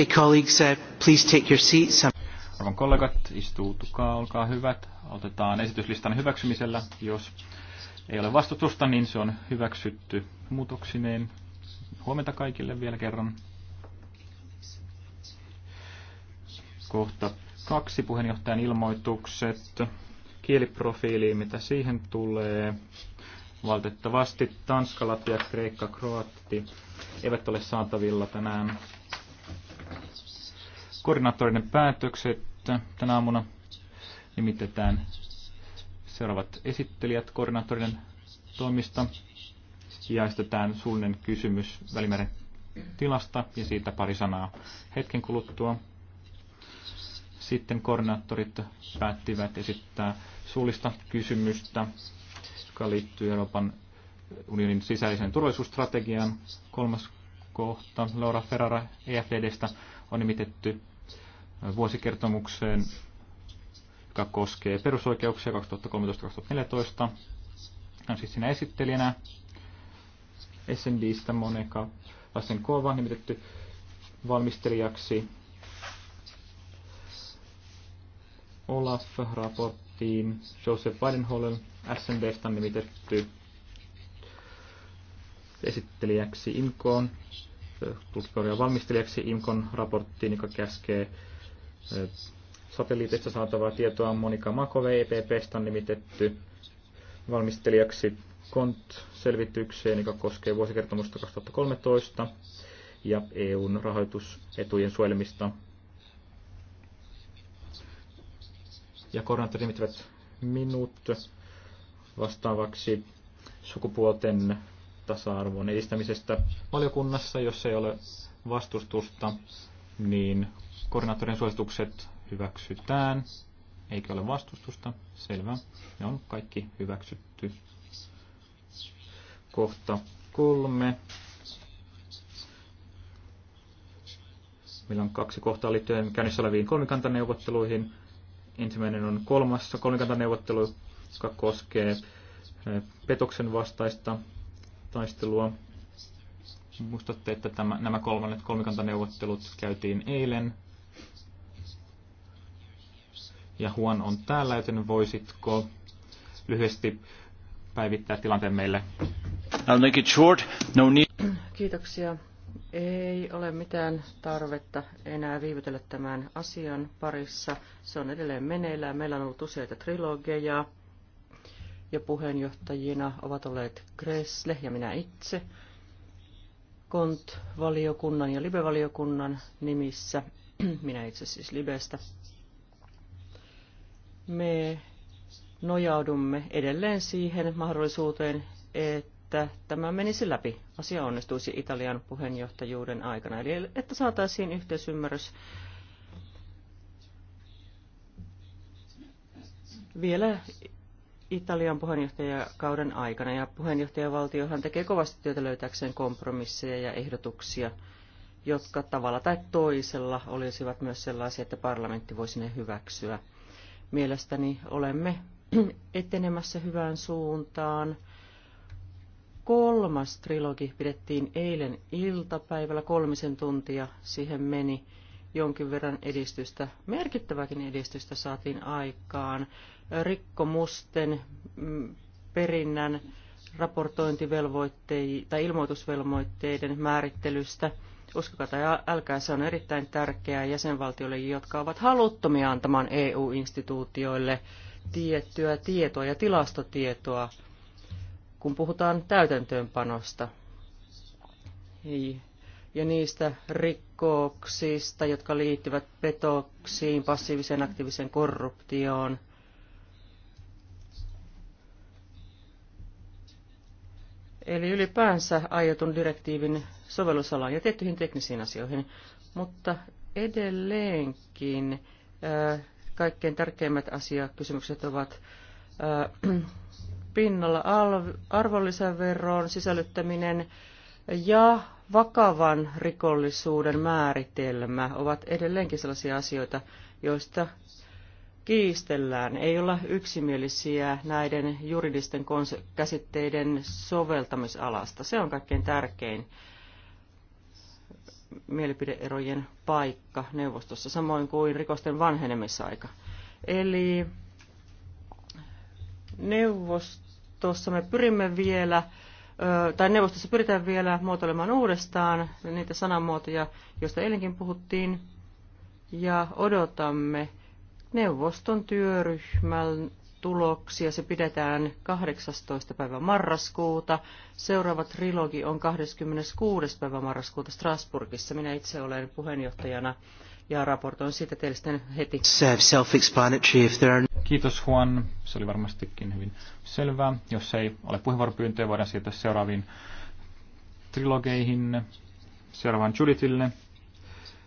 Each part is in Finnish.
Okay, colleagues, uh, please take your seats. Arvon kollegat, istuutukaa, olkaa hyvät. Otetaan esityslistan hyväksymisellä. Jos ei ole vastustusta, niin se on hyväksytty muutoksineen. Huomenta kaikille vielä kerran. Kohta kaksi puheenjohtajan ilmoitukset. Kieliprofiiliin, mitä siihen tulee. Valitettavasti Tanska, Latvia, Kreikka, Kroatti eivät ole saatavilla tänään Koordinaattoreiden päätökset tänä aamuna nimitetään seuraavat esittelijät koordinaattoreiden toimista. Ja esitetään suullinen kysymys Välimeren tilasta ja siitä pari sanaa hetken kuluttua. Sitten koordinaattorit päättivät esittää suullista kysymystä, joka liittyy Euroopan unionin sisäiseen turvallisuusstrategiaan. Kolmas kohta, Laura Ferrara EFDstä, on nimitetty vuosikertomukseen, joka koskee perusoikeuksia 2013-2014. Hän siis siinä esittelijänä SNDistä Moneka Kova nimitetty valmistelijaksi Olaf-raporttiin Joseph Weidenholm SNDstä nimitetty esittelijäksi Imkon tutkijoiden valmistelijaksi IMKON raporttiin, joka käskee satelliitista saatavaa tietoa on Monika Makove EPPstä on nimitetty valmistelijaksi KONT-selvitykseen, joka koskee vuosikertomusta 2013 ja EUn rahoitusetujen suojelmista. Ja koordinaattorit nimittävät minut vastaavaksi sukupuolten tasa-arvon edistämisestä valiokunnassa, jos ei ole vastustusta, niin Koordinaattorin suositukset hyväksytään. Eikä ole vastustusta. Selvä. Ne on kaikki hyväksytty. Kohta kolme. Meillä on kaksi kohtaa liittyen käynnissä oleviin kolmikantaneuvotteluihin. Ensimmäinen on kolmas kolmikantaneuvottelu, joka koskee eh, petoksen vastaista taistelua. Muistatte, että tämä, nämä kolmannet kolmikantaneuvottelut käytiin eilen ja Juan on täällä, joten voisitko lyhyesti päivittää tilanteen meille? I'll make it short. No need. Kiitoksia. Ei ole mitään tarvetta enää viivytellä tämän asian parissa. Se on edelleen meneillään. Meillä on ollut useita trilogeja ja puheenjohtajina ovat olleet Gressle ja minä itse KONT-valiokunnan ja LIBE-valiokunnan nimissä. Minä itse siis LIBEstä me nojaudumme edelleen siihen mahdollisuuteen, että tämä menisi läpi. Asia onnistuisi Italian puheenjohtajuuden aikana, eli että saataisiin yhteisymmärrys vielä Italian puheenjohtajakauden aikana, ja puheenjohtajavaltiohan tekee kovasti työtä löytääkseen kompromisseja ja ehdotuksia, jotka tavalla tai toisella olisivat myös sellaisia, että parlamentti voisi ne hyväksyä. Mielestäni olemme etenemässä hyvään suuntaan. Kolmas trilogi pidettiin eilen iltapäivällä, kolmisen tuntia siihen meni jonkin verran edistystä, merkittäväkin edistystä saatiin aikaan. Rikkomusten mm, perinnän raportointivelvoitteiden tai ilmoitusvelvoitteiden määrittelystä – Uskokaa tai älkää, se on erittäin tärkeää jäsenvaltioille, jotka ovat haluttomia antamaan EU-instituutioille tiettyä tietoa ja tilastotietoa, kun puhutaan täytäntöönpanosta ja niistä rikoksista, jotka liittyvät petoksiin, passiiviseen aktiiviseen korruptioon eli ylipäänsä aiotun direktiivin sovellusalaan ja tiettyihin teknisiin asioihin, mutta edelleenkin äh, kaikkein tärkeimmät asiakysymykset ovat äh, pinnalla arvonlisäveron sisällyttäminen ja vakavan rikollisuuden määritelmä ovat edelleenkin sellaisia asioita, joista kiistellään, ei olla yksimielisiä näiden juridisten käsitteiden soveltamisalasta. Se on kaikkein tärkein mielipideerojen paikka neuvostossa, samoin kuin rikosten vanhenemisaika. Eli neuvostossa me pyrimme vielä, tai neuvostossa pyritään vielä muotoilemaan uudestaan niitä sanamuotoja, joista eilenkin puhuttiin, ja odotamme neuvoston työryhmän tuloksia. Se pidetään 18. päivä marraskuuta. Seuraava trilogi on 26. päivä marraskuuta Strasburgissa. Minä itse olen puheenjohtajana ja raportoin siitä teille sitten heti. Kiitos Juan. Se oli varmastikin hyvin selvää. Jos ei ole puheenvuoropyyntöjä, voidaan siirtyä seuraaviin trilogeihin. Seuraavaan Julitille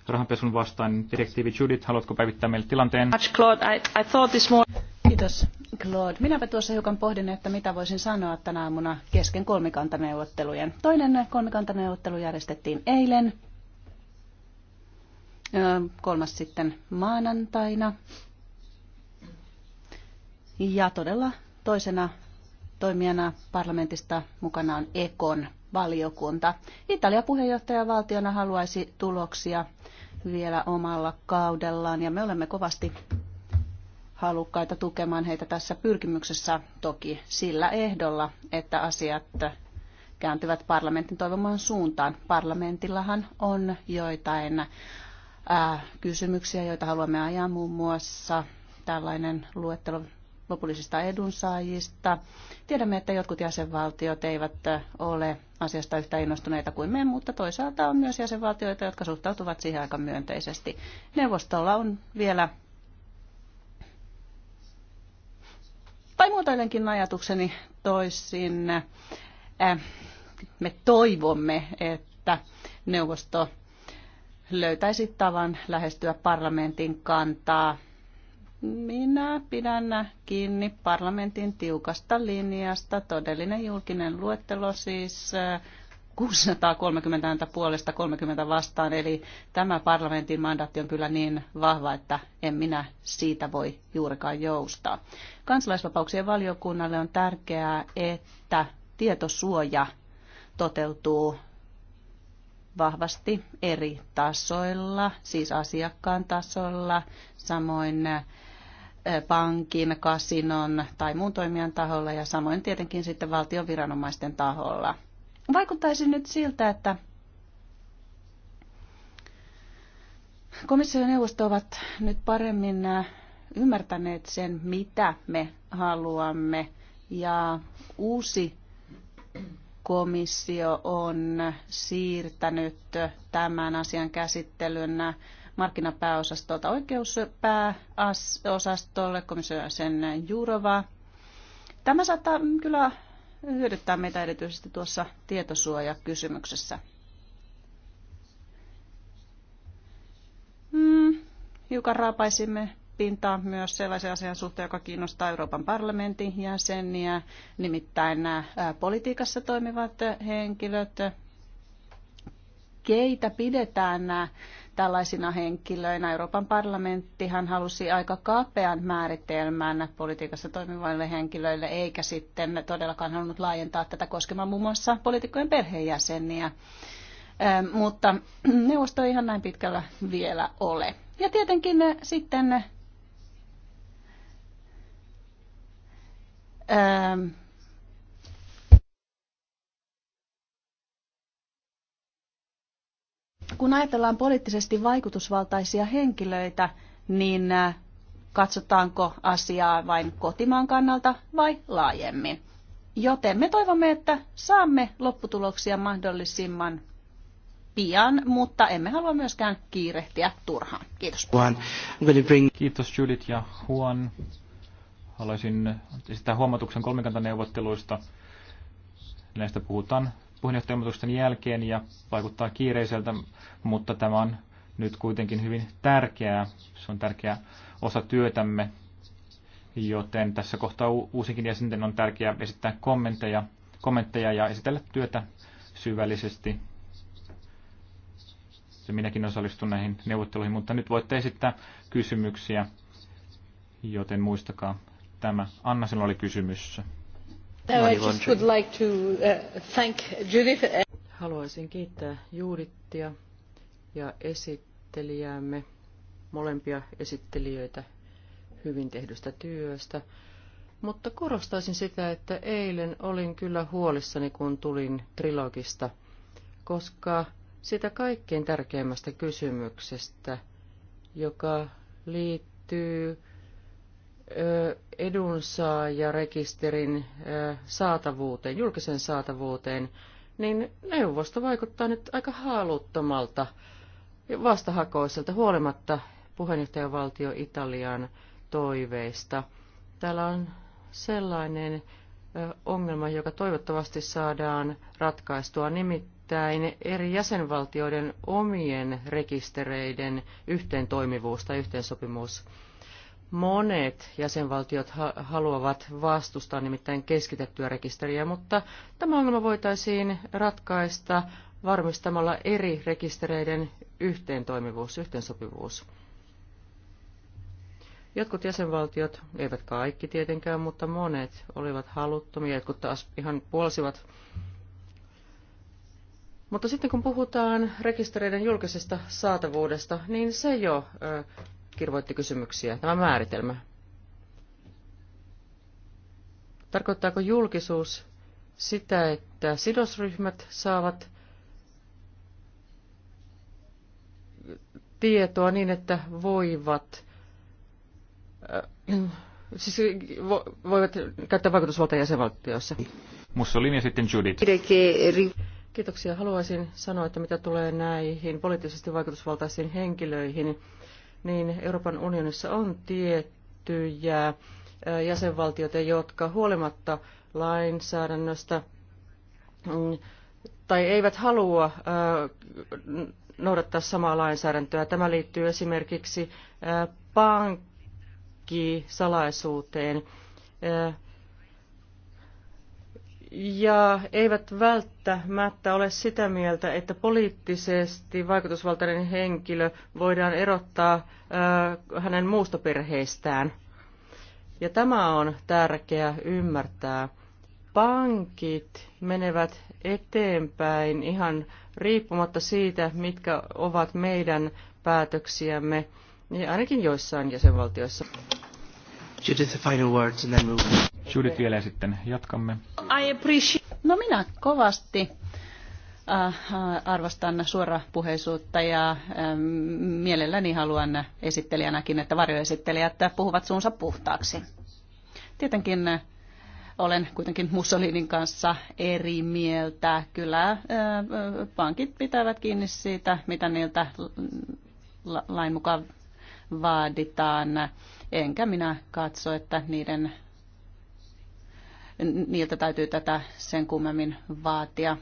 rahanpesun vastainen direktiivi. Judith, haluatko päivittää meille tilanteen? Kiitos, Claude. Minäpä tuossa hiukan pohdin, että mitä voisin sanoa tänä aamuna kesken kolmikantaneuvottelujen. Toinen kolmikantaneuvottelu järjestettiin eilen, kolmas sitten maanantaina. Ja todella toisena toimijana parlamentista mukana on Ekon valiokunta. Italia puheenjohtajavaltiona haluaisi tuloksia vielä omalla kaudellaan ja me olemme kovasti halukkaita tukemaan heitä tässä pyrkimyksessä toki sillä ehdolla, että asiat kääntyvät parlamentin toivomaan suuntaan. Parlamentillahan on joitain ää, äh, kysymyksiä, joita haluamme ajaa muun muassa tällainen luettelo lopullisista edunsaajista. Tiedämme, että jotkut jäsenvaltiot eivät äh, ole asiasta yhtä innostuneita kuin me, mutta toisaalta on myös jäsenvaltioita, jotka suhtautuvat siihen aika myönteisesti. Neuvostolla on vielä tai muotoilenkin ajatukseni toisin. Äh, me toivomme, että neuvosto löytäisi tavan lähestyä parlamentin kantaa minä pidän kiinni parlamentin tiukasta linjasta. Todellinen julkinen luettelo siis 630 eh, ääntä puolesta 30 vastaan, eli tämä parlamentin mandaatti on kyllä niin vahva, että en minä siitä voi juurikaan joustaa. Kansalaisvapauksien valiokunnalle on tärkeää, että tietosuoja toteutuu vahvasti eri tasoilla, siis asiakkaan tasolla, samoin eh, pankin, kasinon tai muun toimijan taholla ja samoin tietenkin sitten valtion viranomaisten taholla. Vaikuttaisi nyt siltä, että komission neuvosto ovat nyt paremmin ymmärtäneet sen, mitä me haluamme ja uusi komissio on siirtänyt tämän asian käsittelyn markkinapääosastolta oikeuspääosastolle, komissio sen Jurova. Tämä saattaa kyllä hyödyttää meitä erityisesti tuossa tietosuojakysymyksessä. Hmm, hiukan raapaisimme pintaa myös sellaisen asian suhteen, joka kiinnostaa Euroopan parlamentin jäseniä, nimittäin nämä politiikassa toimivat henkilöt, keitä pidetään tällaisina henkilöinä. Euroopan parlamenttihan halusi aika kapean määritelmän politiikassa toimivalle henkilöille, eikä sitten todellakaan halunnut laajentaa tätä koskemaan muun muassa poliitikkojen perheenjäseniä. Ehm, mutta neuvosto ei ihan näin pitkällä vielä ole. Ja tietenkin eh, sitten ehm, kun ajatellaan poliittisesti vaikutusvaltaisia henkilöitä, niin äh, katsotaanko asiaa vain kotimaan kannalta vai laajemmin. Joten me toivomme, että saamme lopputuloksia mahdollisimman pian, mutta emme halua myöskään kiirehtiä turhaan. Kiitos. Kiitos Judith ja Juan. Haluaisin esittää huomautuksen kolmikantaneuvotteluista. Näistä puhutaan puheenjohtajamatusten jälkeen ja vaikuttaa kiireiseltä, mutta tämä on nyt kuitenkin hyvin tärkeää. Se on tärkeä osa työtämme, joten tässä kohtaa uusinkin jäsenten on tärkeää esittää kommentteja, kommentteja ja esitellä työtä syvällisesti. Ja minäkin osallistun näihin neuvotteluihin, mutta nyt voitte esittää kysymyksiä, joten muistakaa tämä. Anna, sinulla oli kysymys. Haluaisin kiittää Judithia ja esittelijäämme, molempia esittelijöitä hyvin tehdystä työstä. Mutta korostaisin sitä, että eilen olin kyllä huolissani, kun tulin trilogista, koska sitä kaikkein tärkeimmästä kysymyksestä, joka liittyy edunsaajarekisterin saatavuuteen, julkisen saatavuuteen, niin neuvosto vaikuttaa nyt aika haluttomalta vastahakoiselta huolimatta puheenjohtajavaltio Italian toiveista. Täällä on sellainen ongelma, joka toivottavasti saadaan ratkaistua, nimittäin eri jäsenvaltioiden omien rekistereiden yhteentoimivuus tai yhteensopimuus. Monet jäsenvaltiot haluavat vastustaa nimittäin keskitettyä rekisteriä, mutta tämä ongelma voitaisiin ratkaista varmistamalla eri rekistereiden yhteentoimivuus, yhteensopivuus. Jotkut jäsenvaltiot, eivät kaikki tietenkään, mutta monet olivat haluttomia, jotkut taas ihan puolsivat. Mutta sitten kun puhutaan rekistereiden julkisesta saatavuudesta, niin se jo kirvoitti kysymyksiä. Tämä määritelmä. Tarkoittaako julkisuus sitä, että sidosryhmät saavat tietoa niin, että voivat, äh, siis vo, voivat käyttää vaikutusvaltaa jäsenvaltioissa? Mussolini ja sitten Judith. Kiitoksia. Haluaisin sanoa, että mitä tulee näihin poliittisesti vaikutusvaltaisiin henkilöihin, niin Euroopan unionissa on tiettyjä jäsenvaltioita, jotka huolimatta lainsäädännöstä mm, tai eivät halua noudattaa samaa lainsäädäntöä. Tämä liittyy esimerkiksi pankkisalaisuuteen. salaisuuteen ja eivät välttämättä ole sitä mieltä, että poliittisesti vaikutusvaltainen henkilö voidaan erottaa hänen muusta perheestään. Ja tämä on tärkeää ymmärtää. Pankit menevät eteenpäin ihan riippumatta siitä, mitkä ovat meidän päätöksiämme, niin ainakin joissain jäsenvaltioissa. Judith, the final words and then move. Judith vielä ja sitten jatkamme. I appreciate. No minä kovasti äh, arvostan suorapuheisuutta ja ähm, mielelläni haluan esittelijänäkin, että varjoesittelijät puhuvat suunsa puhtaaksi. Tietenkin äh, olen kuitenkin Mussolinin kanssa eri mieltä. Kyllä äh, pankit pitävät kiinni siitä, mitä niiltä lain mukaan vaaditaan. Enkä minä katso, että niiden niiltä täytyy tätä sen kummemmin vaatia.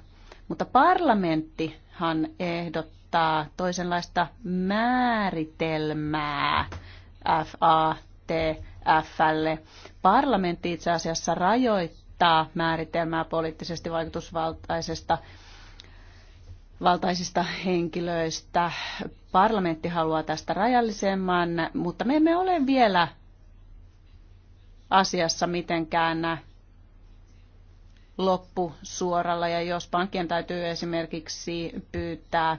Mutta parlamenttihan ehdottaa toisenlaista määritelmää FATFlle. Parlamentti itse asiassa rajoittaa määritelmää poliittisesti vaikutusvaltaisesta valtaisista henkilöistä. Parlamentti haluaa tästä rajallisemman, mutta me emme ole vielä asiassa mitenkään loppusuoralla ja jos pankkien täytyy esimerkiksi pyytää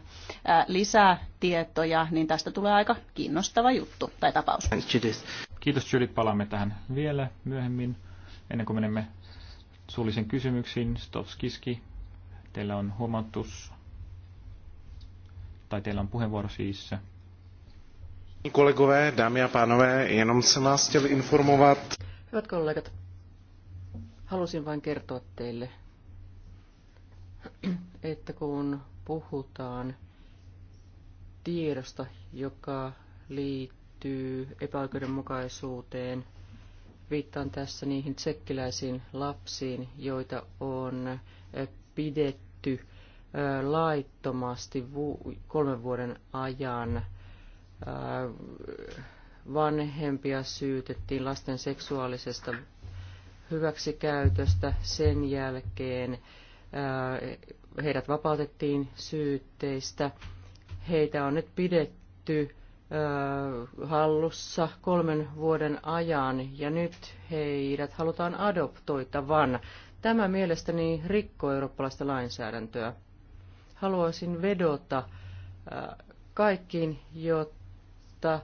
lisää tietoja, niin tästä tulee aika kiinnostava juttu tai tapaus. Kiitos Judith, palaamme tähän vielä myöhemmin ennen kuin menemme suullisen kysymyksiin. Stovskiski, teillä on huomautus tai teillä on puheenvuoro siis. Kollegové, dámy a pánové, jenom jsem vás chtěl informovat. Hyvät kollegat, Halusin vain kertoa teille, että kun puhutaan tiedosta, joka liittyy epäoikeudenmukaisuuteen, viittaan tässä niihin tsekkiläisiin lapsiin, joita on eh, pidetty eh, laittomasti kolmen vuoden ajan. Eh, vanhempia syytettiin lasten seksuaalisesta hyväksikäytöstä. Sen jälkeen äh, heidät vapautettiin syytteistä. Heitä on nyt pidetty äh, hallussa kolmen vuoden ajan ja nyt heidät halutaan adoptoitavan. Tämä mielestäni rikkoo eurooppalaista lainsäädäntöä. Haluaisin vedota äh, kaikkiin, jotta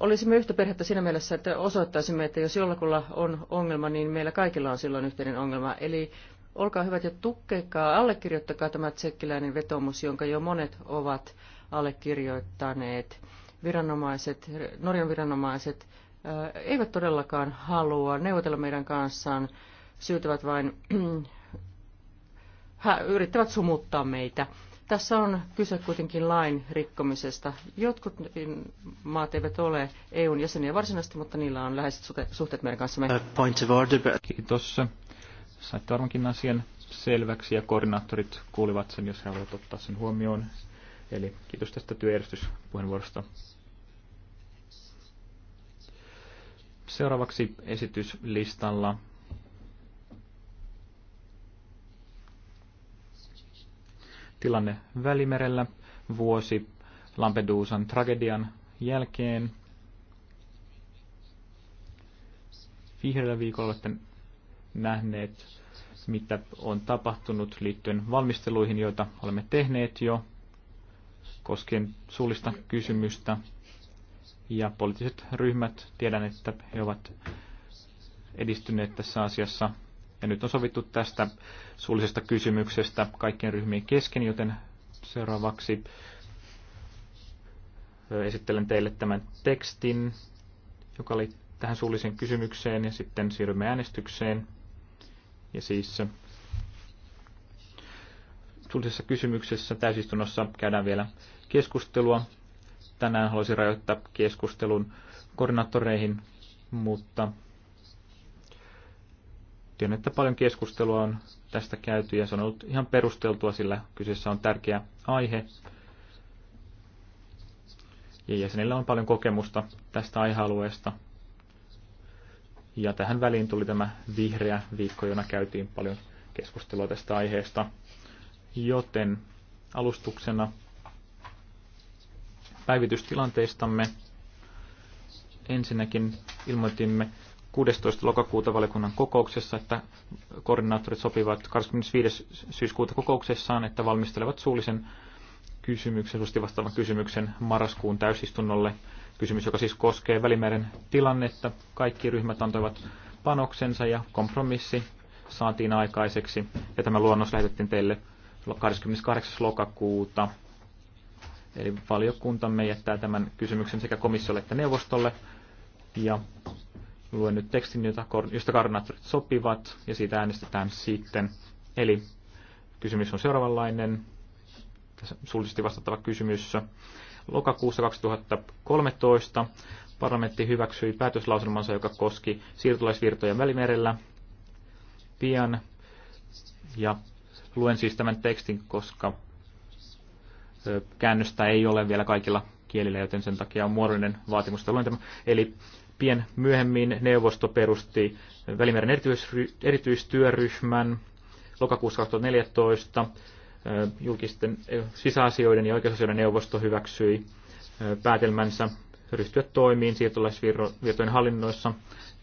olisimme yhtä perhettä siinä mielessä, että osoittaisimme, että jos jollakulla on ongelma, niin meillä kaikilla on silloin yhteinen ongelma. Eli olkaa hyvät ja tukkekaa, allekirjoittakaa tämä tsekkiläinen vetomus, jonka jo monet ovat allekirjoittaneet. Viranomaiset, Norjan viranomaiset äh, eivät todellakaan halua neuvotella meidän kanssaan, syytävät vain, yrittävät sumuttaa meitä. Tässä on kyse kuitenkin lain rikkomisesta. Jotkut maat eivät ole EUn jäseniä varsinaisesti, mutta niillä on läheiset suhteet meidän kanssamme. Point of order. Kiitos. Saitte varmaankin asian selväksi ja koordinaattorit kuulivat sen, jos he haluavat ottaa sen huomioon. Eli kiitos tästä työjärjestyspuheenvuorosta. Seuraavaksi esityslistalla tilanne Välimerellä vuosi Lampedusan tragedian jälkeen. Vihreällä viikolla olette nähneet, mitä on tapahtunut liittyen valmisteluihin, joita olemme tehneet jo koskien suullista kysymystä. Ja poliittiset ryhmät, tiedän, että he ovat edistyneet tässä asiassa. Ja nyt on sovittu tästä suullisesta kysymyksestä kaikkien ryhmien kesken, joten seuraavaksi esittelen teille tämän tekstin, joka oli tähän suulliseen kysymykseen ja sitten siirrymme äänestykseen. Ja siis suullisessa kysymyksessä täysistunnossa käydään vielä keskustelua. Tänään haluaisin rajoittaa keskustelun koordinaattoreihin, mutta Tiedän, että paljon keskustelua on tästä käyty ja se on ollut ihan perusteltua, sillä kyseessä on tärkeä aihe. Ja jäsenillä on paljon kokemusta tästä aihealueesta. Ja tähän väliin tuli tämä vihreä viikko, jona käytiin paljon keskustelua tästä aiheesta. Joten alustuksena päivitystilanteistamme ensinnäkin ilmoitimme 16. lokakuuta valiokunnan kokouksessa, että koordinaattorit sopivat 25. syyskuuta kokouksessaan, että valmistelevat suullisen kysymyksen, suosti vastaavan kysymyksen marraskuun täysistunnolle. Kysymys, joka siis koskee Välimeren tilannetta. Kaikki ryhmät antoivat panoksensa ja kompromissi saatiin aikaiseksi. Ja tämä luonnos lähetettiin teille 28. lokakuuta. Eli valiokuntamme jättää tämän kysymyksen sekä komissiolle että neuvostolle. Ja Luen nyt tekstin, josta koordinaattorit sopivat, ja siitä äänestetään sitten. Eli kysymys on seuraavanlainen. Tässä suullisesti vastattava kysymys. Lokakuussa 2013 parlamentti hyväksyi päätöslauselmansa, joka koski siirtolaisvirtoja välimerellä pian. Ja luen siis tämän tekstin, koska käännöstä ei ole vielä kaikilla kielillä, joten sen takia on muodollinen vaatimus. Luen tämän. Eli Pien myöhemmin neuvosto perusti Välimeren erityistyöryhmän lokakuussa 2014. Julkisten sisäasioiden ja oikeusasioiden neuvosto hyväksyi päätelmänsä ryhtyä toimiin siirtolaisvirtojen hallinnoissa.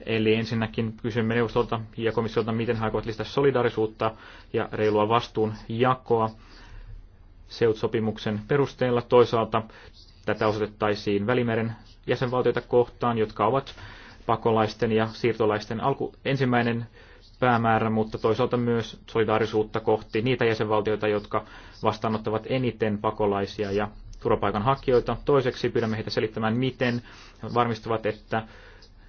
Eli ensinnäkin kysymme neuvostolta ja komissiolta, miten he aikovat lisätä solidarisuutta ja reilua vastuunjakoa jakoa seutsopimuksen perusteella. Toisaalta tätä osoitettaisiin Välimeren jäsenvaltioita kohtaan, jotka ovat pakolaisten ja siirtolaisten alku, ensimmäinen päämäärä, mutta toisaalta myös solidaarisuutta kohti niitä jäsenvaltioita, jotka vastaanottavat eniten pakolaisia ja turvapaikanhakijoita. Toiseksi pyydämme heitä selittämään, miten he varmistavat, että,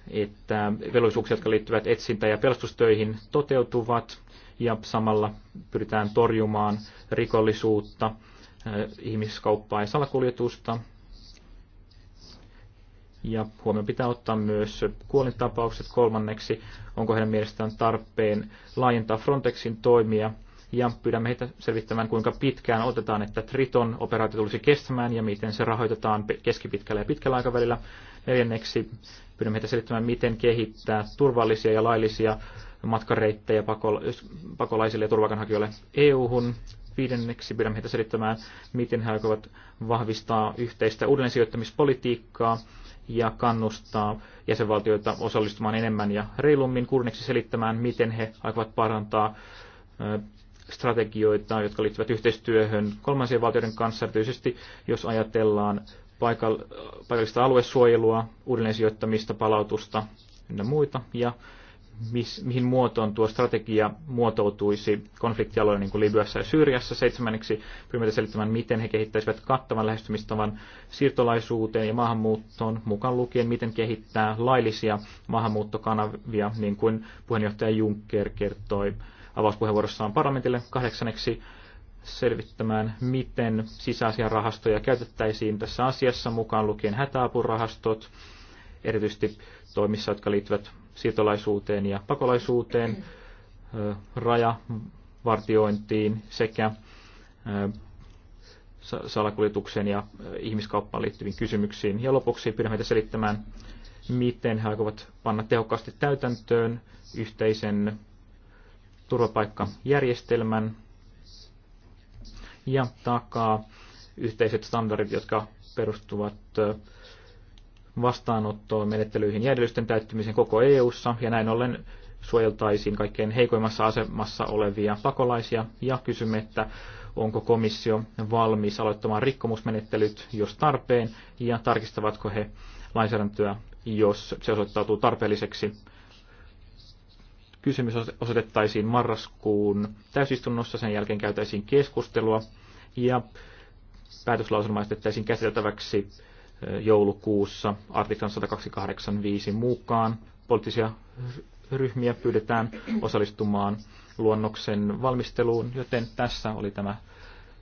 että velvollisuuksia, jotka liittyvät etsintä- ja pelastustöihin, toteutuvat ja samalla pyritään torjumaan rikollisuutta, eh, ihmiskauppaa ja salakuljetusta. Ja huomioon pitää ottaa myös kuolintapaukset kolmanneksi, onko heidän mielestään tarpeen laajentaa Frontexin toimia ja pyydämme heitä selvittämään, kuinka pitkään otetaan, että Triton operaatio tulisi kestämään ja miten se rahoitetaan keskipitkällä ja pitkällä aikavälillä. Neljänneksi pyydämme heitä selvittämään, miten kehittää turvallisia ja laillisia matkareittejä pakolaisille ja turvakanhakijoille EU-hun. Viidenneksi pyydämme heitä selittämään, miten he aikovat vahvistaa yhteistä uudelleensijoittamispolitiikkaa ja kannustaa jäsenvaltioita osallistumaan enemmän ja reilummin kurniksi selittämään, miten he aikovat parantaa strategioita, jotka liittyvät yhteistyöhön kolmansien valtioiden kanssa, erityisesti jos ajatellaan paikallista aluesuojelua, uudelleensijoittamista, palautusta ynnä muita. Ja mihin muotoon tuo strategia muotoutuisi konfliktialoilla niin kuin Libyassa ja Syyriassa. Seitsemänneksi pyrimme selittämään, miten he kehittäisivät kattavan lähestymistavan siirtolaisuuteen ja maahanmuuttoon, mukaan lukien miten kehittää laillisia maahanmuuttokanavia, niin kuin puheenjohtaja Juncker kertoi avauspuheenvuorossaan parlamentille. Kahdeksanneksi selvittämään, miten sisäisiä rahastoja käytettäisiin tässä asiassa, mukaan lukien hätäapurahastot, erityisesti toimissa, jotka liittyvät siirtolaisuuteen ja pakolaisuuteen, rajavartiointiin sekä salakuljetukseen ja ihmiskauppaan liittyviin kysymyksiin. Ja lopuksi pyydän heitä selittämään, miten he aikovat panna tehokkaasti täytäntöön yhteisen turvapaikkajärjestelmän ja takaa yhteiset standardit, jotka perustuvat vastaanottoon, menettelyihin ja edellysten täyttymisen koko EU:ssa ja näin ollen suojeltaisiin kaikkein heikoimmassa asemassa olevia pakolaisia ja kysymme, että onko komissio valmis aloittamaan rikkomusmenettelyt, jos tarpeen, ja tarkistavatko he lainsäädäntöä, jos se osoittautuu tarpeelliseksi. Kysymys osoitettaisiin marraskuun täysistunnossa, sen jälkeen käytäisiin keskustelua ja päätöslauselma esitettäisiin käsiteltäväksi joulukuussa artiklan 128.5 mukaan poliittisia ryhmiä pyydetään osallistumaan luonnoksen valmisteluun, joten tässä oli tämä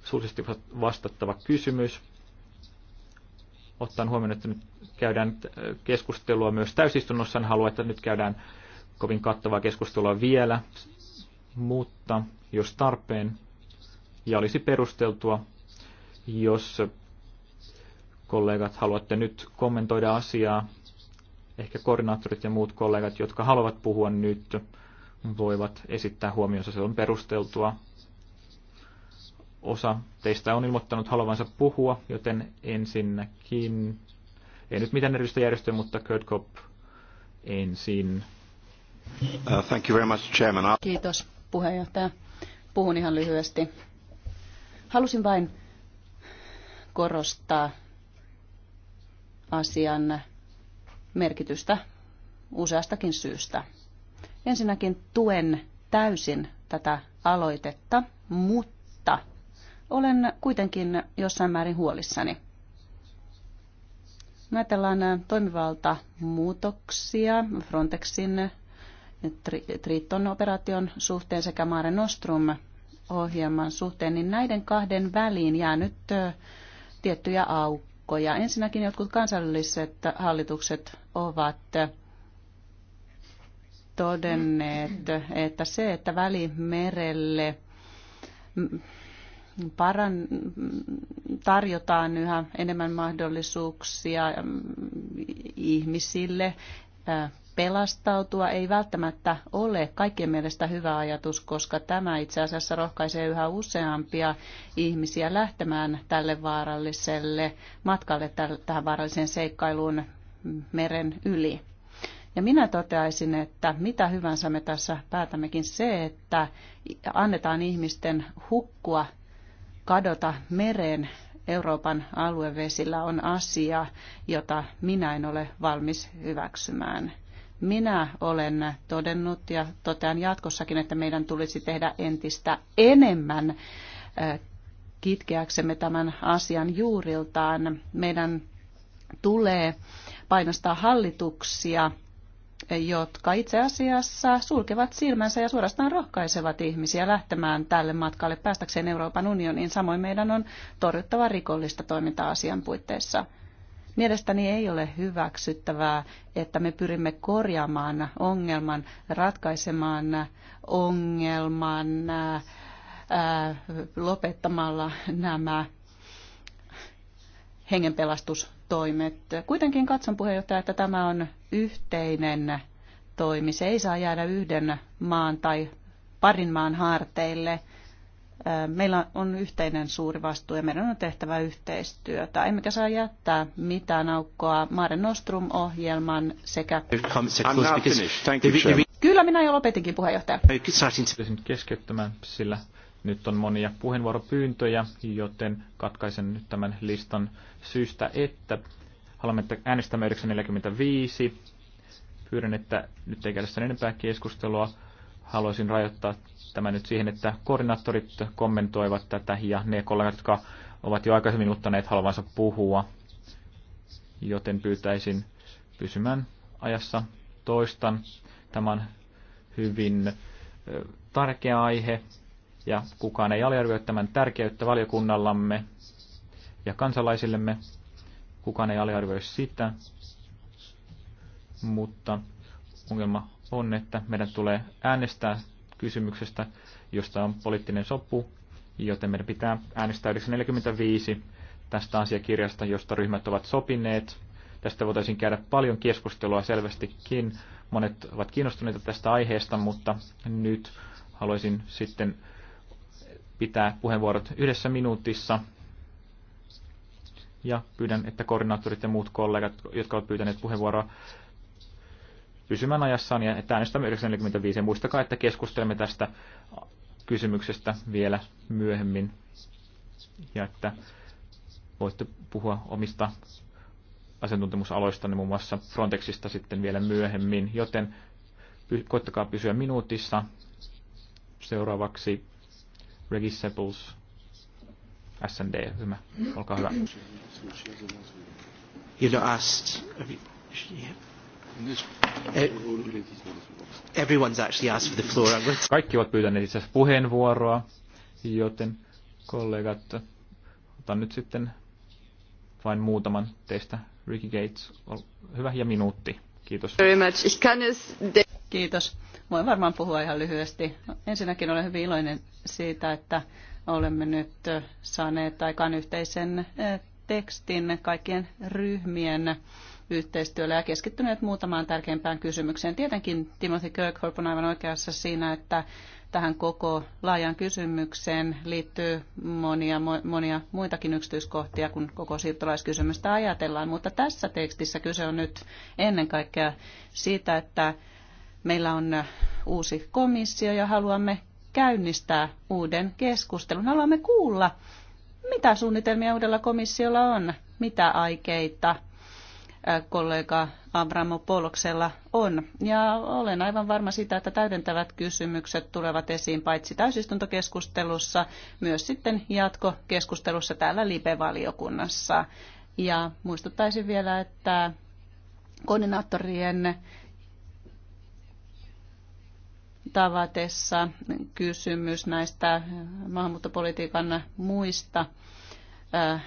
suullisesti vastattava kysymys. Ottaen huomioon, että nyt käydään äh, keskustelua myös täysistunnossa, en halua, että nyt käydään kovin kattavaa keskustelua vielä, mutta jos tarpeen ja olisi perusteltua, jos kollegat, haluatte nyt kommentoida asiaa. Ehkä koordinaattorit ja muut kollegat, jotka haluavat puhua nyt, voivat esittää huomionsa, se on perusteltua. Osa teistä on ilmoittanut haluavansa puhua, joten ensinnäkin, ei nyt mitään erityistä järjestöä, mutta Kurt Kopp ensin. Uh, thank you very much, Chairman. Kiitos puheenjohtaja. Puhun ihan lyhyesti. Halusin vain korostaa asian merkitystä useastakin syystä. Ensinnäkin tuen täysin tätä aloitetta, mutta olen kuitenkin jossain määrin huolissani. Ajatellaan muutoksia Frontexin Triton operaation suhteen sekä Mare Nostrum ohjelman suhteen, niin näiden kahden väliin jää nyt tiettyjä aukkoja joukkoja. Ensinnäkin jotkut kansalliset hallitukset ovat todenneet, että se, että välimerelle paran, tarjotaan yhä enemmän mahdollisuuksia ihmisille pelastautua ei välttämättä ole kaikkien mielestä hyvä ajatus, koska tämä itse asiassa rohkaisee yhä useampia ihmisiä lähtemään tälle vaaralliselle matkalle, tähän vaaralliseen seikkailuun meren yli. Ja minä toteaisin, että mitä hyvänsä me tässä päätämmekin se, että annetaan ihmisten hukkua, kadota mereen Euroopan aluevesillä on asia, jota minä en ole valmis hyväksymään. Minä olen todennut ja totean jatkossakin, että meidän tulisi tehdä entistä enemmän kitkeäksemme tämän asian juuriltaan. Meidän tulee painostaa hallituksia, jotka itse asiassa sulkevat silmänsä ja suorastaan rohkaisevat ihmisiä lähtemään tälle matkalle päästäkseen Euroopan unioniin. Samoin meidän on torjuttava rikollista toimintaa asian puitteissa. Mielestäni ei ole hyväksyttävää, että me pyrimme korjaamaan ongelman, ratkaisemaan ongelman äh, äh, lopettamalla nämä hengenpelastustoimet. Kuitenkin katson puheenjohtaja, että tämä on yhteinen toimi. Se ei saa jäädä yhden maan tai parin maan harteille – Meillä on yhteinen suuri vastuu ja meidän on tehtävä yhteistyötä. Emmekä saa jättää mitään aukkoa Maaren Nostrum-ohjelman sekä... Kyllä minä jo lopetinkin puheenjohtaja. Keskeyttämään, sillä nyt on monia puheenvuoropyyntöjä, joten katkaisen nyt tämän listan syystä, että haluamme, että äänestämme 9.45. Pyydän, että nyt ei käydä sen enempää keskustelua haluaisin rajoittaa tämä nyt siihen, että koordinaattorit kommentoivat tätä ja ne kollegat, jotka ovat jo aikaisemmin ottaneet haluavansa puhua, joten pyytäisin pysymään ajassa toistan. Tämä on hyvin tärkeä aihe ja kukaan ei aliarvioi tämän tärkeyttä valiokunnallamme ja kansalaisillemme. Kukaan ei aliarvioi sitä, mutta ongelma on, että meidän tulee äänestää kysymyksestä, josta on poliittinen sopu, joten meidän pitää äänestää 9.45 tästä asiakirjasta, josta ryhmät ovat sopineet. Tästä voitaisiin käydä paljon keskustelua selvästikin. Monet ovat kiinnostuneita tästä aiheesta, mutta nyt haluaisin sitten pitää puheenvuorot yhdessä minuutissa. Ja pyydän, että koordinaattorit ja muut kollegat, jotka ovat pyytäneet puheenvuoroa, pysymään ajassaan niin ja että äänestämme 9.45. Muistakaa, että keskustelemme tästä kysymyksestä vielä myöhemmin ja että voitte puhua omista asiantuntemusaloistanne, niin muun muassa Frontexista sitten vielä myöhemmin, joten koittakaa pysyä minuutissa. Seuraavaksi Regisables SND-ryhmä, olkaa hyvä. You asked, Eh, everyone's actually asked for the floor. Kaikki ovat pyytäneet itse asiassa puheenvuoroa, joten kollegat, otan nyt sitten vain muutaman teistä. Ricky Gates, hyvä ja minuutti. Kiitos. Kiitos. Voin varmaan puhua ihan lyhyesti. Ensinnäkin olen hyvin iloinen siitä, että olemme nyt saaneet aikaan yhteisen eh, tekstin kaikkien ryhmien yhteistyöllä ja keskittyneet muutamaan tärkeimpään kysymykseen. Tietenkin Timothy Kirkhope on aivan oikeassa siinä, että tähän koko laajan kysymykseen liittyy monia, monia muitakin yksityiskohtia, kun koko siirtolaiskysymystä ajatellaan. Mutta tässä tekstissä kyse on nyt ennen kaikkea siitä, että meillä on uusi komissio ja haluamme käynnistää uuden keskustelun. Haluamme kuulla, mitä suunnitelmia uudella komissiolla on, mitä aikeita kollega Abramo Poloksella on. Ja olen aivan varma sitä, että täydentävät kysymykset tulevat esiin paitsi täysistuntokeskustelussa, myös sitten jatkokeskustelussa täällä libe valiokunnassa Ja muistuttaisin vielä, että koordinaattorien tavatessa kysymys näistä maahanmuuttopolitiikan muista äh,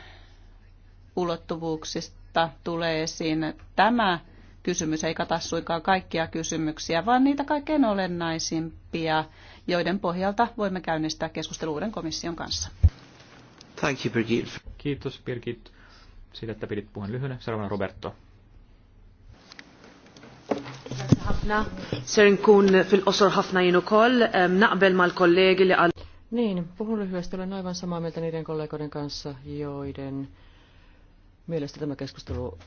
ulottuvuuksista kautta tulee esiin tämä kysymys, ei kata suinkaan kaikkia kysymyksiä, vaan niitä kaikkein olennaisimpia, joiden pohjalta voimme käynnistää keskustelun uuden komission kanssa. Thank you, Birgit. Kiitos Birgit siitä, että pidit puheen lyhyenä. Seuraavana Roberto. Niin, puhun lyhyesti. Olen aivan samaa mieltä niiden kollegoiden kanssa, joiden Mielestäni tämä keskustelu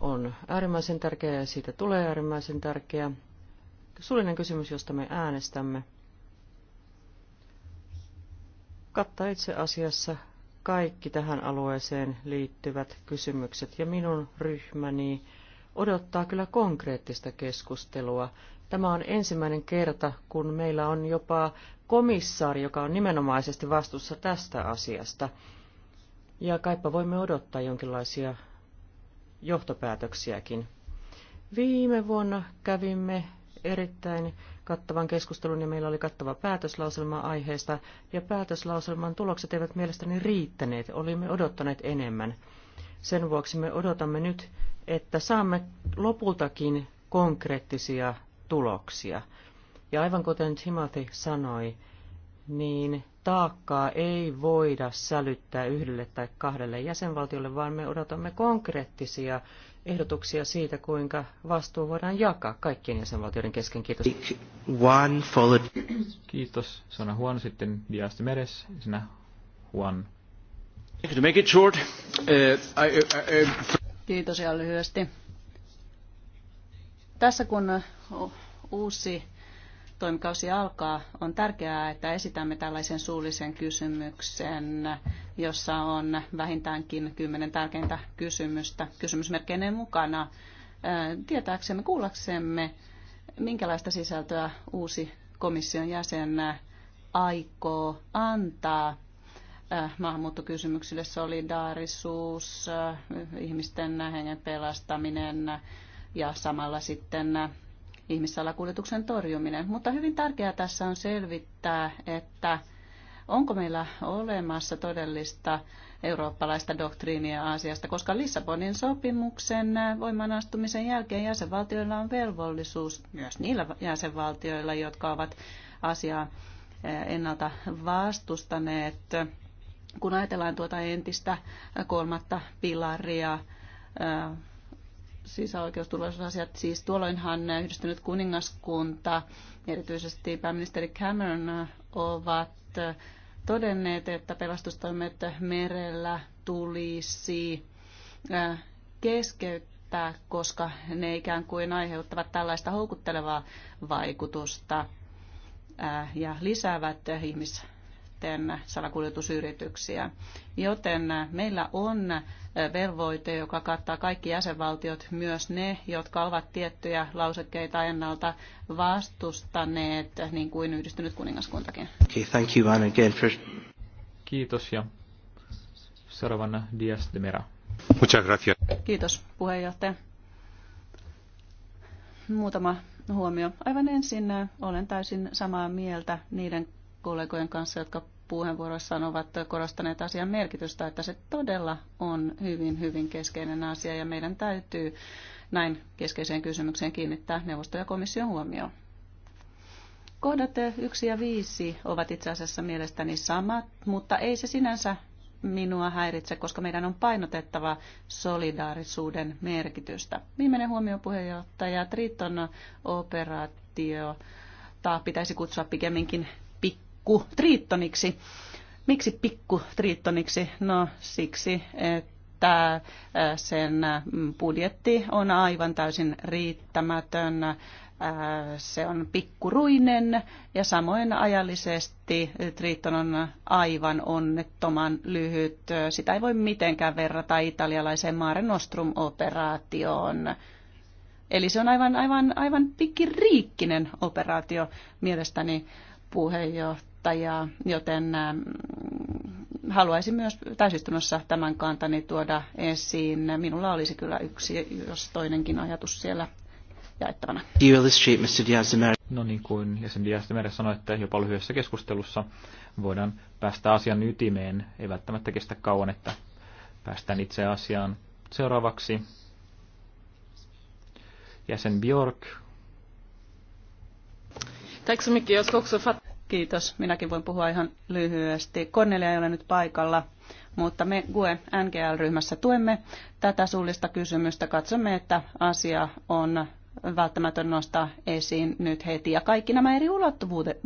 on äärimmäisen tärkeä ja siitä tulee äärimmäisen tärkeä. Suullinen kysymys, josta me äänestämme, kattaa itse asiassa kaikki tähän alueeseen liittyvät kysymykset ja minun ryhmäni odottaa kyllä konkreettista keskustelua. Tämä on ensimmäinen kerta, kun meillä on jopa komissaari, joka on nimenomaisesti vastuussa tästä asiasta ja kaipa voimme odottaa jonkinlaisia johtopäätöksiäkin. Viime vuonna kävimme erittäin kattavan keskustelun ja meillä oli kattava päätöslauselma aiheesta ja päätöslauselman tulokset eivät mielestäni riittäneet, olimme odottaneet enemmän. Sen vuoksi me odotamme nyt, että saamme lopultakin konkreettisia tuloksia. Ja aivan kuten Timothy sanoi, niin taakkaa ei voida sälyttää yhdelle tai kahdelle jäsenvaltiolle, vaan me odotamme konkreettisia ehdotuksia siitä, kuinka vastuu voidaan jakaa kaikkien jäsenvaltioiden kesken. Kiitos. One followed. Kiitos. Sana Huon, sitten Dias de Meres, sinä Huon. make it short, uh, uh, uh, um, Kiitos ihan lyhyesti. Tässä kun uusi toimikausi alkaa, on tärkeää, että esitämme tällaisen suullisen kysymyksen, jossa on vähintäänkin kymmenen tärkeintä kysymystä kysymysmerkkeineen mukana. Tietääksemme, kuullaksemme, minkälaista sisältöä uusi komission jäsen aikoo antaa maahanmuuttokysymyksille solidaarisuus, ihmisten hengen pelastaminen ja samalla sitten ihmissalakuljetuksen torjuminen. Mutta hyvin tärkeää tässä on selvittää, että onko meillä olemassa todellista eurooppalaista doktriinia asiasta, koska Lissabonin sopimuksen voimaanastumisen jälkeen jäsenvaltioilla on velvollisuus, myös niillä jäsenvaltioilla, jotka ovat asiaa eh, ennalta vastustaneet, kun ajatellaan tuota entistä kolmatta pilaria, eh, sisäoikeusturvallisuusasiat. Siis tuolloinhan yhdistynyt kuningaskunta, erityisesti pääministeri Cameron, ovat todenneet, että pelastustoimet merellä tulisi äh, keskeyttää, koska ne ikään kuin aiheuttavat tällaista houkuttelevaa vaikutusta äh, ja lisäävät ihmisiä sitten salakuljetusyrityksiä. Joten meillä on velvoite, joka kattaa kaikki jäsenvaltiot, myös ne, jotka ovat tiettyjä lausekkeita ennalta vastustaneet, niin kuin yhdistynyt kuningaskuntakin. Okay, thank you Anna again for... Kiitos ja seuraavana Dias de Mera. Muchas gracias. Kiitos puheenjohtaja. Muutama huomio. Aivan ensin olen täysin samaa mieltä niiden kollegojen kanssa, jotka puheenvuoroissaan ovat korostaneet asian merkitystä, että se todella on hyvin, hyvin keskeinen asia ja meidän täytyy näin keskeiseen kysymykseen kiinnittää neuvosto ja komission huomioon. Kohdat 1 ja 5 ovat itse asiassa mielestäni samat, mutta ei se sinänsä minua häiritse, koska meidän on painotettava solidaarisuuden merkitystä. Viimeinen huomio puheenjohtaja, Triton operaatio, tai pitäisi kutsua pikemminkin pikku triittoniksi. Miksi pikku triittoniksi? No siksi, että sen budjetti on aivan täysin riittämätön se on pikkuruinen ja samoin ajallisesti Triton on aivan onnettoman lyhyt. Sitä ei voi mitenkään verrata italialaiseen Mare Nostrum-operaatioon. Eli se on aivan, aivan, aivan pikkiriikkinen operaatio mielestäni puheenjohtaja kannattajaa, joten ähm, haluaisin myös täysistunnossa tämän kantani tuoda esiin. Minulla olisi kyllä yksi, jos toinenkin ajatus siellä jaettavana. No niin kuin jäsen Diastimer sanoi, että jopa lyhyessä keskustelussa voidaan päästä asian ytimeen. Ei välttämättä kestä kauan, että päästään itse asiaan. Seuraavaksi jäsen Björk. Tack så mycket. Jag ska också fatta... Kiitos. Minäkin voin puhua ihan lyhyesti. Cornelia ei ole nyt paikalla, mutta me GUE NGL-ryhmässä tuemme tätä suullista kysymystä. Katsomme, että asia on välttämätön nostaa esiin nyt heti. Ja kaikki nämä eri ulottuvuudet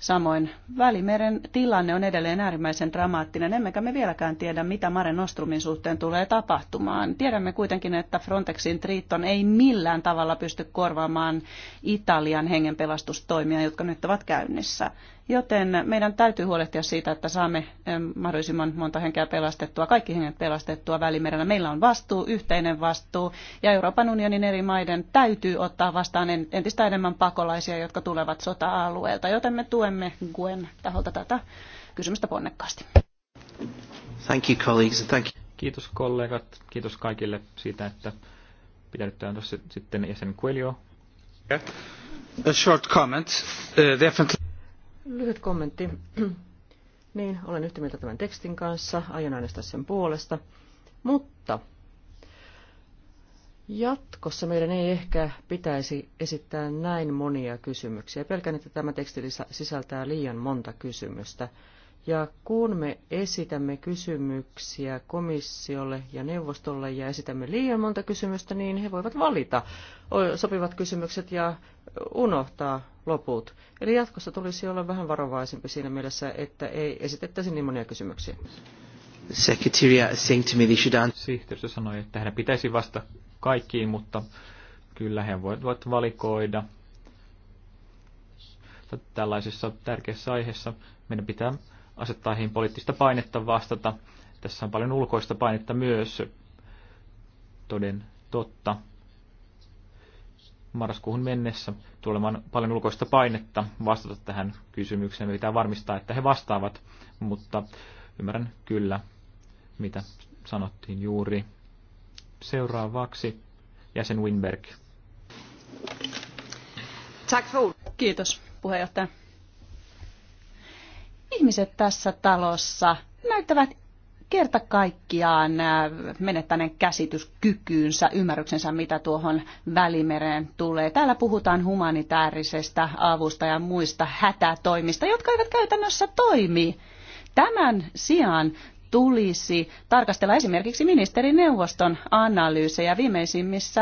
Samoin Välimeren tilanne on edelleen äärimmäisen dramaattinen, emmekä me vieläkään tiedä, mitä Mare Nostrumin suhteen tulee tapahtumaan. Tiedämme kuitenkin, että Frontexin Triton ei millään tavalla pysty korvaamaan Italian hengenpelastustoimia, jotka nyt ovat käynnissä. Joten meidän täytyy huolehtia siitä, että saamme mahdollisimman monta henkeä pelastettua, kaikki henget pelastettua välimerellä. Meillä on vastuu, yhteinen vastuu, ja Euroopan unionin eri maiden täytyy ottaa vastaan entistä enemmän pakolaisia, jotka tulevat sota-alueelta, joten me tuemme Guen taholta tätä kysymystä ponnekkaasti. Thank you, colleagues. Thank you. Kiitos kollegat, kiitos kaikille siitä, että pitäydytään tuossa sitten jäsen Yeah. A short comment. Uh, definitely. Lyhyt kommentti. Niin, olen yhtä mieltä tämän tekstin kanssa, aion äänestää sen puolesta. Mutta jatkossa meidän ei ehkä pitäisi esittää näin monia kysymyksiä. Pelkään, että tämä teksti sisältää liian monta kysymystä. Ja kun me esitämme kysymyksiä komissiolle ja neuvostolle ja esitämme liian monta kysymystä, niin he voivat valita sopivat kysymykset ja unohtaa loput. Eli jatkossa tulisi olla vähän varovaisempi siinä mielessä, että ei esitettäisi niin monia kysymyksiä. Sihteeristö sanoi, että hän pitäisi vastata kaikkiin, mutta kyllä he voivat valikoida. Tällaisessa tärkeässä aiheessa meidän pitää asettaa heihin poliittista painetta vastata. Tässä on paljon ulkoista painetta myös, toden totta. Marraskuuhun mennessä tulemaan paljon ulkoista painetta vastata tähän kysymykseen. Me pitää varmistaa, että he vastaavat, mutta ymmärrän kyllä, mitä sanottiin juuri. Seuraavaksi jäsen Winberg. Tack för Kiitos puheenjohtaja ihmiset tässä talossa näyttävät kerta kaikkiaan äh, menettäneen käsityskykyynsä, ymmärryksensä, mitä tuohon välimereen tulee. Täällä puhutaan humanitaarisesta avusta ja muista hätätoimista, jotka eivät käytännössä toimi. Tämän sijaan tulisi tarkastella esimerkiksi ministerineuvoston analyysejä.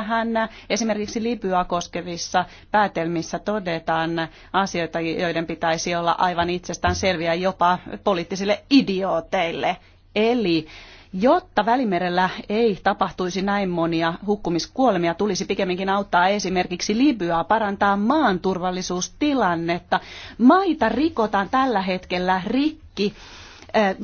hän esimerkiksi Libyä koskevissa päätelmissä todetaan asioita, joiden pitäisi olla aivan itsestään selviä jopa poliittisille idiooteille. Eli Jotta Välimerellä ei tapahtuisi näin monia hukkumiskuolemia, tulisi pikemminkin auttaa esimerkiksi Libyaa parantaa maan turvallisuustilannetta. Maita rikotaan tällä hetkellä rikki Äh,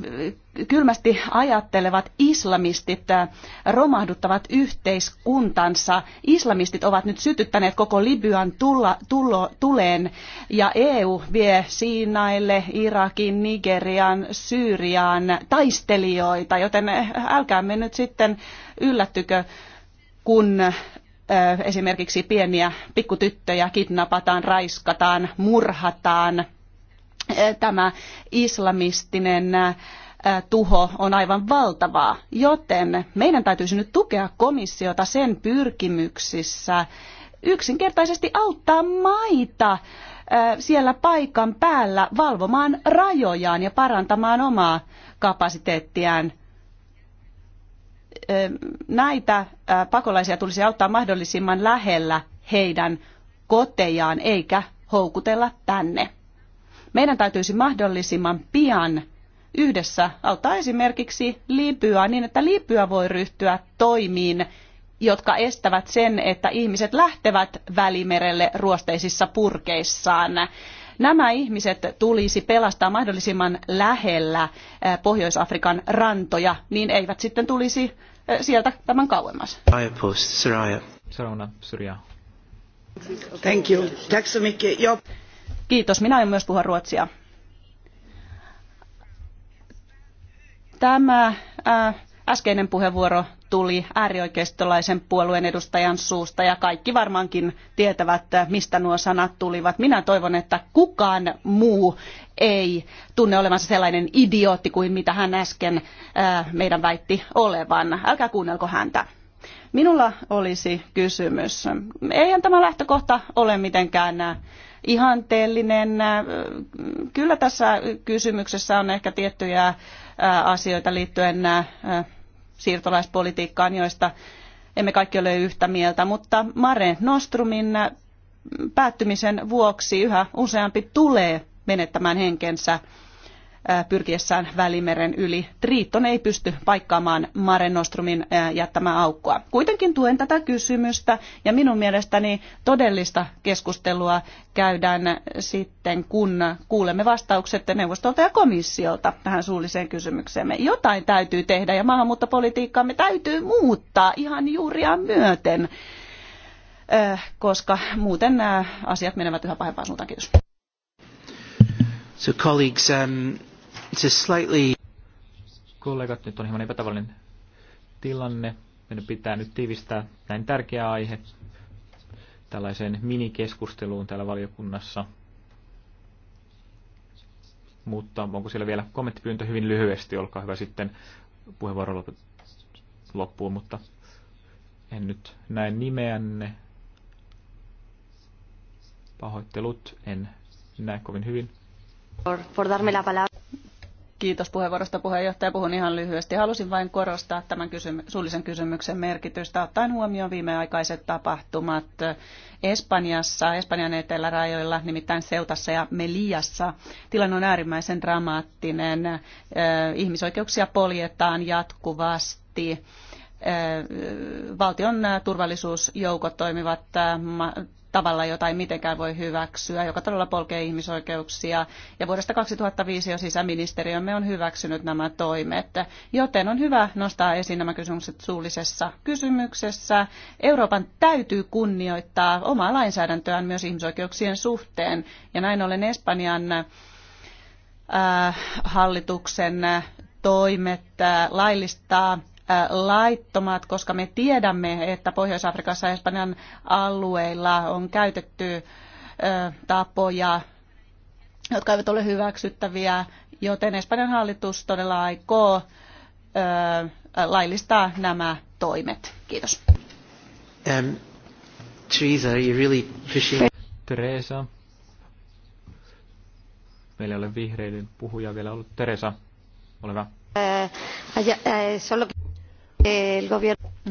kylmästi ajattelevat islamistit äh, romahduttavat yhteiskuntansa. Islamistit ovat nyt sytyttäneet koko Libyan tulla, tullo, tuleen ja EU vie Siinaille, Irakin, Nigerian, Syyriaan taistelijoita, joten äh, älkäämme nyt sitten yllättykö, kun esimerkiksi pieniä pikkutyttöjä kidnapataan, raiskataan, murhataan – tämä islamistinen tuho on aivan valtavaa, joten meidän täytyisi nyt tukea komissiota sen pyrkimyksissä yksinkertaisesti auttaa maita siellä paikan päällä valvomaan rajojaan ja parantamaan omaa kapasiteettiaan. Näitä pakolaisia tulisi auttaa mahdollisimman lähellä heidän kotejaan eikä houkutella tänne. Meidän täytyisi mahdollisimman pian yhdessä auttaa esimerkiksi Libyaa niin, että Libya voi ryhtyä toimiin, jotka estävät sen, että ihmiset lähtevät välimerelle ruosteisissa purkeissaan. Nämä ihmiset tulisi pelastaa mahdollisimman lähellä eh, Pohjois-Afrikan rantoja, niin eivät sitten tulisi eh, sieltä tämän kauemmas. Thank you. Tack så mycket. Kiitos, minä aion myös puhua ruotsia. Tämä äh, äskeinen puheenvuoro tuli äärioikeistolaisen puolueen edustajan suusta ja kaikki varmaankin tietävät, äh, mistä nuo sanat tulivat. Minä toivon, että kukaan muu ei tunne olevansa sellainen idiootti kuin mitä hän äsken äh, meidän väitti olevan. Älkää kuunnelko häntä. Minulla olisi kysymys. Eihän tämä lähtökohta ole mitenkään äh, ihanteellinen. Kyllä tässä kysymyksessä on ehkä tiettyjä asioita liittyen siirtolaispolitiikkaan, joista emme kaikki ole yhtä mieltä, mutta Mare Nostrumin päättymisen vuoksi yhä useampi tulee menettämään henkensä pyrkiessään Välimeren yli. Triton ei pysty paikkaamaan Mare Nostrumin jättämää aukkoa. Kuitenkin tuen tätä kysymystä ja minun mielestäni todellista keskustelua käydään sitten, kun kuulemme vastaukset neuvostolta ja komissiolta tähän suulliseen kysymykseemme. Jotain täytyy tehdä ja maahanmuuttopolitiikkaamme täytyy muuttaa ihan juuria myöten koska muuten nämä asiat menevät yhä pahempaan suuntaan. Kiitos. So colleagues, um, It's a slightly... Kollegat, nyt on hieman epätavallinen tilanne. Meidän pitää nyt tiivistää näin tärkeä aihe tällaiseen minikeskusteluun täällä valiokunnassa. Mutta onko siellä vielä kommenttipyyntö hyvin lyhyesti? Olkaa hyvä sitten puheenvuoro loppuun, mutta en nyt näe nimeänne. Pahoittelut, en näe kovin hyvin. For, for darme la palabra. Kiitos puheenvuorosta puheenjohtaja. Puhun ihan lyhyesti. Halusin vain korostaa tämän kysymy- suullisen kysymyksen merkitystä ottaen huomioon viimeaikaiset tapahtumat Espanjassa, Espanjan etelärajoilla, nimittäin Seutassa ja Meliassa. Tilanne on äärimmäisen dramaattinen. Ihmisoikeuksia poljetaan jatkuvasti valtion turvallisuusjoukot toimivat tavalla, jota ei mitenkään voi hyväksyä, joka todella polkee ihmisoikeuksia. Ja vuodesta 2005 jo sisäministeriömme on hyväksynyt nämä toimet. Joten on hyvä nostaa esiin nämä kysymykset suullisessa kysymyksessä. Euroopan täytyy kunnioittaa omaa lainsäädäntöään myös ihmisoikeuksien suhteen. Ja näin ollen Espanjan äh, hallituksen toimet äh, laillistaa laittomat, koska me tiedämme, että Pohjois-Afrikassa ja Espanjan alueilla on käytetty tapoja, jotka eivät ole hyväksyttäviä, joten Espanjan hallitus todella aikoo laillistaa nämä toimet. Kiitos. Um, Teresa, are you really pushing... Teresa. Meillä ei ole vihreiden puhuja vielä ollut. Teresa, ole hyvä. Eh, eh, solo...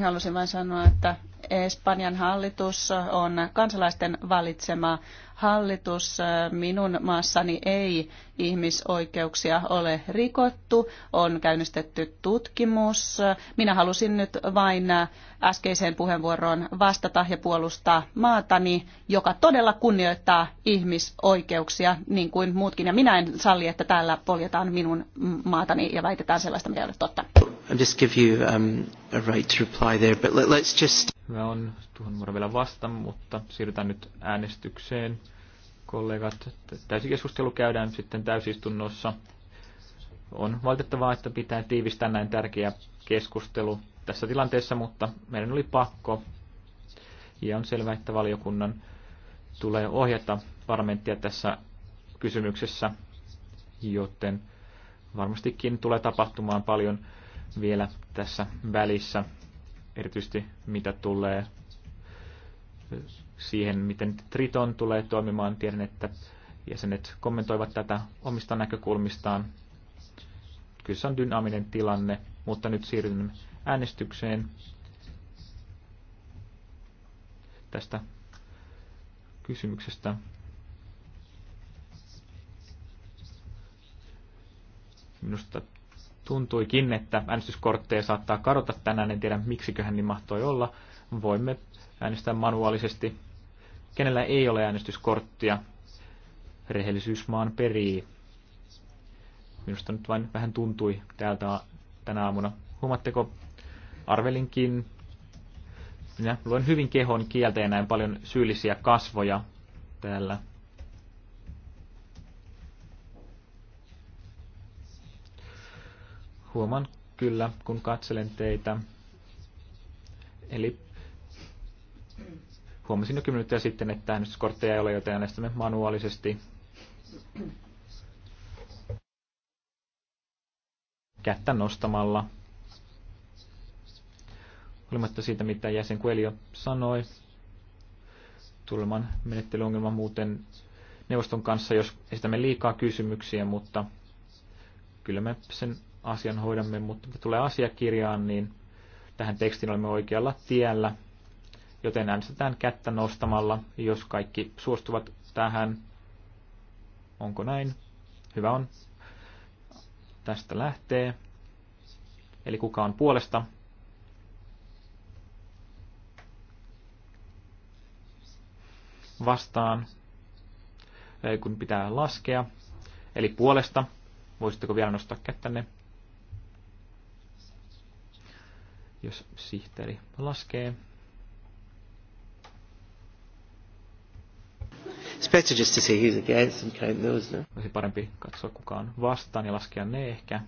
Halusin vain sanoa, että Espanjan hallitus on kansalaisten valitsema hallitus. Minun maassani ei ihmisoikeuksia ole rikottu, on käynnistetty tutkimus. Minä halusin nyt vain äskeiseen puheenvuoroon vastata ja puolustaa maatani, joka todella kunnioittaa ihmisoikeuksia niin kuin muutkin. Ja minä en salli, että täällä poljetaan minun maatani ja väitetään sellaista, mitä ei ole totta. I'll just give you um, a right to reply there, but let, let's just... Mä on tuohon vielä vasta, mutta siirrytään nyt äänestykseen. Kollegat, keskustelu käydään sitten täysistunnossa. On valitettavaa, että pitää tiivistää näin tärkeä keskustelu tässä tilanteessa, mutta meidän oli pakko. Ja on selvää, että valiokunnan tulee ohjata parlamenttia tässä kysymyksessä, joten varmastikin tulee tapahtumaan paljon vielä tässä välissä, erityisesti mitä tulee siihen, miten Triton tulee toimimaan. Tiedän, että jäsenet kommentoivat tätä omista näkökulmistaan. Kyllä se on dynaaminen tilanne, mutta nyt siirrymme äänestykseen tästä kysymyksestä. Minusta tuntuikin, että äänestyskortteja saattaa kadota tänään, en tiedä miksiköhän niin mahtoi olla. Voimme äänestää manuaalisesti. Kenellä ei ole äänestyskorttia, maan perii. Minusta nyt vain vähän tuntui täältä tänä aamuna. Huomatteko, arvelinkin, minä luen hyvin kehon kieltä ja näin paljon syyllisiä kasvoja täällä Huomaan kyllä, kun katselen teitä. Eli huomasin jo kymmenen minuuttia sitten, että äänestyskortteja ei ole, joten äänestämme manuaalisesti. Kättä nostamalla. Huolimatta siitä, mitä jäsen Kuelio sanoi, tuleman menettelyongelma muuten neuvoston kanssa, jos esitämme liikaa kysymyksiä, mutta kyllä me sen asian hoidamme, mutta mitä tulee asiakirjaan, niin tähän tekstiin olemme oikealla tiellä, joten äänestetään kättä nostamalla, jos kaikki suostuvat tähän. Onko näin? Hyvä on. Tästä lähtee. Eli kuka on puolesta? Vastaan, kun pitää laskea. Eli puolesta. Voisitteko vielä nostaa kättänne? jos sihteeri laskee. It's better just to see who's against and count those, no? Olisi parempi katsoa kukaan vastaan ja laskea ne ehkä.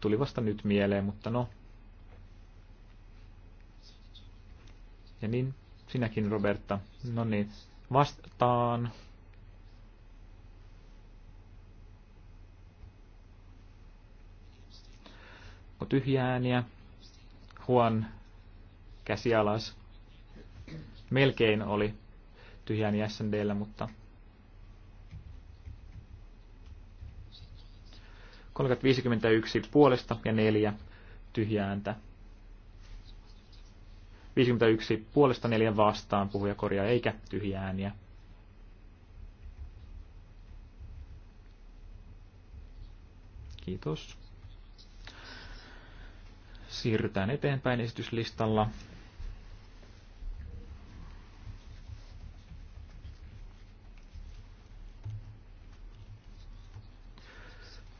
Tuli vasta nyt mieleen, mutta no. Ja niin, sinäkin Roberta. No niin, vastaan. Onko tyhjä ääniä? Huon käsi alas. Melkein oli tyhjää ääni SNDllä, mutta 351 puolesta ja neljä tyhjääntä. ääntä. 51 puolesta neljän vastaan puhuja korjaa eikä tyhjää ääniä. Kiitos. Siirrytään eteenpäin esityslistalla.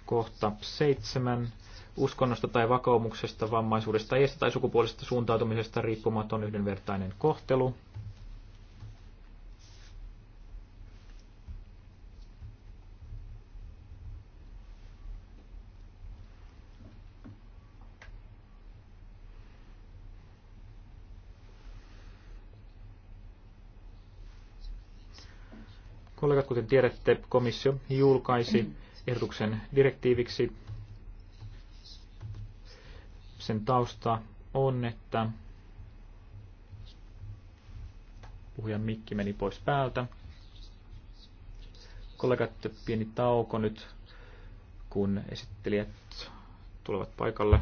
Kohta seitsemän. Uskonnosta tai vakaumuksesta, vammaisuudesta, iästä tai sukupuolisesta suuntautumisesta riippumaton yhdenvertainen kohtelu. kollegat, kuten tiedätte, komissio julkaisi ehdotuksen direktiiviksi. Sen tausta on, että puhujan mikki meni pois päältä. Kollegat, pieni tauko nyt, kun esittelijät tulevat paikalle.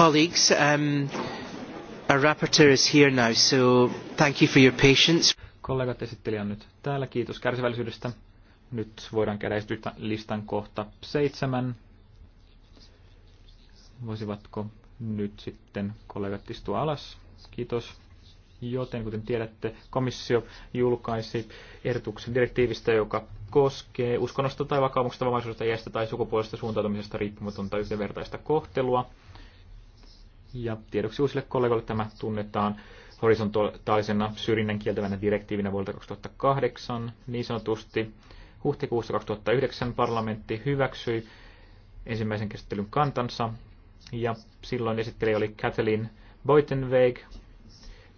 Colleagues, um, our rapporteur is here now, so thank you for your patience. Kollegat, esittelijä on nyt täällä. Kiitos kärsivällisyydestä. Nyt voidaan käydä listan kohta seitsemän. Voisivatko nyt sitten kollegat istua alas? Kiitos. Joten kuten tiedätte, komissio julkaisi ehdotuksen direktiivistä, joka koskee uskonnosta tai vakaumuksesta, vammaisuudesta, iästä tai sukupuolesta suuntautumisesta riippumatonta yhdenvertaista kohtelua. Ja tiedoksi uusille kollegoille tämä tunnetaan horisontaalisena syrjinnän kieltävänä direktiivinä vuodelta 2008 niin sanotusti. Huhtikuussa 2009 parlamentti hyväksyi ensimmäisen käsittelyn kantansa ja silloin esittelijä oli Kathleen Boitenweg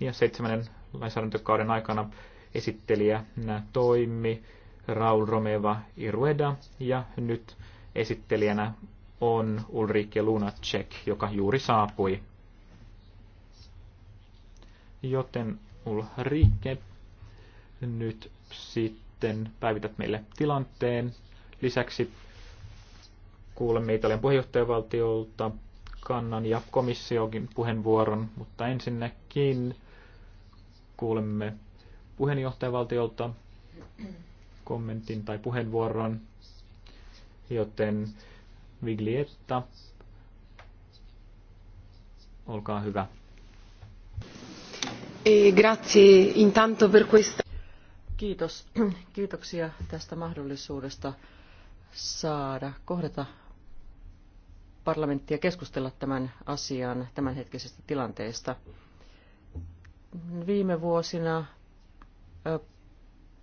ja seitsemännen lainsäädäntökauden aikana esittelijä toimi Raul Romeva Irueda ja nyt esittelijänä on Ulrike Lunacek, joka juuri saapui. Joten Ulrike, nyt sitten päivität meille tilanteen. Lisäksi kuulemme Italian puheenjohtajavaltiolta kannan ja komissiokin puheenvuoron, mutta ensinnäkin kuulemme puheenjohtajavaltiolta kommentin tai puheenvuoron, joten Viglietta. Olkaa hyvä. E, grazie intanto per questa. Kiitos. Kiitoksia tästä mahdollisuudesta saada kohdata parlamenttia keskustella tämän asian tämänhetkisestä tilanteesta. Viime vuosina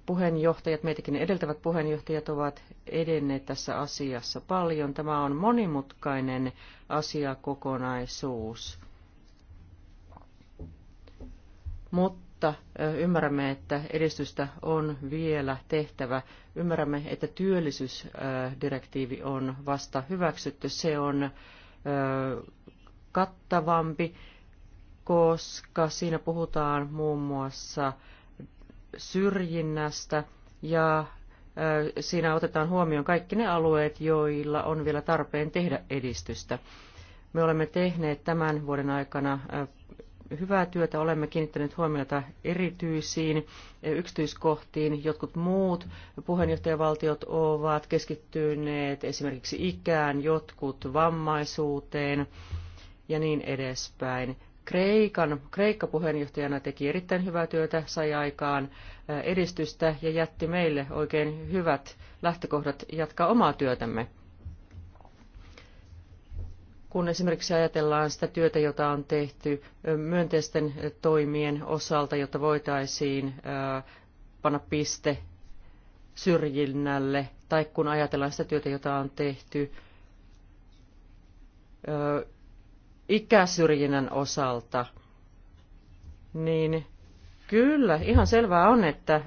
puheenjohtajat, meitäkin edeltävät puheenjohtajat ovat edenneet tässä asiassa paljon. Tämä on monimutkainen asiakokonaisuus. Mutta ymmärrämme, että edistystä on vielä tehtävä. Ymmärrämme, että työllisyysdirektiivi on vasta hyväksytty. Se on kattavampi, koska siinä puhutaan muun muassa syrjinnästä ja siinä otetaan huomioon kaikki ne alueet, joilla on vielä tarpeen tehdä edistystä. Me olemme tehneet tämän vuoden aikana hyvää työtä, olemme kiinnittäneet huomiota erityisiin yksityiskohtiin. Jotkut muut puheenjohtajavaltiot ovat keskittyneet esimerkiksi ikään, jotkut vammaisuuteen ja niin edespäin. Kreikan, Kreikka puheenjohtajana teki erittäin hyvää työtä, sai aikaan edistystä ja jätti meille oikein hyvät lähtökohdat jatkaa omaa työtämme. Kun esimerkiksi ajatellaan sitä työtä, jota on tehty myönteisten toimien osalta, jotta voitaisiin panna piste syrjinnälle, tai kun ajatellaan sitä työtä, jota on tehty ikäsyrjinnän osalta, niin kyllä, ihan selvää on, että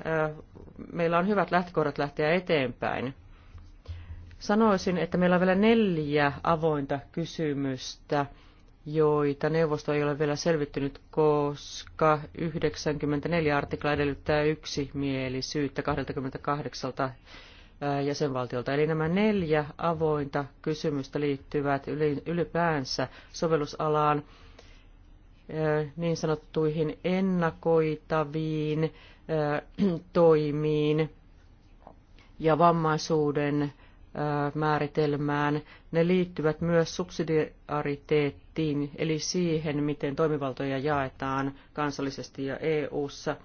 meillä on hyvät lähtökohdat lähteä eteenpäin. Sanoisin, että meillä on vielä neljä avointa kysymystä, joita neuvosto ei ole vielä selvittynyt, koska 94 artikla edellyttää yksimielisyyttä 28 jäsenvaltiolta. Eli nämä neljä avointa kysymystä liittyvät ylipäänsä sovellusalaan niin sanottuihin ennakoitaviin toimiin ja vammaisuuden määritelmään. Ne liittyvät myös subsidiariteettiin, eli siihen, miten toimivaltoja jaetaan kansallisesti ja EU-ssa –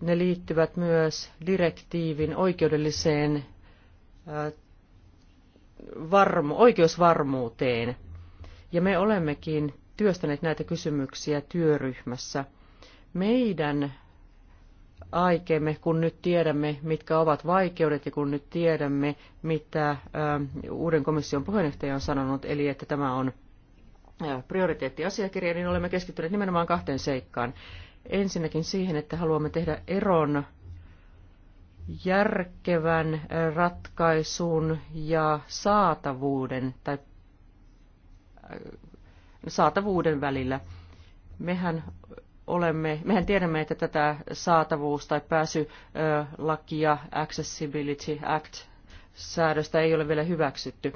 ne liittyvät myös direktiivin oikeudelliseen varmu, oikeusvarmuuteen. Ja me olemmekin työstäneet näitä kysymyksiä työryhmässä. Meidän aikemme kun nyt tiedämme, mitkä ovat vaikeudet ja kun nyt tiedämme, mitä uuden komission puheenjohtaja on sanonut, eli että tämä on prioriteettiasiakirja, niin olemme keskittyneet nimenomaan kahteen seikkaan. Ensinnäkin siihen, että haluamme tehdä eron järkevän ratkaisun ja saatavuuden tai äh, saatavuuden välillä. Mehän olemme, mehän tiedämme, että tätä saatavuus- tai pääsylakia, Accessibility Act-säädöstä ei ole vielä hyväksytty.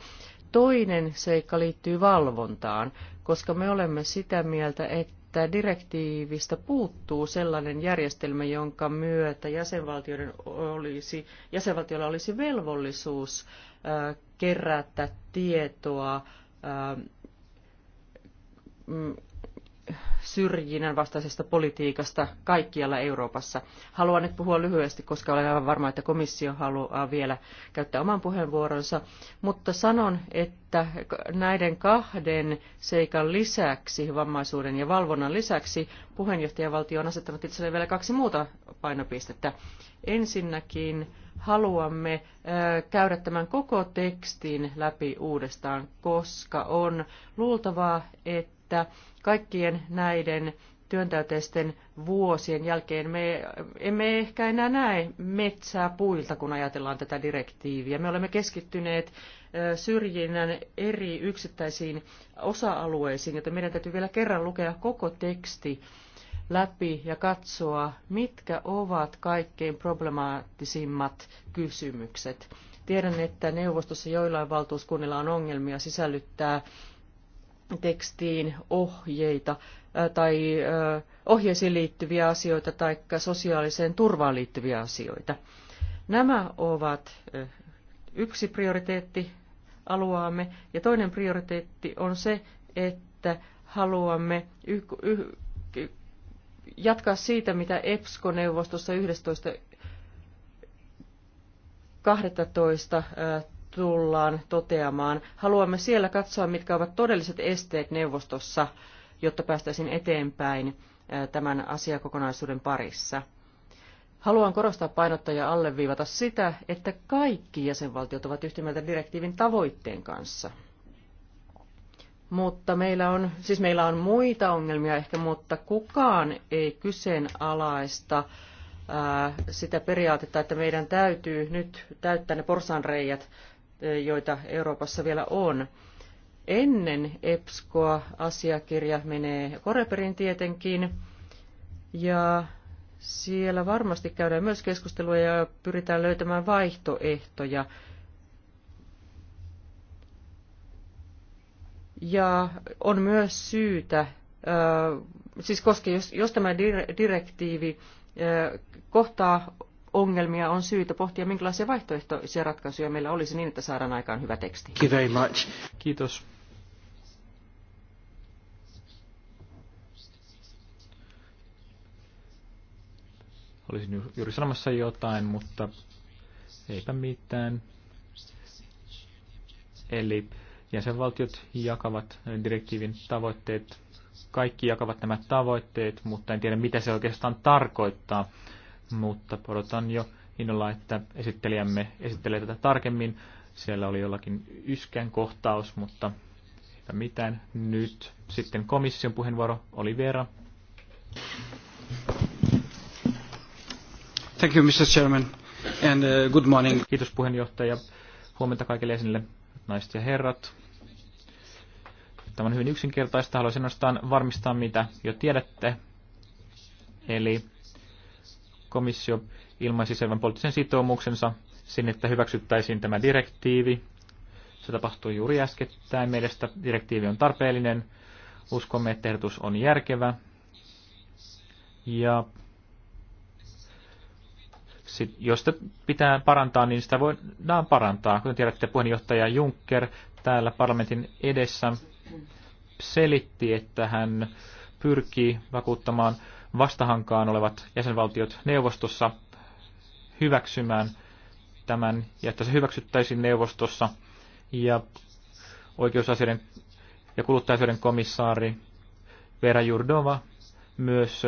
Toinen seikka liittyy valvontaan, koska me olemme sitä mieltä, että että direktiivistä puuttuu sellainen järjestelmä, jonka myötä jäsenvaltioiden olisi, jäsenvaltioilla olisi velvollisuus kerätä tietoa syrjinnän vastaisesta politiikasta kaikkialla Euroopassa. Haluan nyt puhua lyhyesti, koska olen aivan varma, että komissio haluaa vielä käyttää oman puheenvuoronsa, mutta sanon, että näiden kahden seikan lisäksi, vammaisuuden ja valvonnan lisäksi, puheenjohtajavaltio on asettanut itselleen vielä kaksi muuta painopistettä. Ensinnäkin haluamme käydä tämän koko tekstin läpi uudestaan, koska on luultavaa, että että kaikkien näiden työntäyteisten vuosien jälkeen me emme ehkä enää näe metsää puilta, kun ajatellaan tätä direktiiviä. Me olemme keskittyneet syrjinnän eri yksittäisiin osa-alueisiin, joten meidän täytyy vielä kerran lukea koko teksti läpi ja katsoa, mitkä ovat kaikkein problemaattisimmat kysymykset. Tiedän, että neuvostossa joillain valtuuskunnilla on ongelmia sisällyttää tekstiin ohjeita tai ohjeisiin liittyviä asioita tai sosiaaliseen turvaan liittyviä asioita. Nämä ovat yksi prioriteetti alueamme ja toinen prioriteetti on se, että haluamme jatkaa siitä, mitä EPSCO-neuvostossa 11.12 tullaan toteamaan. Haluamme siellä katsoa, mitkä ovat todelliset esteet neuvostossa, jotta päästäisiin eteenpäin tämän asiakokonaisuuden parissa. Haluan korostaa painottaa ja alleviivata sitä, että kaikki jäsenvaltiot ovat yhtä mieltä direktiivin tavoitteen kanssa. Mutta meillä on, siis meillä on muita ongelmia ehkä, mutta kukaan ei kyseenalaista ää, sitä periaatetta, että meidän täytyy nyt täyttää ne porsanreijät joita Euroopassa vielä on. Ennen EPSKOa asiakirja menee Koreperin tietenkin, ja siellä varmasti käydään myös keskustelua ja pyritään löytämään vaihtoehtoja. Ja on myös syytä, siis koska jos, jos tämä direktiivi kohtaa ongelmia, on syytä pohtia, minkälaisia vaihtoehtoisia ratkaisuja meillä olisi niin, että saadaan aikaan hyvä teksti. Kiitos. Olisin juuri sanomassa jotain, mutta eipä mitään. Eli jäsenvaltiot jakavat direktiivin tavoitteet, kaikki jakavat nämä tavoitteet, mutta en tiedä mitä se oikeastaan tarkoittaa mutta odotan jo innolla, että esittelijämme esittelee tätä tarkemmin. Siellä oli jollakin yskän kohtaus, mutta eipä mitään. Nyt sitten komission puheenvuoro Olivera. Thank you, Mr. Chairman, and uh, good morning. Kiitos puheenjohtaja. Huomenta kaikille esille, naiset ja herrat. Tämä on hyvin yksinkertaista. Haluaisin nostaa varmistaa, mitä jo tiedätte. Eli komissio ilmaisi selvän poliittisen sitoumuksensa sinne, että hyväksyttäisiin tämä direktiivi. Se tapahtui juuri äskettäin. Mielestä direktiivi on tarpeellinen. Uskomme, että ehdotus on järkevä. Ja sit, jos sitä pitää parantaa, niin sitä voidaan parantaa. Kuten tiedätte, puheenjohtaja Juncker täällä parlamentin edessä selitti, että hän pyrkii vakuuttamaan vastahankaan olevat jäsenvaltiot neuvostossa hyväksymään tämän ja että se hyväksyttäisiin neuvostossa. Ja oikeusasioiden ja kuluttajasioiden komissaari Vera Jurdova myös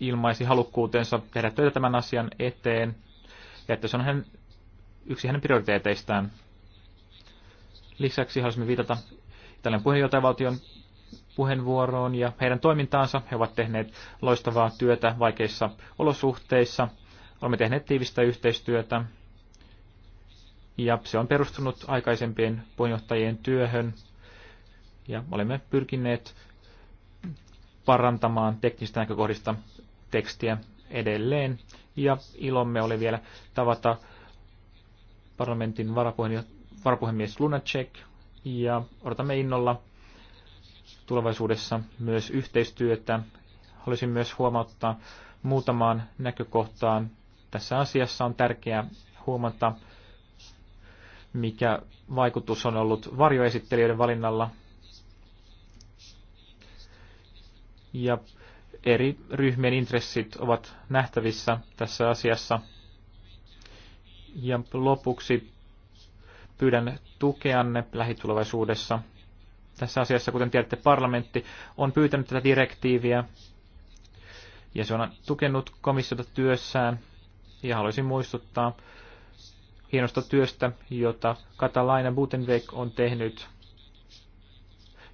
ilmaisi halukkuutensa tehdä töitä tämän asian eteen ja että se on hän, yksi hänen prioriteeteistaan. Lisäksi haluaisimme viitata Italian puheenjohtajavaltion puheenvuoroon ja heidän toimintaansa. He ovat tehneet loistavaa työtä vaikeissa olosuhteissa. Olemme tehneet tiivistä yhteistyötä ja se on perustunut aikaisempien puheenjohtajien työhön ja olemme pyrkineet parantamaan teknistä näkökohdista tekstiä edelleen. Ja ilomme oli vielä tavata parlamentin varapuhemies Lunacek ja odotamme innolla tulevaisuudessa myös yhteistyötä. Haluaisin myös huomauttaa muutamaan näkökohtaan. Tässä asiassa on tärkeää huomata, mikä vaikutus on ollut varjoesittelijöiden valinnalla. Ja eri ryhmien intressit ovat nähtävissä tässä asiassa. Ja lopuksi pyydän tukeanne lähitulevaisuudessa tässä asiassa, kuten tiedätte, parlamentti on pyytänyt tätä direktiiviä ja se on tukenut komissiota työssään. Ja haluaisin muistuttaa hienosta työstä, jota Katalaina Butenweg on tehnyt,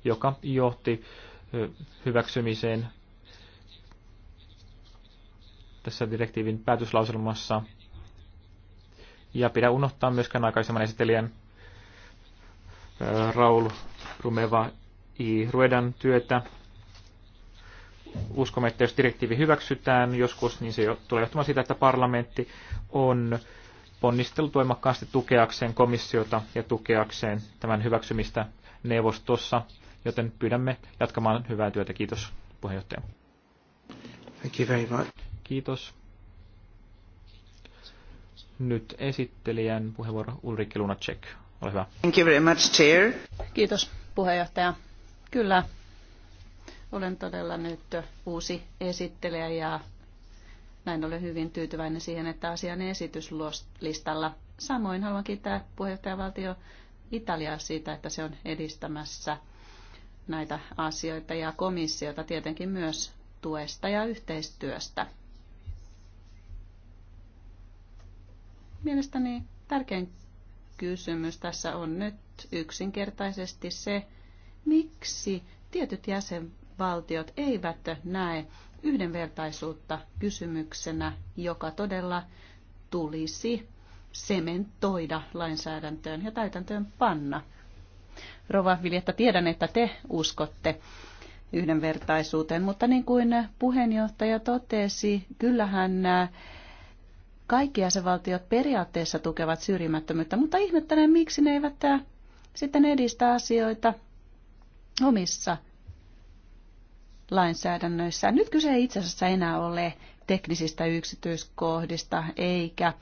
joka johti hyväksymiseen tässä direktiivin päätöslauselmassa. Ja pidä unohtaa myöskään aikaisemman esittelijän Raul Rumeva I. Ruedan työtä. Uskomme, että jos direktiivi hyväksytään joskus, niin se tulee johtumaan siitä, että parlamentti on ponnistellut voimakkaasti tukeakseen komissiota ja tukeakseen tämän hyväksymistä neuvostossa, joten pyydämme jatkamaan hyvää työtä. Kiitos puheenjohtaja. Thank you very much. Kiitos. Nyt esittelijän puheenvuoro Ulrike Lunacek. Ole hyvä. Kiitos puheenjohtaja. Kyllä, olen todella nyt uusi esittelijä ja näin olen hyvin tyytyväinen siihen, että asian esityslistalla. Samoin haluan kiittää puheenjohtajavaltio Italiaa siitä, että se on edistämässä näitä asioita ja komissiota tietenkin myös tuesta ja yhteistyöstä. Mielestäni tärkein kysymys tässä on nyt yksinkertaisesti se, miksi tietyt jäsenvaltiot eivät näe yhdenvertaisuutta kysymyksenä, joka todella tulisi sementoida lainsäädäntöön ja täytäntöön panna. Rova Viljetta, tiedän, että te uskotte yhdenvertaisuuteen, mutta niin kuin puheenjohtaja totesi, kyllähän äh, kaikki jäsenvaltiot periaatteessa tukevat syrjimättömyyttä, mutta ihmettelen, miksi ne eivät sitten edistä asioita omissa lainsäädännöissään. Nyt kyse ei itse asiassa enää ole teknisistä yksityiskohdista eikä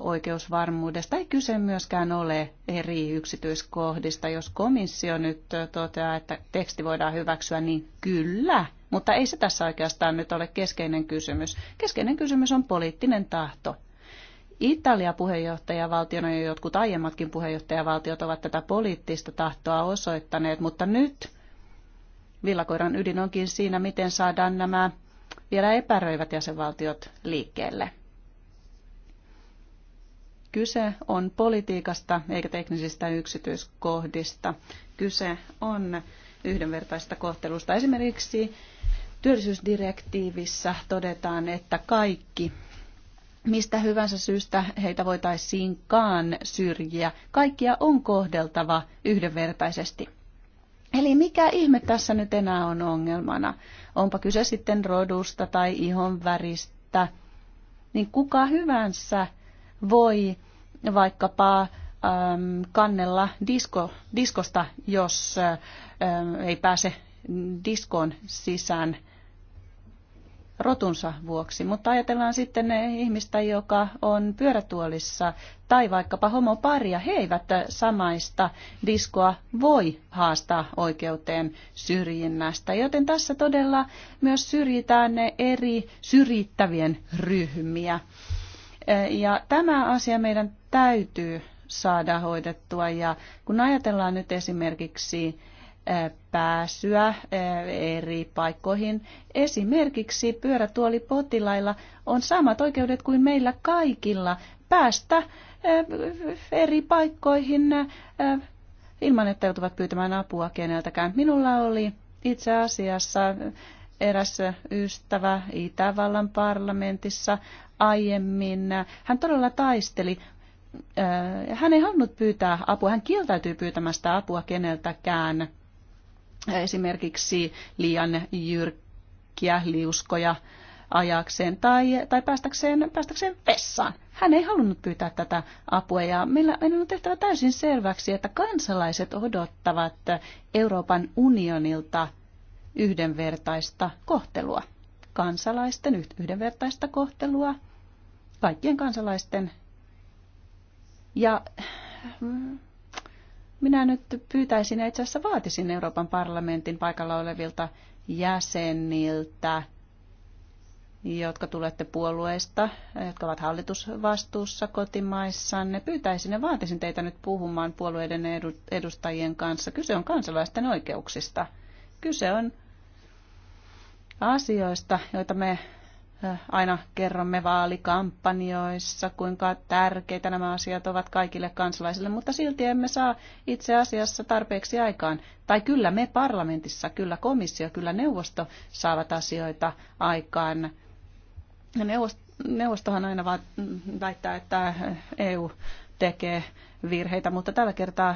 oikeusvarmuudesta. Ei kyse myöskään ole eri yksityiskohdista. Jos komissio nyt toteaa, että teksti voidaan hyväksyä, niin kyllä – mutta ei se tässä oikeastaan nyt ole keskeinen kysymys. Keskeinen kysymys on poliittinen tahto. Italia puheenjohtajavaltiona ja jotkut aiemmatkin puheenjohtajavaltiot ovat tätä poliittista tahtoa osoittaneet, mutta nyt villakoiran ydin onkin siinä, miten saadaan nämä vielä epäröivät jäsenvaltiot liikkeelle. Kyse on politiikasta eikä teknisistä yksityiskohdista. Kyse on yhdenvertaista kohtelusta. Esimerkiksi työllisyysdirektiivissä todetaan, että kaikki mistä hyvänsä syystä heitä voitaisiinkaan syrjiä. Kaikkia on kohdeltava yhdenvertaisesti. Eli mikä ihme tässä nyt enää on ongelmana? Onpa kyse sitten rodusta tai ihon väristä, niin kuka hyvänsä voi vaikkapa kannella disko, diskosta, jos ei pääse diskon sisään rotunsa vuoksi. Mutta ajatellaan sitten ne ihmistä, joka on pyörätuolissa tai vaikkapa homoparia. He eivät samaista diskoa voi haastaa oikeuteen syrjinnästä. Joten tässä todella myös syrjitään ne eri syrjittävien ryhmiä. Ja tämä asia meidän täytyy saada hoidettua. Ja kun ajatellaan nyt esimerkiksi pääsyä eri paikkoihin. Esimerkiksi pyörätuolipotilailla on samat oikeudet kuin meillä kaikilla päästä eri paikkoihin ilman, että joutuvat pyytämään apua keneltäkään. Minulla oli itse asiassa eräs ystävä Itävallan parlamentissa aiemmin. Hän todella taisteli Äh, hän ei halunnut pyytää apua, hän kieltäytyy pyytämästä apua keneltäkään. Äh, esimerkiksi liian jyrkkiä liuskoja ajakseen tai, tai päästäkseen, päästäkseen vessaan. Hän ei halunnut pyytää tätä apua ja meillä, meillä on tehtävä täysin selväksi, että kansalaiset odottavat Euroopan unionilta yhdenvertaista kohtelua. Kansalaisten yhdenvertaista kohtelua kaikkien kansalaisten ja mm, minä nyt pyytäisin ja itse asiassa vaatisin Euroopan parlamentin paikalla olevilta jäseniltä, jotka tulette puolueista, jotka ovat hallitusvastuussa kotimaissanne. Pyytäisin ja vaatisin teitä nyt puhumaan puolueiden edustajien kanssa. Kyse on kansalaisten oikeuksista. Kyse on asioista, joita me Äh, aina kerromme vaalikampanjoissa, kuinka tärkeitä nämä asiat ovat kaikille kansalaisille, mutta silti emme saa itse asiassa tarpeeksi aikaan. Tai kyllä me parlamentissa, kyllä komissio, kyllä neuvosto saavat asioita aikaan. Neuvostohan aina vaan väittää, että EU tekee virheitä, mutta tällä kertaa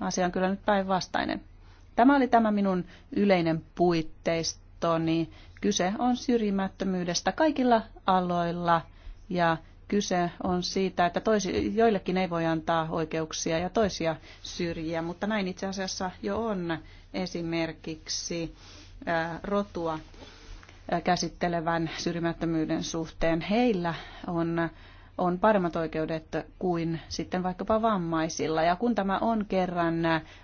asia on kyllä nyt päinvastainen. Tämä oli tämä minun yleinen puitteista katsoa, niin kyse on syrjimättömyydestä kaikilla aloilla ja kyse on siitä, että toisi, joillekin ei voi antaa oikeuksia ja toisia syrjiä, mutta näin itse asiassa jo on esimerkiksi rotua käsittelevän syrjimättömyyden suhteen. Heillä on on paremmat oikeudet kuin sitten vaikkapa vammaisilla. Ja kun tämä on kerran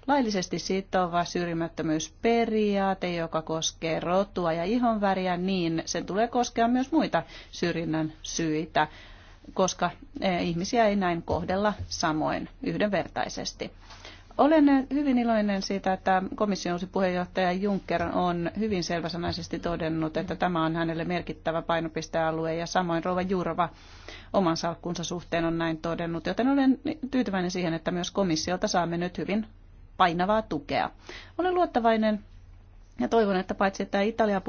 laillisesti sitova syrjimättömyysperiaate, joka koskee rotua ja ihonväriä, niin sen tulee koskea myös muita syrjinnän syitä, koska eh, ihmisiä ei näin kohdella samoin yhdenvertaisesti. Olen hyvin iloinen siitä, että komission puheenjohtaja Juncker on hyvin selväsanaisesti todennut, että tämä on hänelle merkittävä painopistealue ja samoin Rova Jurova oman salkkunsa suhteen on näin todennut, joten olen tyytyväinen siihen, että myös komissiolta saamme nyt hyvin painavaa tukea. Olen luottavainen ja toivon, että paitsi että Italia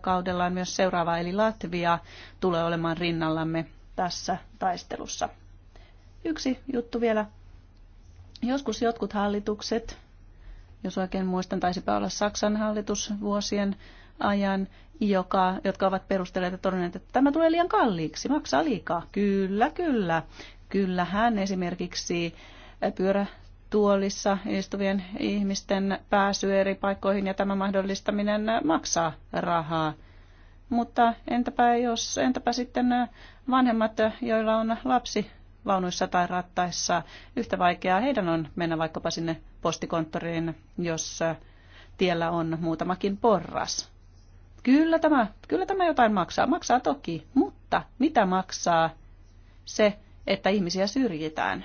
kaudellaan myös seuraava eli Latvia tulee olemaan rinnallamme tässä taistelussa. Yksi juttu vielä Joskus jotkut hallitukset, jos oikein muistan, taisipä olla Saksan hallitus vuosien ajan, joka, jotka ovat perustelleet ja todenneet, että tämä tulee liian kalliiksi, maksaa liikaa. Kyllä, kyllä. Kyllähän esimerkiksi pyörätuolissa istuvien ihmisten pääsy eri paikkoihin ja tämä mahdollistaminen maksaa rahaa. Mutta entäpä, jos, entäpä sitten vanhemmat, joilla on lapsi vaunuissa tai rattaissa. Yhtä vaikeaa heidän on mennä vaikkapa sinne postikonttoriin, jos tiellä on muutamakin porras. Kyllä tämä, kyllä tämä jotain maksaa. Maksaa toki, mutta mitä maksaa se, että ihmisiä syrjitään?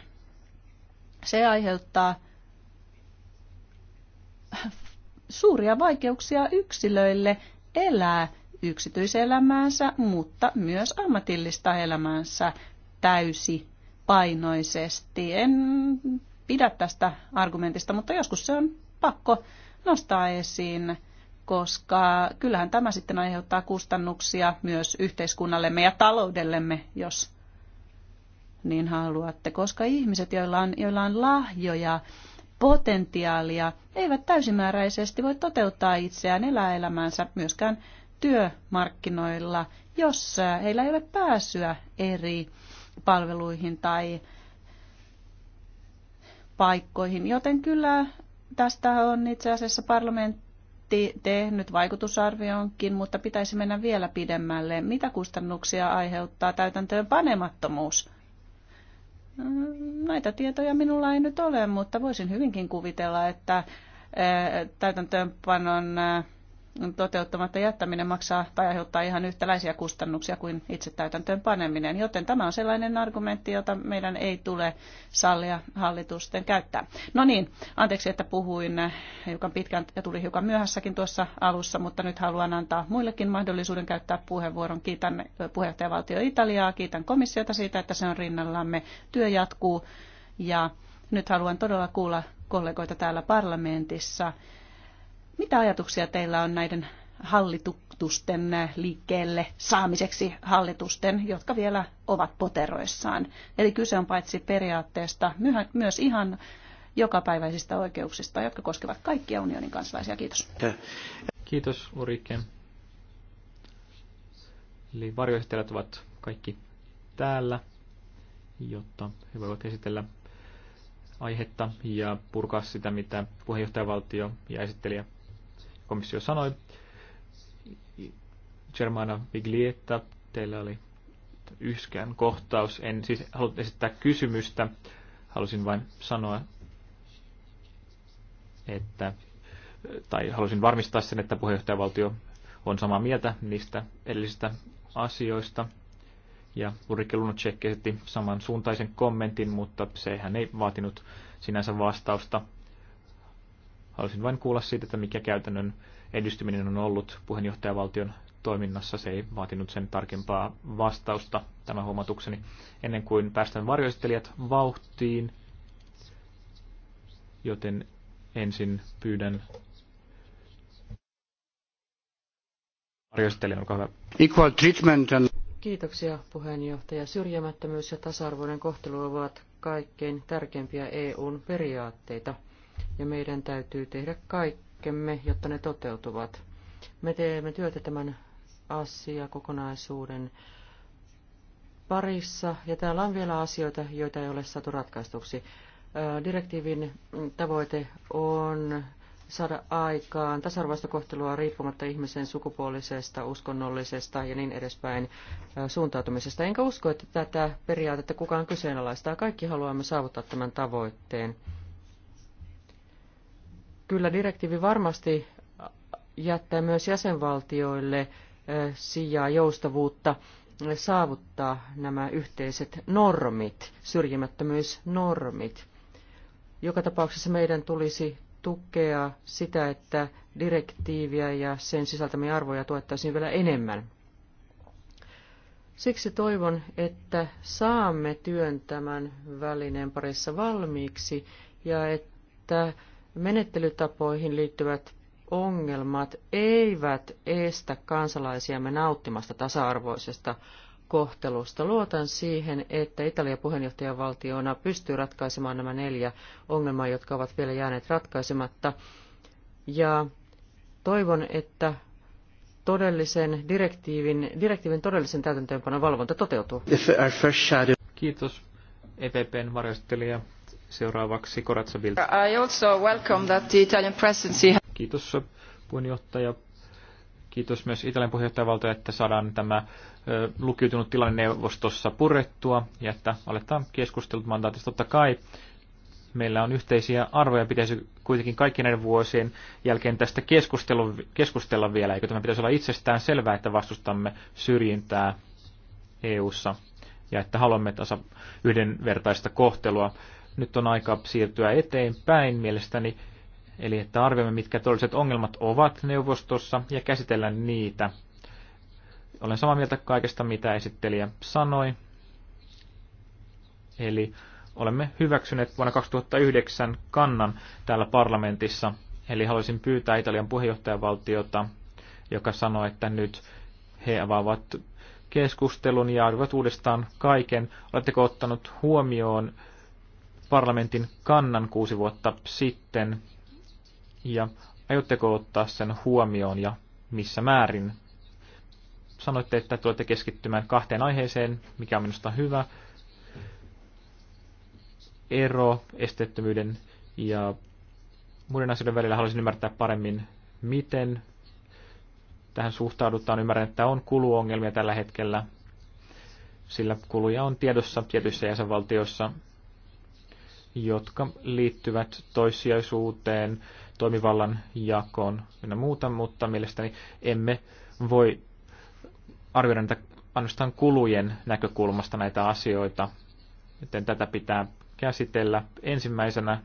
Se aiheuttaa suuria vaikeuksia yksilöille elää yksityiselämäänsä, mutta myös ammatillista elämäänsä täysi painoisesti. En pidä tästä argumentista, mutta joskus se on pakko nostaa esiin, koska kyllähän tämä sitten aiheuttaa kustannuksia myös yhteiskunnallemme ja taloudellemme, jos niin haluatte, koska ihmiset, joilla on, joilla on lahjoja, potentiaalia, eivät täysimääräisesti voi toteuttaa itseään, elää elämäänsä myöskään työmarkkinoilla, jos heillä ei ole pääsyä eri palveluihin tai paikkoihin, joten kyllä tästä on itse asiassa parlamentti tehnyt vaikutusarvioonkin, mutta pitäisi mennä vielä pidemmälle. Mitä kustannuksia aiheuttaa täytäntöön panemattomuus? Näitä tietoja minulla ei nyt ole, mutta voisin hyvinkin kuvitella, että eh, täytäntöönpanon eh, toteuttamatta jättäminen maksaa tai aiheuttaa ihan yhtäläisiä kustannuksia kuin itse täytäntöön paneminen, joten tämä on sellainen argumentti, jota meidän ei tule sallia hallitusten käyttää. No niin, anteeksi, että puhuin hiukan pitkään ja tuli hiukan myöhässäkin tuossa alussa, mutta nyt haluan antaa muillekin mahdollisuuden käyttää puheenvuoron. Kiitän puheenjohtajavaltio Italiaa, kiitän komissiota siitä, että se on rinnallamme. Työ jatkuu ja nyt haluan todella kuulla kollegoita täällä parlamentissa mitä ajatuksia teillä on näiden hallitusten liikkeelle saamiseksi hallitusten, jotka vielä ovat poteroissaan? Eli kyse on paitsi periaatteesta myös ihan jokapäiväisistä oikeuksista, jotka koskevat kaikkia unionin kansalaisia. Kiitos. Kiitos Urike. Eli varjoistelijat ovat kaikki täällä, jotta he voivat esitellä aihetta ja purkaa sitä, mitä puheenjohtajavaltio ja esittelijä komissio sanoi. Germana Viglietta, teillä oli yskään kohtaus. En siis halunnut esittää kysymystä, halusin vain sanoa, että, tai halusin varmistaa sen, että puheenjohtajavaltio on samaa mieltä niistä edellisistä asioista. Ja Ulrike Lunacek esitti samansuuntaisen kommentin, mutta sehän ei vaatinut sinänsä vastausta. Haluaisin vain kuulla siitä, että mikä käytännön edistyminen on ollut puheenjohtajavaltion toiminnassa. Se ei vaatinut sen tarkempaa vastausta, tämä huomautukseni. Ennen kuin päästään varjoistelijat vauhtiin, joten ensin pyydän varjoistelijan, olkaa hyvä. Equal treatment and... Kiitoksia puheenjohtaja. Syrjimättömyys ja tasa-arvoinen kohtelu ovat kaikkein tärkeimpiä EUn periaatteita – ja meidän täytyy tehdä kaikkemme, jotta ne toteutuvat. Me teemme työtä tämän asiakokonaisuuden parissa, ja täällä on vielä asioita, joita ei ole saatu ratkaistuksi. Direktiivin tavoite on saada aikaan tasa-arvoista kohtelua riippumatta ihmisen sukupuolisesta, uskonnollisesta ja niin edespäin suuntautumisesta. Enkä usko, että tätä periaatetta kukaan kyseenalaistaa. Kaikki haluamme saavuttaa tämän tavoitteen kyllä direktiivi varmasti jättää myös jäsenvaltioille sijaa joustavuutta saavuttaa nämä yhteiset normit, syrjimättömyysnormit. Joka tapauksessa meidän tulisi tukea sitä, että direktiiviä ja sen sisältämiä arvoja tuettaisiin vielä enemmän. Siksi toivon, että saamme työn tämän välineen parissa valmiiksi ja että menettelytapoihin liittyvät ongelmat eivät estä kansalaisiamme nauttimasta tasa-arvoisesta kohtelusta. Luotan siihen, että Italia puheenjohtajavaltiona pystyy ratkaisemaan nämä neljä ongelmaa, jotka ovat vielä jääneet ratkaisematta. Ja toivon, että todellisen direktiivin, direktiivin todellisen täytäntöönpanon valvonta toteutuu. Kiitos EPPn varjostelija Seuraavaksi Koratsabil. I also welcome that the Italian presidency... Kiitos puheenjohtaja. Kiitos myös Italian puheenjohtajavaltoja, että saadaan tämä lukiutunut tilanne neuvostossa purettua ja että aletaan keskustelut mandaatista. Totta kai meillä on yhteisiä arvoja, pitäisi kuitenkin kaikkien näiden vuosien jälkeen tästä keskustella vielä, eikö tämä pitäisi olla itsestään selvää, että vastustamme syrjintää EU-ssa ja että haluamme tasa yhdenvertaista kohtelua nyt on aika siirtyä eteenpäin mielestäni, eli että arvioimme, mitkä todelliset ongelmat ovat neuvostossa ja käsitellään niitä. Olen samaa mieltä kaikesta, mitä esittelijä sanoi. Eli olemme hyväksyneet vuonna 2009 kannan täällä parlamentissa. Eli haluaisin pyytää Italian puheenjohtajavaltiota, joka sanoi, että nyt he avaavat keskustelun ja arvioivat uudestaan kaiken. Oletteko ottanut huomioon parlamentin kannan kuusi vuotta sitten ja aiotteko ottaa sen huomioon ja missä määrin? Sanoitte, että tulette keskittymään kahteen aiheeseen, mikä on minusta hyvä. Ero esteettömyyden ja muiden asioiden välillä haluaisin ymmärtää paremmin, miten tähän suhtaudutaan. Ymmärrän, että on kuluongelmia tällä hetkellä, sillä kuluja on tiedossa tietyissä jäsenvaltioissa – jotka liittyvät toissijaisuuteen, toimivallan jakoon ja muuta, mutta mielestäni emme voi arvioida näitä ainoastaan kulujen näkökulmasta näitä asioita, joten tätä pitää käsitellä. Ensimmäisenä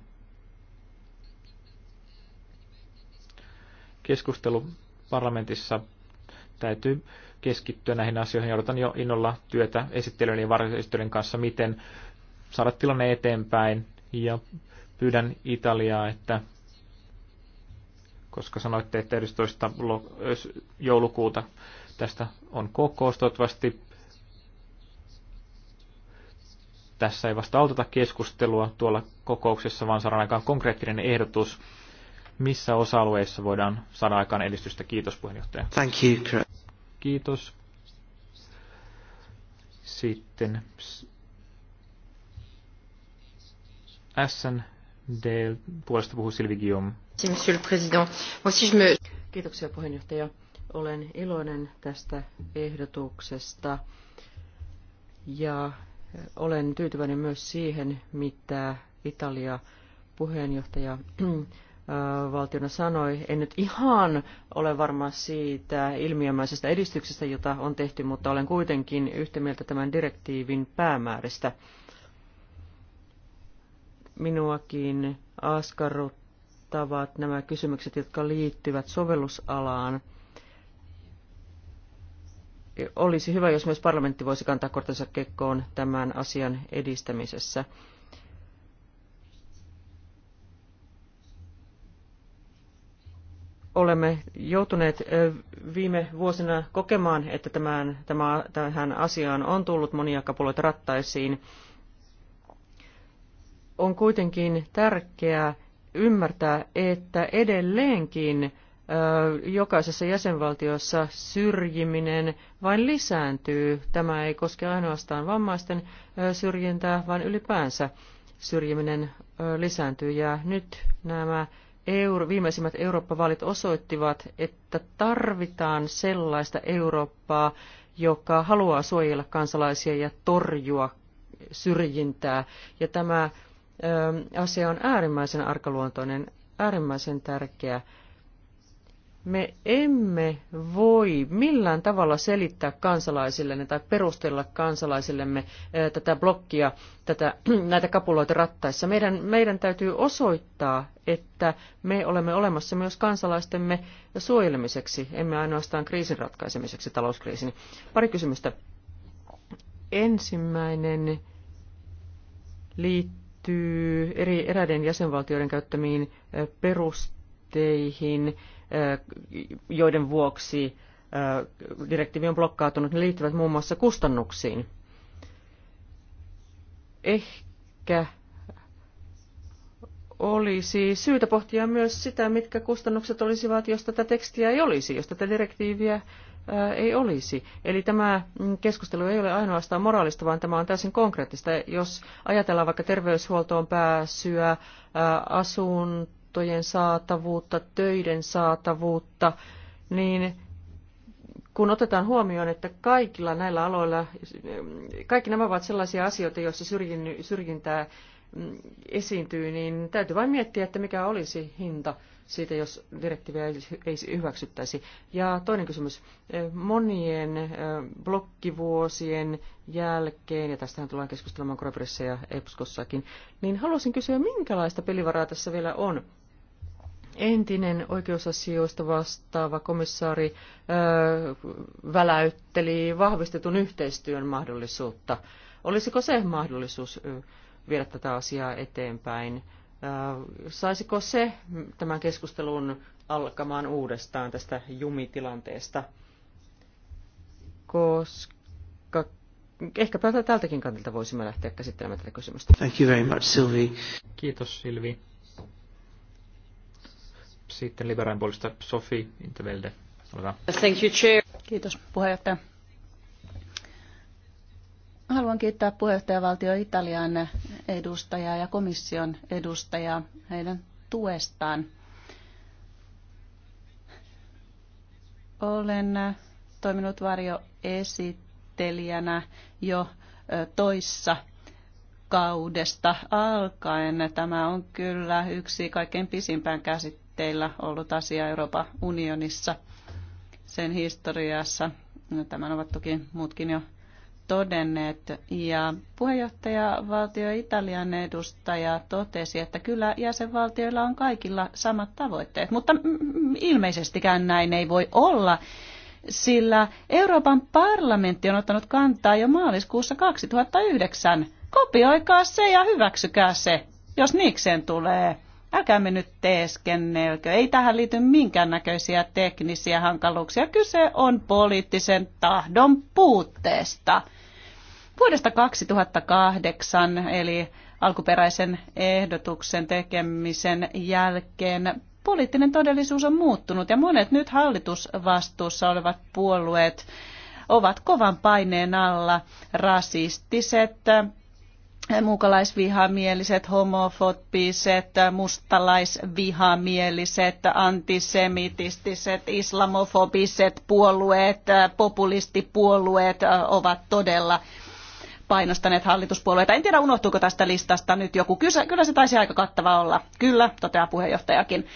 keskustelu parlamentissa täytyy keskittyä näihin asioihin. Odotan jo innolla työtä esittelyyn ja varjoesittelyiden kanssa, miten saada tilanne eteenpäin ja pyydän Italiaa, että koska sanoitte, että 11. joulukuuta tästä on kokous, toivottavasti tässä ei vasta aloiteta keskustelua tuolla kokouksessa, vaan saadaan aikaan konkreettinen ehdotus, missä osa-alueissa voidaan saada aikaan edistystä. Kiitos puheenjohtaja. Thank you. Kiitos. Sitten SND puolesta puhuu Silvi Guillaume. Kiitoksia puheenjohtaja. Olen iloinen tästä ehdotuksesta ja eh, olen tyytyväinen myös siihen, mitä Italia puheenjohtaja eh, valtiona sanoi. En nyt ihan ole varma siitä ilmiömäisestä edistyksestä, jota on tehty, mutta olen kuitenkin yhtä mieltä tämän direktiivin päämääristä. Minuakin askarruttavat nämä kysymykset, jotka liittyvät sovellusalaan. Olisi hyvä, jos myös parlamentti voisi kantaa kortensa kekkoon tämän asian edistämisessä. olemme joutuneet viime vuosina kokemaan, että tämän, tämän, tähän asiaan on tullut monia kapuloita rattaisiin on kuitenkin tärkeää ymmärtää, että edelleenkin jokaisessa jäsenvaltiossa syrjiminen vain lisääntyy. Tämä ei koske ainoastaan vammaisten syrjintää, vaan ylipäänsä syrjiminen lisääntyy. Ja nyt nämä euro, viimeisimmät Eurooppa-vaalit osoittivat, että tarvitaan sellaista Eurooppaa, joka haluaa suojella kansalaisia ja torjua syrjintää. Ja tämä asia on äärimmäisen arkaluontoinen, äärimmäisen tärkeä. Me emme voi millään tavalla selittää kansalaisillemme tai perustella kansalaisillemme tätä blokkia, tätä, näitä kapuloita rattaissa. Meidän, meidän täytyy osoittaa, että me olemme olemassa myös kansalaistemme suojelemiseksi, emme ainoastaan kriisin ratkaisemiseksi, talouskriisin. Pari kysymystä. Ensimmäinen liittyy liittyy eri, eräiden jäsenvaltioiden käyttämiin perusteihin, joiden vuoksi direktiivi on blokkaatunut. Ne liittyvät muun muassa kustannuksiin. Ehkä olisi syytä pohtia myös sitä, mitkä kustannukset olisivat, jos tätä tekstiä ei olisi, jos tätä direktiiviä ei olisi. Eli tämä mm, keskustelu ei ole ainoastaan moraalista, vaan tämä on täysin konkreettista. Jos ajatellaan vaikka terveyshuoltoon pääsyä, asuntojen saatavuutta, töiden saatavuutta, niin kun otetaan huomioon, että kaikilla näillä aloilla, kaikki nämä ovat sellaisia asioita, joissa syrjintää mm, esiintyy, niin täytyy vain miettiä, että mikä olisi hinta – siitä, jos direktiiviä ei hyväksyttäisi. Ja toinen kysymys. Monien blokkivuosien jälkeen, ja tästähän tullaan keskustelemaan Korepirissa ja EPSKossakin, niin haluaisin kysyä, minkälaista pelivaraa tässä vielä on? entinen oikeusasioista vastaava komissaari öö, väläytteli vahvistetun yhteistyön mahdollisuutta. Olisiko se mahdollisuus viedä tätä asiaa eteenpäin? saisiko se tämän keskustelun alkamaan uudestaan tästä jumitilanteesta? Koska ehkäpä tältäkin kantilta voisimme lähteä käsittelemään tätä kysymystä. Thank you very much, Silvi. Kiitos, Silvi. Sitten liberaalin puolesta Sofi Intervelde. Thank you, Chair. Kiitos, puheenjohtaja. Haluan kiittää puheenjohtajavaltio Italian edustajaa ja komission edustajaa heidän tuestaan. Olen toiminut varjoesittelijänä jo toissa kaudesta alkaen. Tämä on kyllä yksi kaikkein pisimpään käsitteillä ollut asia Euroopan unionissa sen historiassa. No, tämän ovat toki muutkin jo todenneet. Ja puheenjohtaja valtio Italian edustaja totesi, että kyllä jäsenvaltioilla on kaikilla samat tavoitteet, mutta ilmeisestikään näin ei voi olla sillä Euroopan parlamentti on ottanut kantaa jo maaliskuussa 2009. Kopioikaa se ja hyväksykää se, jos niikseen tulee älkäämme nyt teeskennelkö. Ei tähän liity minkäännäköisiä teknisiä hankaluuksia. Kyse on poliittisen tahdon puutteesta. Vuodesta 2008, eli alkuperäisen ehdotuksen tekemisen jälkeen, poliittinen todellisuus on muuttunut ja monet nyt hallitusvastuussa olevat puolueet ovat kovan paineen alla rasistiset muukalaisvihamieliset, homofobiset, mustalaisvihamieliset, antisemitistiset, islamofobiset puolueet, populistipuolueet ovat todella painostaneet hallituspuolueita. En tiedä, unohtuuko tästä listasta nyt joku. Kyllä se taisi aika kattava olla. Kyllä, toteaa puheenjohtajakin.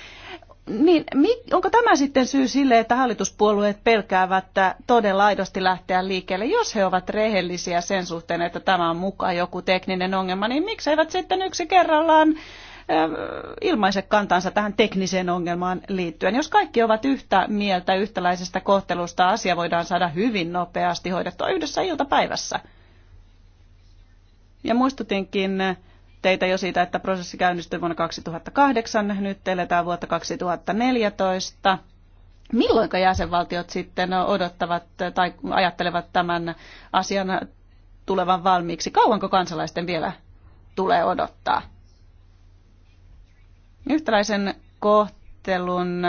Niin, onko tämä sitten syy sille, että hallituspuolueet pelkäävät todella aidosti lähteä liikkeelle? Jos he ovat rehellisiä sen suhteen, että tämä on mukaan joku tekninen ongelma, niin miksi eivät sitten yksi kerrallaan ähm, ilmaise kantansa tähän tekniseen ongelmaan liittyen. Jos kaikki ovat yhtä mieltä yhtäläisestä kohtelusta, asia voidaan saada hyvin nopeasti hoidettua yhdessä iltapäivässä. Ja muistutinkin teitä jo siitä, että prosessi käynnistyi vuonna 2008, nyt eletään vuotta 2014. Milloin jäsenvaltiot sitten odottavat tai ajattelevat tämän asian tulevan valmiiksi? Kauanko kansalaisten vielä tulee odottaa? Yhtäläisen kohtelun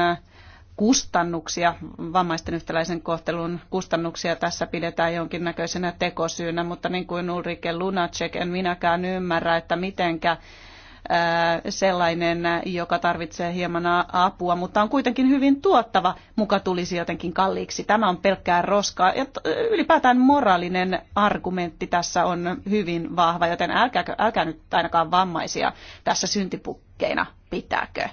kustannuksia, vammaisten yhtäläisen kohtelun kustannuksia tässä pidetään jonkinnäköisenä tekosyynä, mutta niin kuin Ulrike Lunacek, en minäkään ymmärrä, että mitenkä äh, sellainen, joka tarvitsee hieman apua, mutta on kuitenkin hyvin tuottava, muka tulisi jotenkin kalliiksi. Tämä on pelkkää roskaa. Ja ylipäätään moraalinen argumentti tässä on hyvin vahva, joten älkää, älkää nyt ainakaan vammaisia tässä syntipukkeina pitäkö.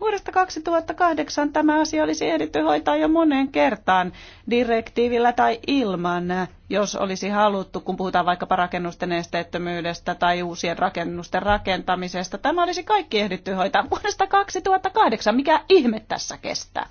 Vuodesta 2008 tämä asia olisi ehditty hoitaa jo moneen kertaan direktiivillä tai ilman, jos olisi haluttu, kun puhutaan vaikkapa rakennusten esteettömyydestä tai uusien rakennusten rakentamisesta. Tämä olisi kaikki ehditty hoitaa vuodesta 2008. Mikä ihme tässä kestää?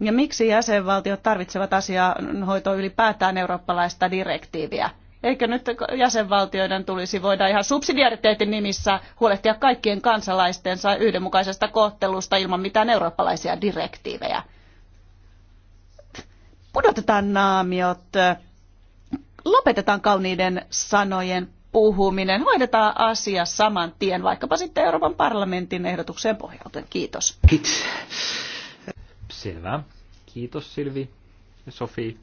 Ja miksi jäsenvaltiot tarvitsevat asiaa hoitoa ylipäätään eurooppalaista direktiiviä? Eikö nyt jäsenvaltioiden tulisi voida ihan subsidiariteetin nimissä huolehtia kaikkien kansalaistensa yhdenmukaisesta kohtelusta ilman mitään eurooppalaisia direktiivejä? Pudotetaan naamiot, lopetetaan kauniiden sanojen puhuminen, hoidetaan asia saman tien, vaikkapa sitten Euroopan parlamentin ehdotukseen pohjautuen. Kiitos. Kiitos. Selvä. Kiitos Silvi ja Sofi.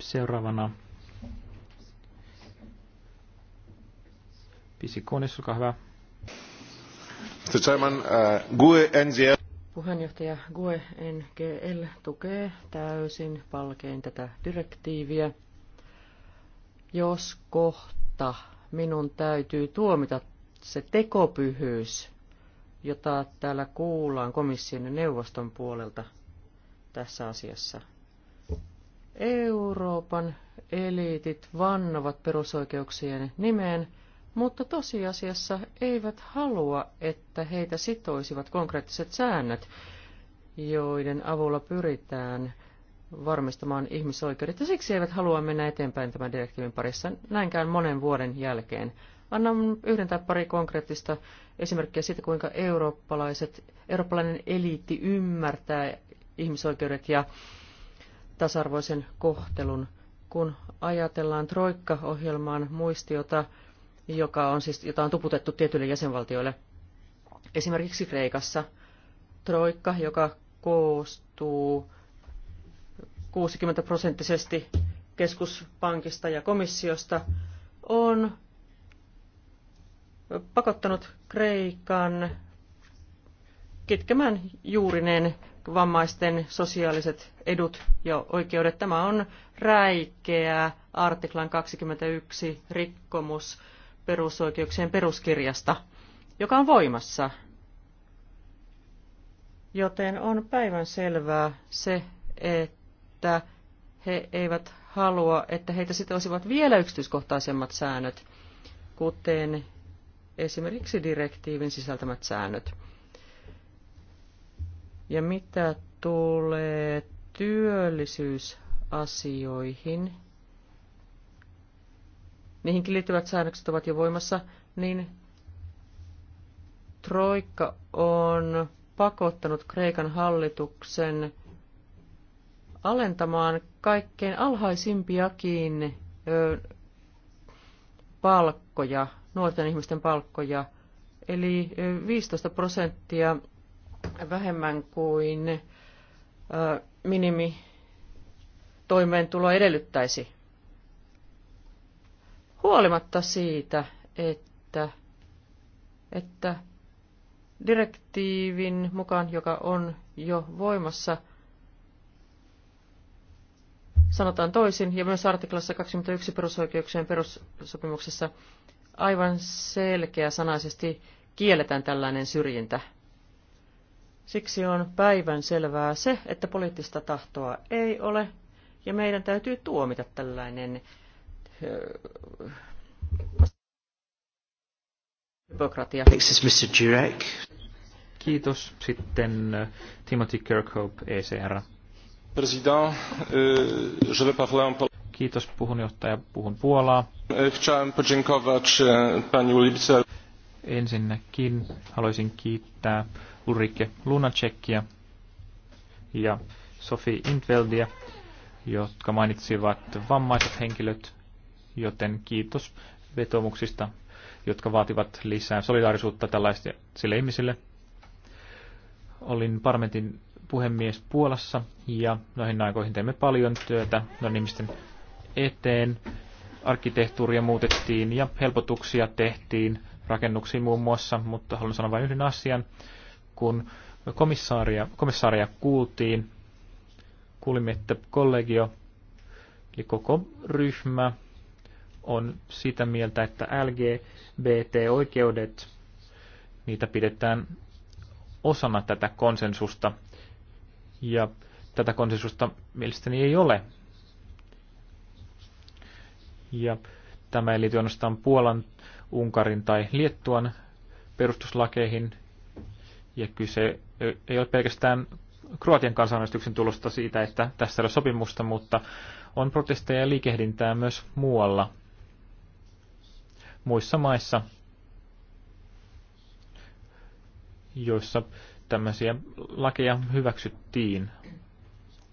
Seuraavana Pisikonis, olkaa hyvä. Mr. Chairman, uh, GUE NGL. Puheenjohtaja GUE NGL tukee täysin palkein tätä direktiiviä. Jos kohta minun täytyy tuomita se tekopyhyys, jota täällä kuullaan komission ja neuvoston puolelta tässä asiassa, Euroopan eliitit vannovat perusoikeuksien nimeen, mutta tosiasiassa eivät halua, että heitä sitoisivat konkreettiset säännöt, joiden avulla pyritään varmistamaan ihmisoikeudet, ja siksi eivät halua mennä eteenpäin tämän direktiivin parissa näinkään monen vuoden jälkeen. Annan yhden tai pari konkreettista esimerkkiä siitä, kuinka eurooppalaiset, eurooppalainen eliitti ymmärtää ihmisoikeudet ja tasa-arvoisen kohtelun. Kun ajatellaan Troikka-ohjelmaan muistiota, joka on siis, jota on tuputettu tietyille jäsenvaltioille, esimerkiksi Kreikassa, Troikka, joka koostuu 60 prosenttisesti keskuspankista ja komissiosta, on pakottanut Kreikan kitkemään juurineen vammaisten sosiaaliset edut ja oikeudet. Tämä on räikeä artiklan 21 rikkomus perusoikeuksien peruskirjasta, joka on voimassa. Joten on päivän selvää se, että he eivät halua, että heitä sitoisivat vielä yksityiskohtaisemmat säännöt, kuten esimerkiksi direktiivin sisältämät säännöt. Ja mitä tulee työllisyysasioihin, niihinkin liittyvät säännökset ovat jo voimassa, niin Troikka on pakottanut Kreikan hallituksen alentamaan kaikkein alhaisimpiakin ö, palkkoja, nuorten ihmisten palkkoja, eli 15 prosenttia vähemmän kuin minimi toimeentulo edellyttäisi. Huolimatta siitä, että, että direktiivin mukaan, joka on jo voimassa, sanotaan toisin, ja myös artiklassa 21 perusoikeuksien perussopimuksessa aivan selkeä sanaisesti kielletään tällainen syrjintä. Siksi on päivän selvää se, että poliittista tahtoa ei ole, ja meidän täytyy tuomita tällainen hypokratia. Kiitos. Sitten Timothy Kirkhope, ECR. President, je vais parler en Kiitos puhunjohtaja, puhun Puolaa. Chciałem podziękować e, pani Ulipsel. Ensinnäkin haluaisin kiittää Ulrike Lunacekia ja Sophie Intveldia, jotka mainitsivat vammaiset henkilöt, joten kiitos vetomuksista, jotka vaativat lisää solidaarisuutta tällaisille ihmisille. Olin parlamentin puhemies Puolassa ja noihin aikoihin teimme paljon työtä noin ihmisten eteen. Arkkitehtuuria muutettiin ja helpotuksia tehtiin rakennuksiin muun muassa, mutta haluan sanoa vain yhden asian. Kun komissaaria, komissaaria kuultiin, kuulimme, että kollegio, eli koko ryhmä, on sitä mieltä, että LGBT-oikeudet, niitä pidetään osana tätä konsensusta. Ja tätä konsensusta mielestäni ei ole. Ja tämä ei liity ainoastaan Puolan Unkarin tai Liettuan perustuslakeihin. Ja kyse ei ole pelkästään Kroatian kansanäänestyksen tulosta siitä, että tässä ei ole sopimusta, mutta on protesteja ja liikehdintää myös muualla, muissa maissa, joissa tämmöisiä lakeja hyväksyttiin.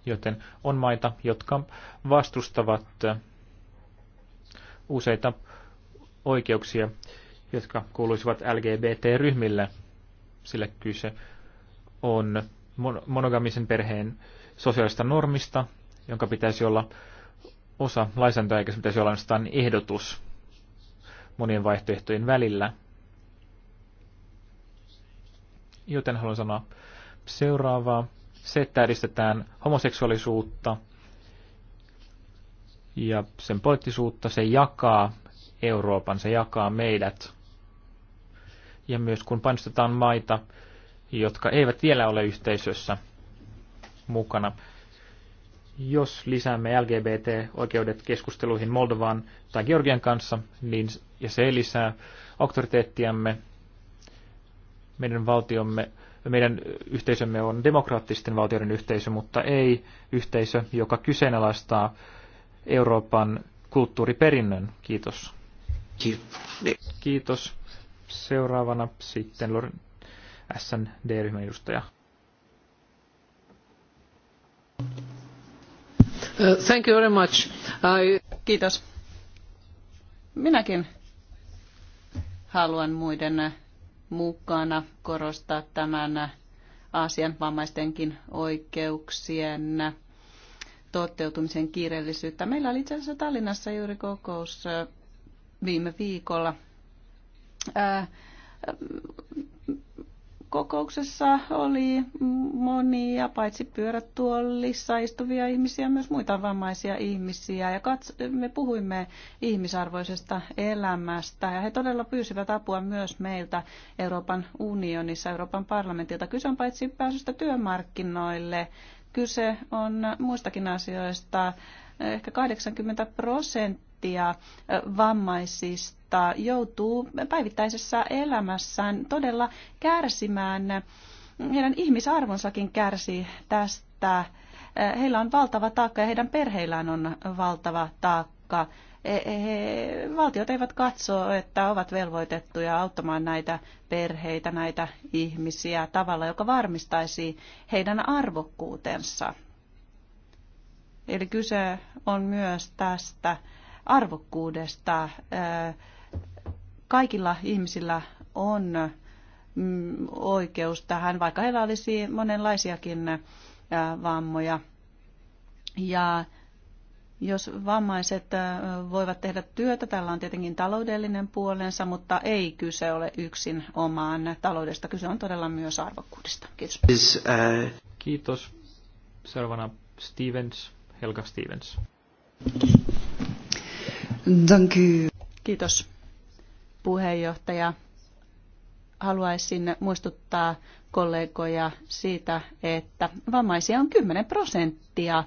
Joten on maita, jotka vastustavat useita oikeuksia, jotka kuuluisivat LGBT-ryhmille, sillä kyse on monogamisen perheen sosiaalista normista, jonka pitäisi olla osa lainsäädäntöä, eikä se pitäisi olla ainoastaan ehdotus monien vaihtoehtojen välillä. Joten haluan sanoa seuraavaa. Se, että edistetään homoseksuaalisuutta ja sen poliittisuutta, se jakaa Euroopan, se jakaa meidät. Ja myös kun painostetaan maita, jotka eivät vielä ole yhteisössä mukana. Jos lisäämme LGBT-oikeudet keskusteluihin Moldovan tai Georgian kanssa, niin, ja se lisää auktoriteettiamme, meidän valtiomme, meidän yhteisömme on demokraattisten valtioiden yhteisö, mutta ei yhteisö, joka kyseenalaistaa Euroopan kulttuuriperinnön. Kiitos. Kiitos. Seuraavana sitten SND-ryhmän edustaja. Uh, thank you very much. I... Kiitos. Minäkin haluan muiden mukana korostaa tämän asian vammaistenkin oikeuksien toteutumisen kiireellisyyttä. Meillä oli itse asiassa Tallinnassa juuri kokous viime viikolla. Kokouksessa oli monia, paitsi pyörätuolissa istuvia ihmisiä, myös muita vammaisia ihmisiä. Ja kats- me puhuimme ihmisarvoisesta elämästä ja he todella pyysivät apua myös meiltä Euroopan unionissa, Euroopan parlamentilta. Kyse on paitsi pääsystä työmarkkinoille, kyse on muistakin asioista. Ehkä 80 prosenttia prosenttia vammaisista joutuu päivittäisessä elämässään todella kärsimään. Heidän ihmisarvonsakin kärsii tästä. Heillä on valtava taakka ja heidän perheillään on valtava taakka. E, e, he, valtiot eivät katso, että ovat velvoitettuja auttamaan näitä perheitä, näitä ihmisiä tavalla, joka varmistaisi heidän arvokkuutensa. Eli kyse on myös tästä arvokkuudesta. Kaikilla ihmisillä on mm, oikeus tähän, vaikka heillä olisi monenlaisiakin vammoja. Ja jos vammaiset voivat tehdä työtä, tällä on tietenkin taloudellinen puolensa, mutta ei kyse ole yksin omaan taloudesta. Kyse on todella myös arvokkuudesta. Kiitos. Kiitos. Seuraavana Stevens, Helga Stevens. Euh, Kiitos puheenjohtaja. Haluaisin muistuttaa kollegoja siitä, että vammaisia on 10 prosenttia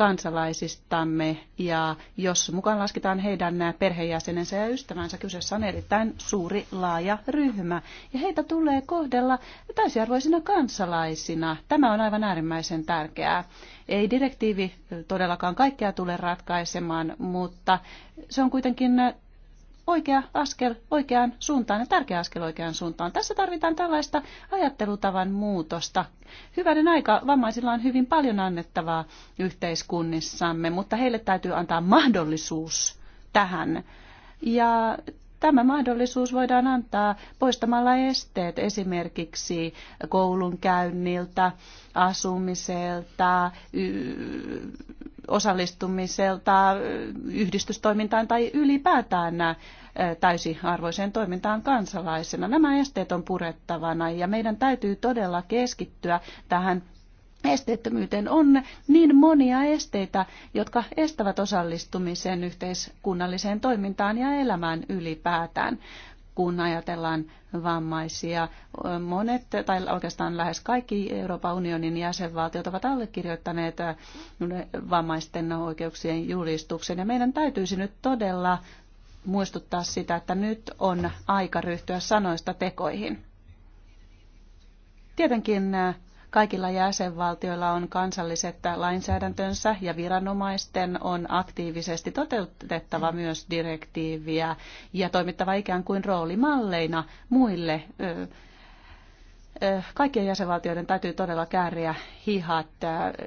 kansalaisistamme ja jos mukaan lasketaan heidän perheenjäsenensä ja ystävänsä, kyseessä on erittäin suuri laaja ryhmä ja heitä tulee kohdella täysiarvoisina kansalaisina. Tämä on aivan äärimmäisen tärkeää. Ei direktiivi todellakaan kaikkea tule ratkaisemaan, mutta se on kuitenkin oikea askel oikeaan suuntaan ja tärkeä askel oikeaan suuntaan. Tässä tarvitaan tällaista ajattelutavan muutosta. Hyvänen aika, vammaisilla on hyvin paljon annettavaa yhteiskunnissamme, mutta heille täytyy antaa mahdollisuus tähän. Ja Tämä mahdollisuus voidaan antaa poistamalla esteet esimerkiksi koulunkäynniltä, asumiselta, osallistumiselta yhdistystoimintaan tai ylipäätään täysiarvoiseen toimintaan kansalaisena. Nämä esteet on purettavana ja meidän täytyy todella keskittyä tähän esteettömyyteen on niin monia esteitä, jotka estävät osallistumisen yhteiskunnalliseen toimintaan ja elämään ylipäätään kun ajatellaan vammaisia. Monet, tai oikeastaan lähes kaikki Euroopan unionin jäsenvaltiot ovat allekirjoittaneet vammaisten oikeuksien julistuksen. Ja meidän täytyisi nyt todella muistuttaa sitä, että nyt on aika ryhtyä sanoista tekoihin. Tietenkin Kaikilla jäsenvaltioilla on kansalliset lainsäädäntönsä ja viranomaisten on aktiivisesti toteutettava myös direktiiviä ja toimittava ikään kuin roolimalleina muille kaikkien jäsenvaltioiden täytyy todella kääriä hihat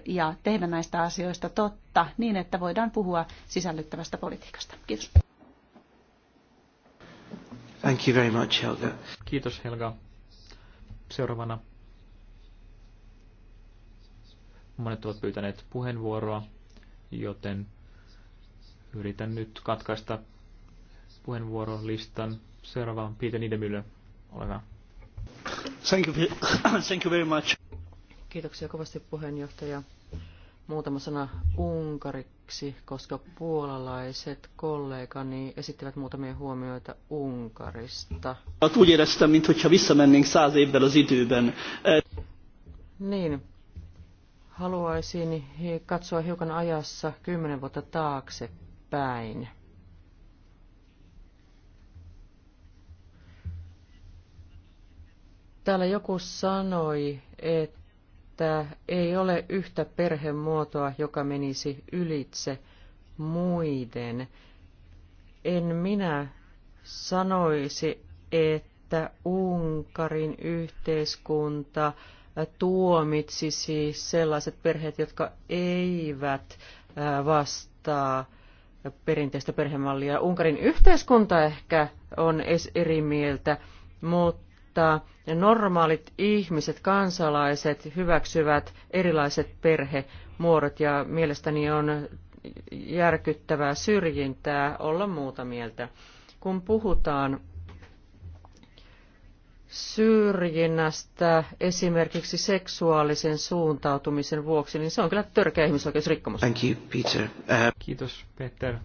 ja tehdä näistä asioista totta niin, että voidaan puhua sisällyttävästä politiikasta. Kiitos. Thank you very much, Helga. Kiitos Helga. Seuraavana Monet ovat pyytäneet puheenvuoroa, joten yritän nyt katkaista puheenvuorolistan. Seuraava Peter Niedemüller. Ole hyvä. Thank you, thank you very much. Kiitoksia kovasti puheenjohtaja. Muutama sana unkariksi, koska puolalaiset kollegani esittivät muutamia huomioita Unkarista. Niin, Haluaisin katsoa hiukan ajassa kymmenen vuotta taaksepäin. Täällä joku sanoi, että ei ole yhtä perhemuotoa, joka menisi ylitse muiden. En minä sanoisi, että Unkarin yhteiskunta tuomitsisi sellaiset perheet, jotka eivät vastaa perinteistä perhemallia. Unkarin yhteiskunta ehkä on eri mieltä, mutta normaalit ihmiset, kansalaiset hyväksyvät erilaiset perhemuodot ja mielestäni on järkyttävää syrjintää olla muuta mieltä. Kun puhutaan syrjinnästä esimerkiksi seksuaalisen suuntautumisen vuoksi, niin se on kyllä törkeä ihmisoikeusrikkomus. Thank you, Peter. Uh... Kiitos, Peter.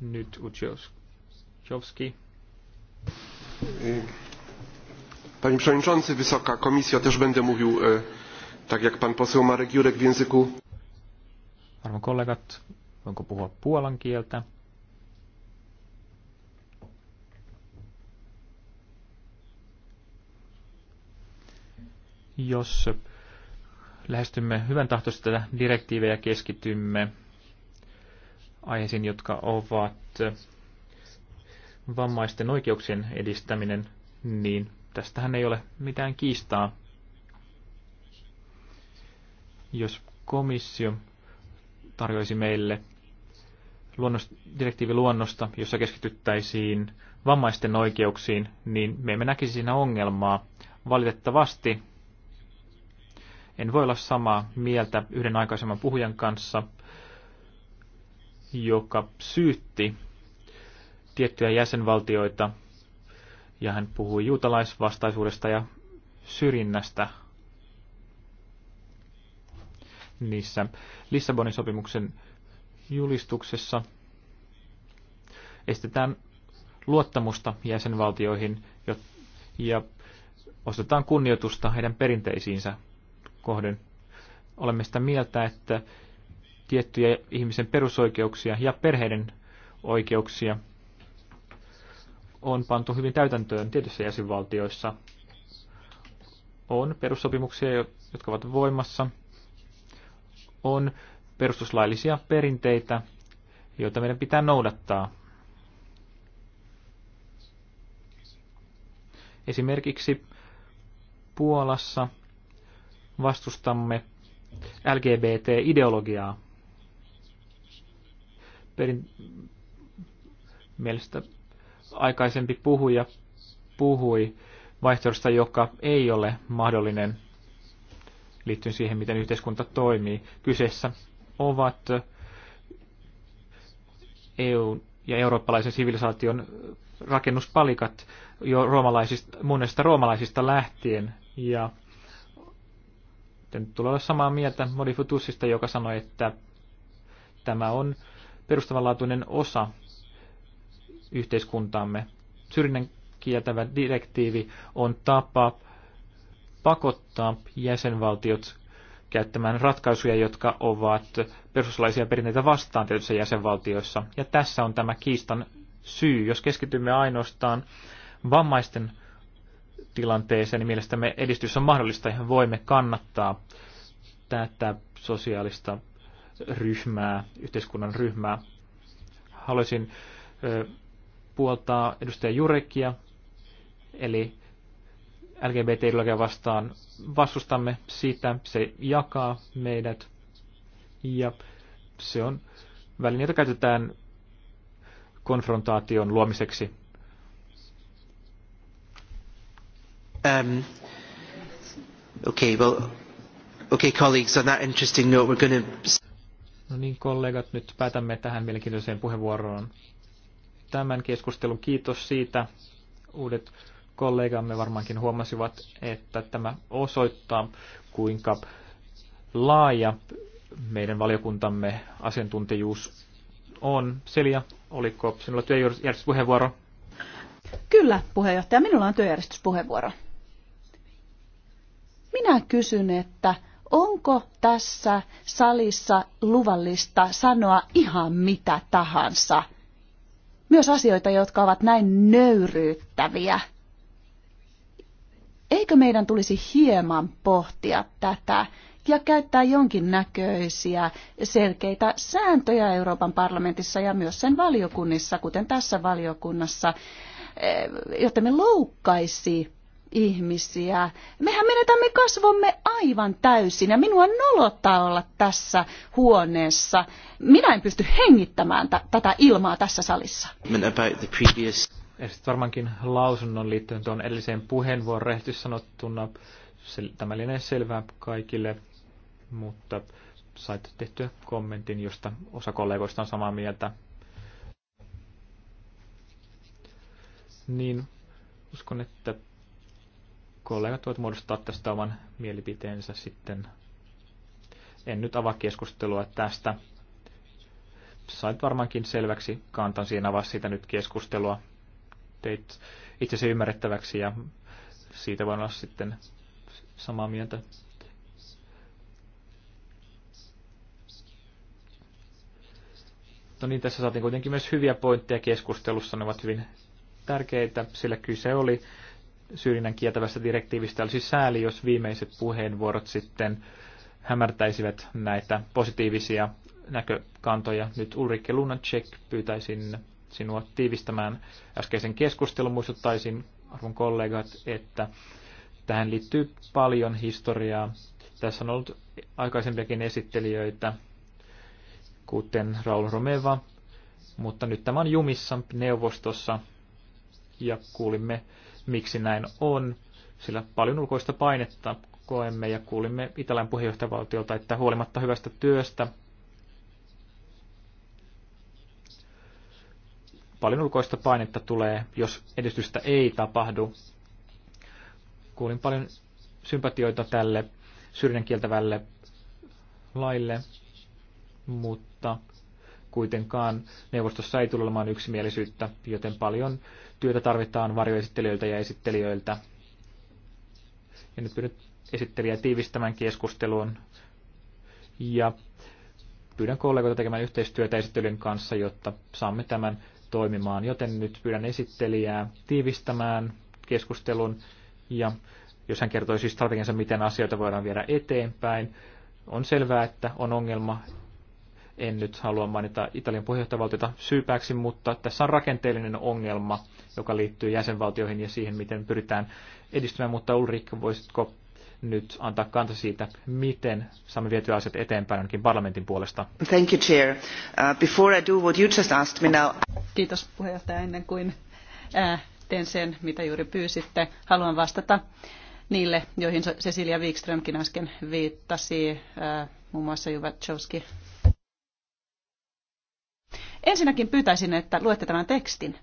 Nyt Uczowski. Panie Przewodniczący, Wysoka komisja, też będę mówił e, tak jak pan poseł Marek Jurek w języku... Arvon kollegat, voinko puhua puolan kieltä? Jos lähestymme hyvän tahtoista tätä ja keskitymme aiheisiin, jotka ovat vammaisten oikeuksien edistäminen, niin tästähän ei ole mitään kiistaa. Jos komissio tarjoisi meille luonnos, direktiiviluonnosta, jossa keskityttäisiin vammaisten oikeuksiin, niin me emme näkisi siinä ongelmaa. Valitettavasti en voi olla samaa mieltä yhden aikaisemman puhujan kanssa, joka syytti tiettyjä jäsenvaltioita ja hän puhui juutalaisvastaisuudesta ja syrjinnästä niissä Lissabonin sopimuksen julistuksessa estetään luottamusta jäsenvaltioihin ja ostetaan kunnioitusta heidän perinteisiinsä kohden. Olemme sitä mieltä, että tiettyjä ihmisen perusoikeuksia ja perheiden oikeuksia on pantu hyvin täytäntöön tietyissä jäsenvaltioissa. On perussopimuksia, jotka ovat voimassa. On perustuslaillisia perinteitä, joita meidän pitää noudattaa. Esimerkiksi Puolassa vastustamme LGBT-ideologiaa. Perin mielestä aikaisempi puhuja puhui vaihtoehdosta, joka ei ole mahdollinen liittyen siihen, miten yhteiskunta toimii. Kyseessä ovat EU ja eurooppalaisen sivilisaation rakennuspalikat jo roomalaisista, monesta roomalaisista lähtien. Ja sitten tulee olla samaa mieltä Modifutussista, joka sanoi, että tämä on perustavanlaatuinen osa yhteiskuntaamme. Syrjinnän kieltävä direktiivi on tapa pakottaa jäsenvaltiot käyttämään ratkaisuja, jotka ovat perustuslaisia perinteitä vastaan tietyissä jäsenvaltioissa. Ja tässä on tämä kiistan syy. Jos keskitymme ainoastaan vammaisten tilanteeseen, niin mielestämme edistys on mahdollista ja voimme kannattaa tätä sosiaalista ryhmää, yhteiskunnan ryhmää. Haluaisin puoltaa edustaja Jurekia, eli LGBT-ideologia vastaan vastustamme sitä, se jakaa meidät ja se on väline, jota käytetään konfrontaation luomiseksi Um, okay, well, okay colleagues, on that interesting note, we're No niin, kollegat, nyt päätämme tähän mielenkiintoiseen puheenvuoroon. Tämän keskustelun kiitos siitä. Uudet kollegamme varmaankin huomasivat, että tämä osoittaa, kuinka laaja meidän valiokuntamme asiantuntijuus on. Selja, oliko sinulla työjärjestyspuheenvuoro? Kyllä, puheenjohtaja. Minulla on työjärjestyspuheenvuoro. Minä kysyn, että onko tässä salissa luvallista sanoa ihan mitä tahansa? Myös asioita, jotka ovat näin nöyryyttäviä. Eikö meidän tulisi hieman pohtia tätä ja käyttää jonkinnäköisiä selkeitä sääntöjä Euroopan parlamentissa ja myös sen valiokunnissa, kuten tässä valiokunnassa, eh, jotta me loukkaisi ihmisiä. Mehän menetämme kasvomme aivan täysin ja minua nolottaa olla tässä huoneessa. Minä en pysty hengittämään tätä ilmaa tässä salissa. Estit varmaankin lausunnon liittyen tuon edelliseen puheenvuoron rehellisesti sanottuna. Tämä lienee selvää kaikille, mutta sait tehtyä kommentin, josta osa kollegoista on samaa mieltä. Niin uskon, että kollegat voivat muodostaa tästä oman mielipiteensä sitten. En nyt avaa keskustelua tästä. Sait varmaankin selväksi kantan siinä avaa siitä nyt keskustelua. Teit itse se ymmärrettäväksi ja siitä voin olla sitten samaa mieltä. No niin, tässä saatiin kuitenkin myös hyviä pointteja keskustelussa. Ne ovat hyvin tärkeitä, sillä kyse oli syrjinnän kieltävästä direktiivistä. Olisi sääli, jos viimeiset puheenvuorot sitten hämärtäisivät näitä positiivisia näkökantoja. Nyt Ulrike Lunacek pyytäisin sinua tiivistämään äskeisen keskustelun. Muistuttaisin arvon kollegat, että tähän liittyy paljon historiaa. Tässä on ollut aikaisempiakin esittelijöitä, kuten Raul Romeva, mutta nyt tämä on jumissa neuvostossa ja kuulimme, miksi näin on, sillä paljon ulkoista painetta koemme ja kuulimme Italian puheenjohtajavaltiolta, että huolimatta hyvästä työstä paljon ulkoista painetta tulee, jos edistystä ei tapahdu. Kuulin paljon sympatioita tälle syrjinnän kieltävälle laille, mutta kuitenkaan neuvostossa ei tule olemaan yksimielisyyttä, joten paljon Työtä tarvitaan varjoesittelijöiltä ja esittelijöiltä. Ja nyt pyydän esittelijää tiivistämään keskustelun. Ja pyydän kollegoita tekemään yhteistyötä esittelijän kanssa, jotta saamme tämän toimimaan. Joten nyt pyydän esittelijää tiivistämään keskustelun ja jos hän kertoi siis strategiansa, miten asioita voidaan viedä eteenpäin. On selvää, että on ongelma. En nyt halua mainita Italian puheenjohtajavaltiota syypääksi, mutta tässä on rakenteellinen ongelma, joka liittyy jäsenvaltioihin ja siihen, miten pyritään edistymään, mutta Ulrikka, voisitko nyt antaa kanta siitä, miten saamme vietyä asiat eteenpäin ainakin parlamentin puolesta. Thank you, Chair. Uh, before I do what you just asked me now... Kiitos puheenjohtaja ennen kuin äh, teen sen, mitä juuri pyysitte. Haluan vastata niille, joihin Cecilia Wikströmkin äsken viittasi, äh, muun muassa Juva Ensinnäkin pyytäisin, että luette tämän tekstin.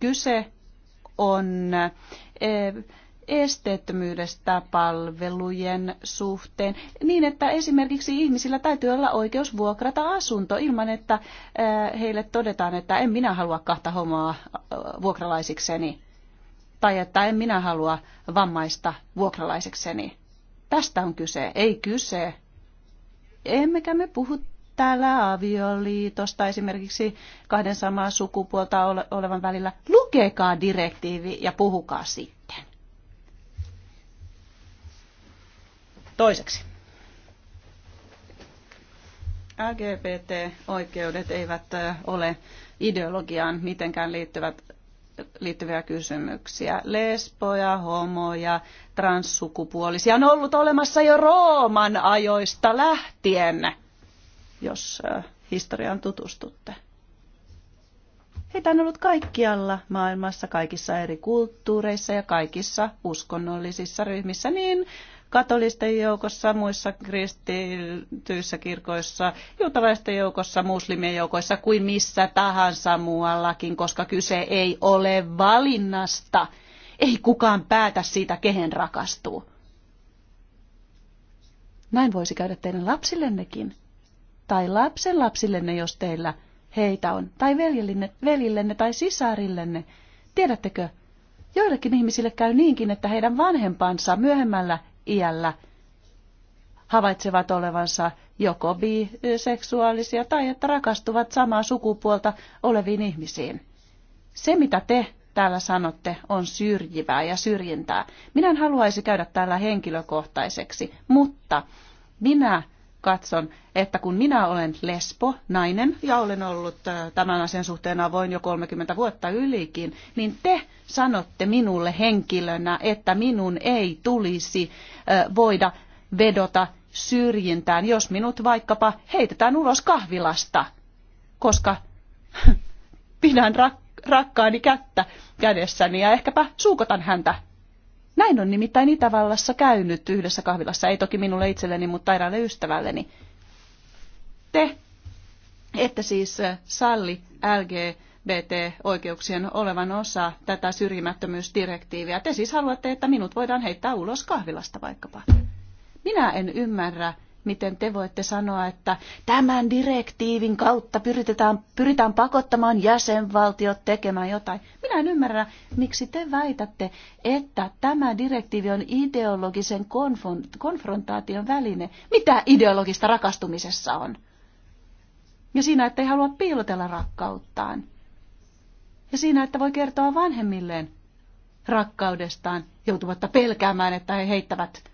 Kyse on e, esteettömyydestä palvelujen suhteen, niin että esimerkiksi ihmisillä täytyy olla oikeus vuokrata asunto ilman, että e, heille todetaan, että en minä halua kahta homoa e, vuokralaisikseni tai että en minä halua vammaista vuokralaisekseni. Tästä on kyse, ei kyse. Emmekä me puhu täällä avioliitosta esimerkiksi kahden samaa sukupuolta olevan välillä. Lukekaa direktiivi ja puhukaa sitten. Toiseksi. LGBT-oikeudet eivät ole ideologiaan mitenkään liittyvät, liittyviä kysymyksiä. Lesboja, homoja, transsukupuolisia on ollut olemassa jo Rooman ajoista lähtien jos historiaan tutustutte. Heitä on ollut kaikkialla maailmassa, kaikissa eri kulttuureissa ja kaikissa uskonnollisissa ryhmissä, niin katolisten joukossa, muissa kristityissä kirkoissa, juutalaisten joukossa, muslimien joukoissa kuin missä tahansa muuallakin, koska kyse ei ole valinnasta. Ei kukaan päätä siitä, kehen rakastuu. Näin voisi käydä teidän lapsillennekin tai lapsen lapsillenne, jos teillä heitä on, tai veljillenne, veljillenne tai sisarillenne. Tiedättekö, joillekin ihmisille käy niinkin, että heidän vanhempansa myöhemmällä iällä havaitsevat olevansa joko biseksuaalisia tai että rakastuvat samaa sukupuolta oleviin ihmisiin. Se, mitä te täällä sanotte, on syrjivää ja syrjintää. Minä en haluaisi käydä täällä henkilökohtaiseksi, mutta minä katson, että kun minä olen lesbo, nainen, ja olen ollut äh, tämän asian suhteen avoin jo 30 vuotta ylikin, niin te sanotte minulle henkilönä, että minun ei tulisi äh, voida vedota syrjintään, jos minut vaikkapa heitetään ulos kahvilasta, koska pidän rak- rakkaani kättä kädessäni ja ehkäpä suukotan häntä näin on nimittäin Itävallassa käynyt yhdessä kahvilassa, ei toki minulle itselleni, mutta eräälle ystävälleni. Te ette siis äh, salli LGBT-oikeuksien olevan osa tätä syrjimättömyysdirektiiviä. Te siis haluatte, että minut voidaan heittää ulos kahvilasta vaikkapa. Minä en ymmärrä, miten te voitte sanoa, että tämän direktiivin kautta pyritetään, pyritään pakottamaan jäsenvaltiot tekemään jotain. Minä en ymmärrä, miksi te väitätte, että tämä direktiivi on ideologisen konfrontaation väline. Mitä ideologista rakastumisessa on? Ja siinä, että ei halua piilotella rakkauttaan. Ja siinä, että voi kertoa vanhemmilleen rakkaudestaan, joutumatta pelkäämään, että he heittävät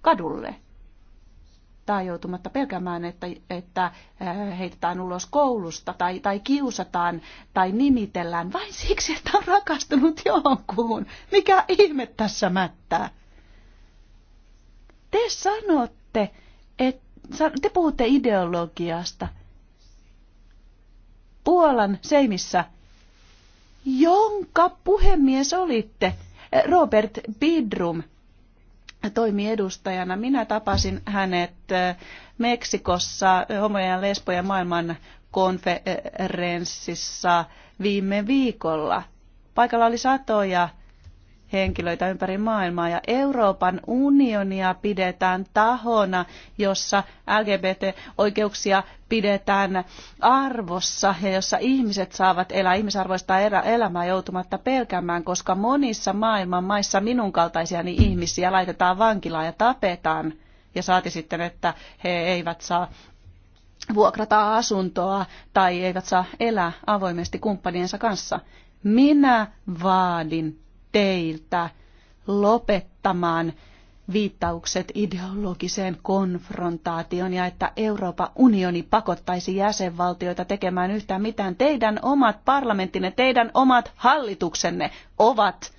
kadulle tai joutumatta pelkämään, että, että äh, heitetään ulos koulusta tai, tai kiusataan tai nimitellään vain siksi, että on rakastunut johonkuun. Mikä ihme tässä mättää? Te sanotte, että te puhutte ideologiasta. Puolan seimissä, jonka puhemies olitte, Robert Bidrum, toimi edustajana. Minä tapasin hänet äh, Meksikossa homojen ja lesbojen maailman konferenssissa viime viikolla. Paikalla oli satoja henkilöitä ympäri maailmaa. Ja Euroopan unionia pidetään tahona, jossa LGBT-oikeuksia pidetään arvossa ja jossa ihmiset saavat elää ihmisarvoista elämää joutumatta pelkäämään, koska monissa maailman maissa minun kaltaisiani ihmisiä laitetaan vankilaan ja tapetaan. Ja saati sitten, että he eivät saa vuokrata asuntoa tai eivät saa elää avoimesti kumppaniensa kanssa. Minä vaadin teiltä lopettamaan viittaukset ideologiseen konfrontaatioon ja että Euroopan unioni pakottaisi jäsenvaltioita tekemään yhtään mitään. Teidän omat parlamenttinne, teidän omat hallituksenne ovat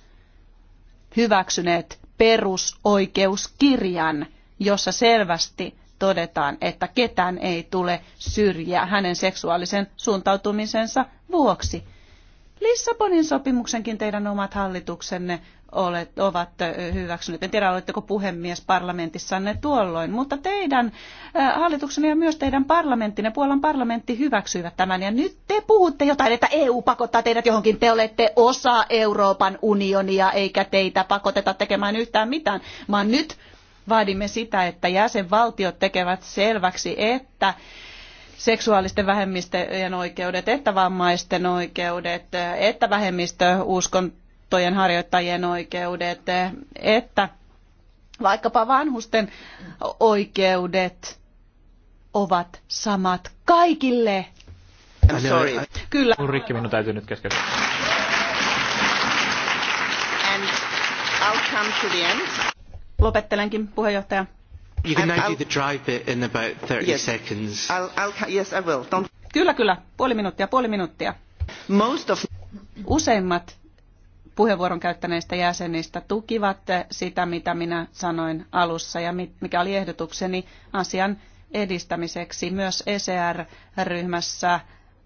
hyväksyneet perusoikeuskirjan, jossa selvästi todetaan, että ketään ei tule syrjiä hänen seksuaalisen suuntautumisensa vuoksi. Lissabonin sopimuksenkin teidän omat hallituksenne olet, ovat hyväksyneet. En tiedä, oletteko puhemies parlamentissanne tuolloin, mutta teidän hallituksenne ja myös teidän parlamenttinne, Puolan parlamentti hyväksyivät tämän. Ja nyt te puhutte jotain, että EU pakottaa teidät johonkin. Te olette osa Euroopan unionia, eikä teitä pakoteta tekemään yhtään mitään, vaan nyt vaadimme sitä, että jäsenvaltiot tekevät selväksi, että seksuaalisten vähemmistöjen oikeudet, että vammaisten oikeudet, että vähemmistöuskontojen harjoittajien oikeudet, että vaikkapa vanhusten oikeudet ovat samat kaikille. I'm sorry. Kyllä. rikki minun täytyy nyt keskeyttää. And I'll come to the end. Lopettelenkin, puheenjohtaja. You can now do the dry bit in about 30 yes. seconds. I'll, I'll, yes, I will. Don't... Kyllä, kyllä. Puoli minuuttia, puoli minuuttia. Most of... Useimmat puheenvuoron käyttäneistä jäsenistä tukivat eh, sitä, mitä minä sanoin alussa ja mikä oli ehdotukseni asian edistämiseksi. Myös ECR-ryhmässä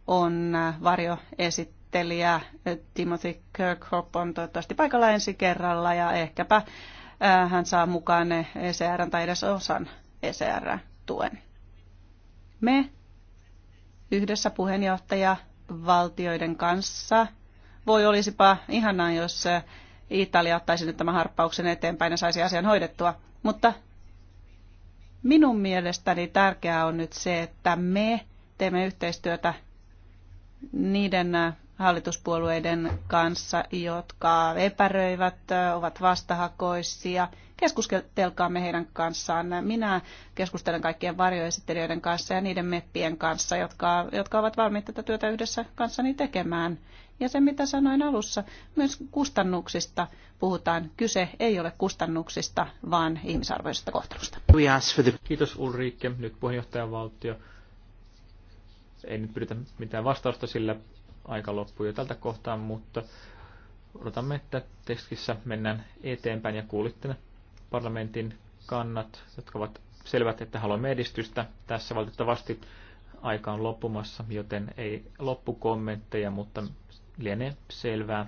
on eh, varjoesittelijä eh, Timothy Kirkhope on toivottavasti paikalla ensi kerralla ja ehkäpä Äh, hän saa mukaan ECR tai edes osan ECR-tuen. Me yhdessä puheenjohtaja valtioiden kanssa. Voi olisipa ihanaa, jos äh, Italia ottaisi nyt tämän harppauksen eteenpäin ja saisi asian hoidettua. Mutta minun mielestäni tärkeää on nyt se, että me teemme yhteistyötä niiden äh, hallituspuolueiden kanssa, jotka epäröivät, ovat vastahakoisia. Keskustelkaamme heidän kanssaan. Minä keskustelen kaikkien varjoesittelijöiden kanssa ja niiden meppien kanssa, jotka, jotka ovat valmiit tätä työtä yhdessä kanssani tekemään. Ja se, mitä sanoin alussa, myös kustannuksista puhutaan. Kyse ei ole kustannuksista, vaan ihmisarvoisesta kohtelusta. Kiitos Ulrike, nyt puheenjohtajavaltio. Ei nyt pyritä mitään vastausta, sillä aika loppuu jo tältä kohtaa, mutta odotamme, että tekstissä mennään eteenpäin ja kuulitte parlamentin kannat, jotka ovat selvät, että haluamme edistystä. Tässä valitettavasti aika on loppumassa, joten ei loppukommentteja, mutta lienee selvää,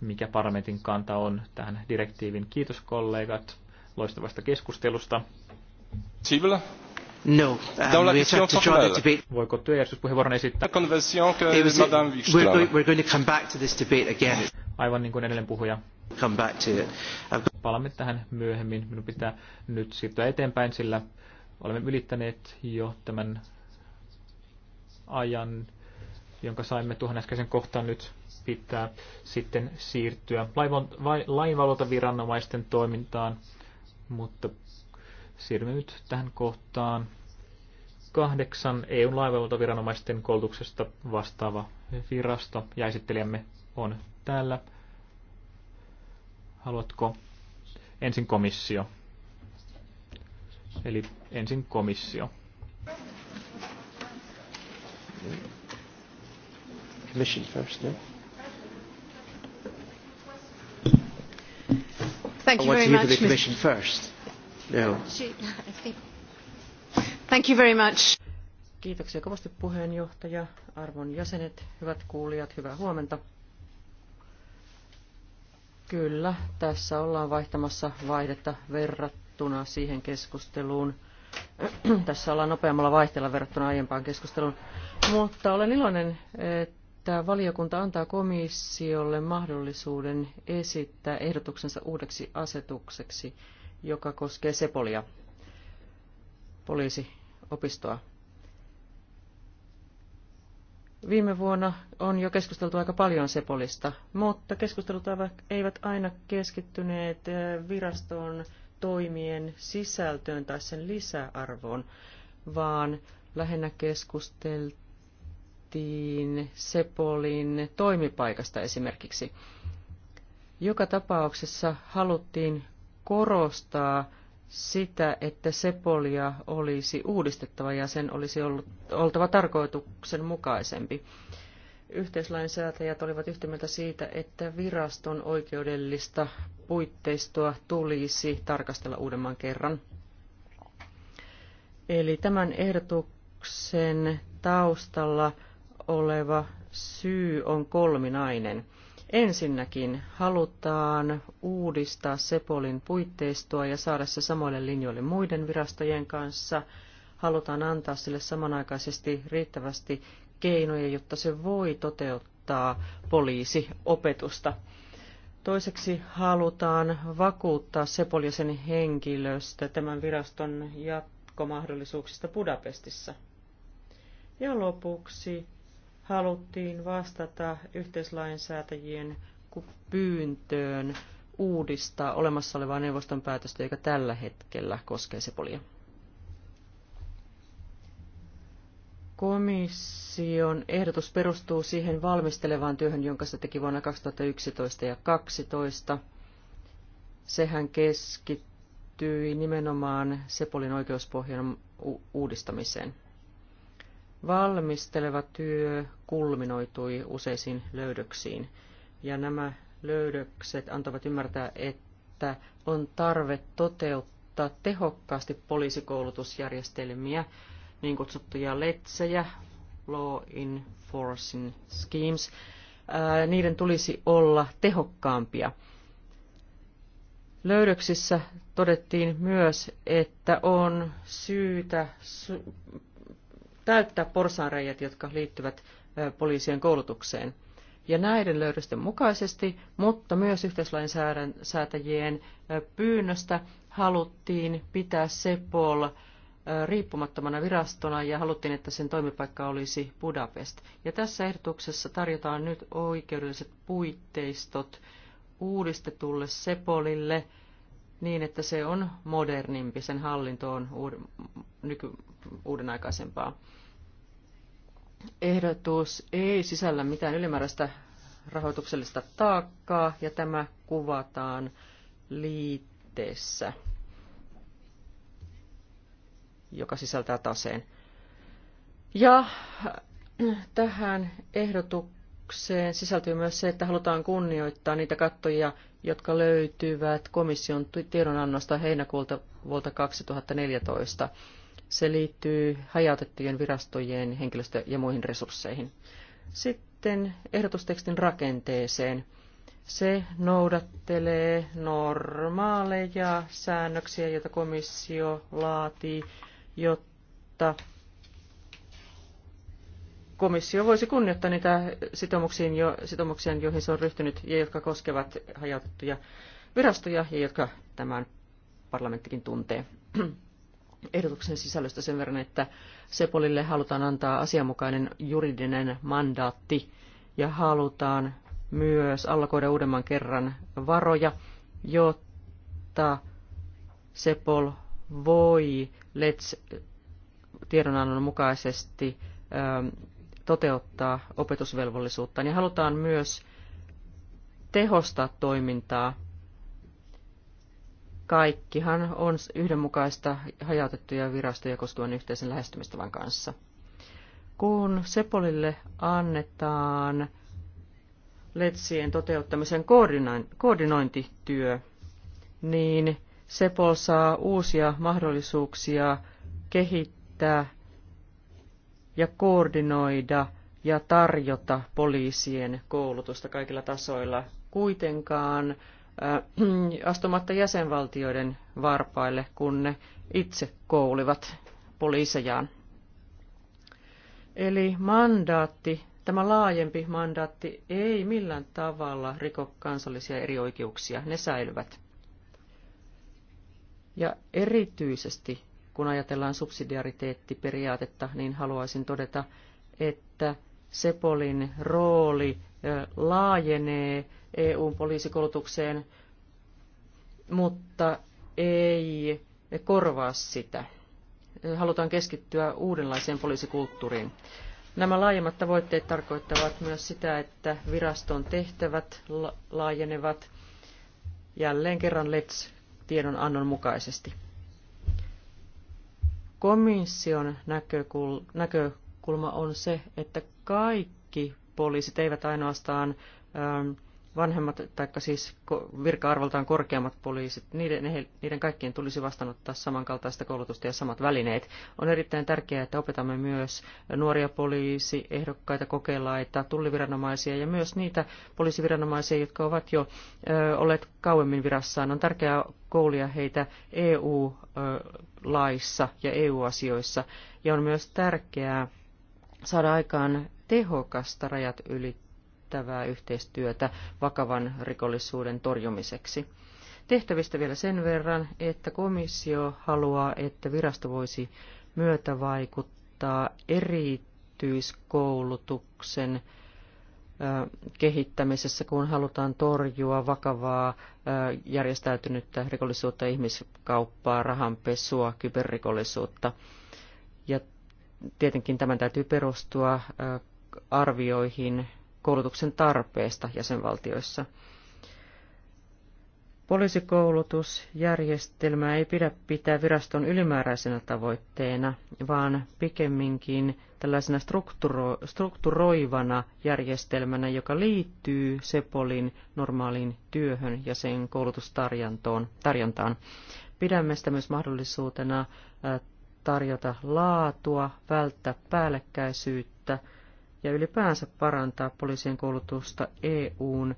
mikä parlamentin kanta on tähän direktiivin. Kiitos kollegat loistavasta keskustelusta. Sivillä. No, um, we have to draw the debate. Voiko työjärjestyspuheenvuoron esittää? was, we're, we're going to come back to this debate again. Aivan niin kuin edellinen puhuja. Come back to it. tähän myöhemmin. Minun pitää nyt siirtyä eteenpäin, sillä olemme ylittäneet jo tämän ajan, jonka saimme tuohon äskeisen kohtaan nyt pitää sitten siirtyä lainvalvontaviranomaisten toimintaan, mutta Siirrymme nyt tähän kohtaan. Kahdeksan EUn viranomaisten koulutuksesta vastaava virasto ja esittelijämme on täällä. Haluatko ensin komissio? Eli ensin komissio. Commission first, yeah. No? Thank you very much, Mr. Commission first. Kiitoksia kovasti puheenjohtaja, arvon jäsenet, hyvät kuulijat, hyvää huomenta. Kyllä, tässä ollaan vaihtamassa vaihdetta verrattuna siihen keskusteluun. tässä ollaan nopeammalla vaihteella verrattuna aiempaan keskusteluun. Mutta olen iloinen, että valiokunta antaa komissiolle mahdollisuuden esittää ehdotuksensa uudeksi asetukseksi joka koskee Sepolia, poliisiopistoa. Viime vuonna on jo keskusteltu aika paljon Sepolista, mutta keskustelut eivät aina keskittyneet eh, viraston toimien sisältöön tai sen lisäarvoon, vaan lähinnä keskusteltiin Sepolin toimipaikasta esimerkiksi. Joka tapauksessa haluttiin korostaa sitä, että Sepolia olisi uudistettava ja sen olisi ollut, oltava mukaisempi. Yhteislainsäätäjät olivat yhtä mieltä siitä, että viraston oikeudellista puitteistoa tulisi tarkastella uudemman kerran. Eli tämän ehdotuksen taustalla oleva syy on kolminainen – Ensinnäkin halutaan uudistaa Sepolin puitteistoa ja saada se samoille linjoille muiden virastojen kanssa. Halutaan antaa sille samanaikaisesti riittävästi keinoja, jotta se voi toteuttaa poliisiopetusta. Toiseksi halutaan vakuuttaa Sepol ja sen henkilöstö tämän viraston jatkomahdollisuuksista Budapestissa. Ja lopuksi haluttiin vastata yhteislainsäätäjien pyyntöön uudistaa olemassa olevaa neuvoston päätöstä, joka tällä hetkellä koskee Sepolia. Komission ehdotus perustuu siihen valmistelevaan työhön, jonka se teki vuonna 2011 ja 2012. Sehän keskittyi nimenomaan Sepolin oikeuspohjan uudistamiseen. Valmisteleva työ kulminoitui useisiin löydöksiin, ja nämä löydökset antavat ymmärtää, että on tarve toteuttaa tehokkaasti poliisikoulutusjärjestelmiä, niin kutsuttuja letsejä, law enforcing schemes, niiden tulisi olla tehokkaampia. Löydöksissä todettiin myös, että on syytä täyttää porsaanreijät, jotka liittyvät poliisien koulutukseen. Ja näiden löydösten mukaisesti, mutta myös yhteislainsäätäjien pyynnöstä haluttiin pitää Sepol riippumattomana virastona ja haluttiin, että sen toimipaikka olisi Budapest. Ja tässä ehdotuksessa tarjotaan nyt oikeudelliset puitteistot uudistetulle Sepolille – niin, että se on modernimpi, sen hallinto on uuden, nyky, uudenaikaisempaa. aikaisempaa. Ehdotus ei sisällä mitään ylimääräistä rahoituksellista taakkaa ja tämä kuvataan liitteessä, joka sisältää taseen. Ja äh, tähän ehdotukseen ehdotukseen sisältyy myös se, että halutaan kunnioittaa niitä kattoja, jotka löytyvät komission tiedonannosta heinäkuulta vuolta 2014. Se liittyy hajautettujen virastojen henkilöstö- ja muihin resursseihin. Sitten ehdotustekstin rakenteeseen. Se noudattelee normaaleja säännöksiä, joita komissio laatii, jotta komissio voisi kunnioittaa niitä sitoumuksiin jo, sitoumuksia, joihin se on ryhtynyt ja jotka koskevat hajautettuja virastoja ja jotka tämän parlamenttikin tuntee. Ehdotuksen sisällöstä sen verran, että Sepolille halutaan antaa asianmukainen juridinen mandaatti ja halutaan myös allokoida uudemman kerran varoja, jotta Sepol voi Let's tiedonannon mukaisesti ähm, toteuttaa opetusvelvollisuutta, niin halutaan myös tehostaa toimintaa. Kaikkihan on yhdenmukaista hajautettuja virastoja koskevan yhteisen lähestymistavan kanssa. Kun Sepolille annetaan letsien toteuttamisen koordinointityö, niin Sepol saa uusia mahdollisuuksia kehittää ja koordinoida ja tarjota poliisien koulutusta kaikilla tasoilla, kuitenkaan äh, astumatta jäsenvaltioiden varpaille, kun ne itse koulivat poliisejaan. Eli mandaatti, tämä laajempi mandaatti ei millään tavalla riko kansallisia eri oikeuksia, ne säilyvät. Ja erityisesti kun ajatellaan subsidiariteettiperiaatetta, niin haluaisin todeta, että Sepolin rooli laajenee EUn poliisikoulutukseen, mutta ei korvaa sitä. Halutaan keskittyä uudenlaiseen poliisikulttuuriin. Nämä laajemmat tavoitteet tarkoittavat myös sitä, että viraston tehtävät laajenevat jälleen kerran LETS-tiedonannon mukaisesti. Komission näkökulma on se, että kaikki poliisit, eivät ainoastaan ähm, vanhemmat, tai siis virka-arvoltaan korkeammat poliisit, niiden, niiden kaikkien tulisi vastaanottaa samankaltaista koulutusta ja samat välineet. On erittäin tärkeää, että opetamme myös nuoria poliisiehdokkaita, kokeilaita, tulliviranomaisia ja myös niitä poliisiviranomaisia, jotka ovat jo ö, olleet kauemmin virassaan. On tärkeää koulia heitä EU- ö, laissa ja EU-asioissa, ja on myös tärkeää saada aikaan tehokasta rajat ylittävää yhteistyötä vakavan rikollisuuden torjumiseksi. Tehtävistä vielä sen verran, että komissio haluaa, että virasto voisi myötävaikuttaa erityiskoulutuksen kehittämisessä, kun halutaan torjua vakavaa järjestäytynyttä rikollisuutta, ihmiskauppaa, rahanpesua, kyberrikollisuutta. Ja tietenkin tämän täytyy perustua arvioihin koulutuksen tarpeesta jäsenvaltioissa – Poliisikoulutusjärjestelmää ei pidä pitää viraston ylimääräisenä tavoitteena, vaan pikemminkin tällaisena strukturo- strukturoivana järjestelmänä, joka liittyy Sepolin normaaliin työhön ja sen koulutustarjontaan. Pidämme sitä myös mahdollisuutena äh, tarjota laatua, välttää päällekkäisyyttä ja ylipäänsä parantaa poliisien koulutusta EUn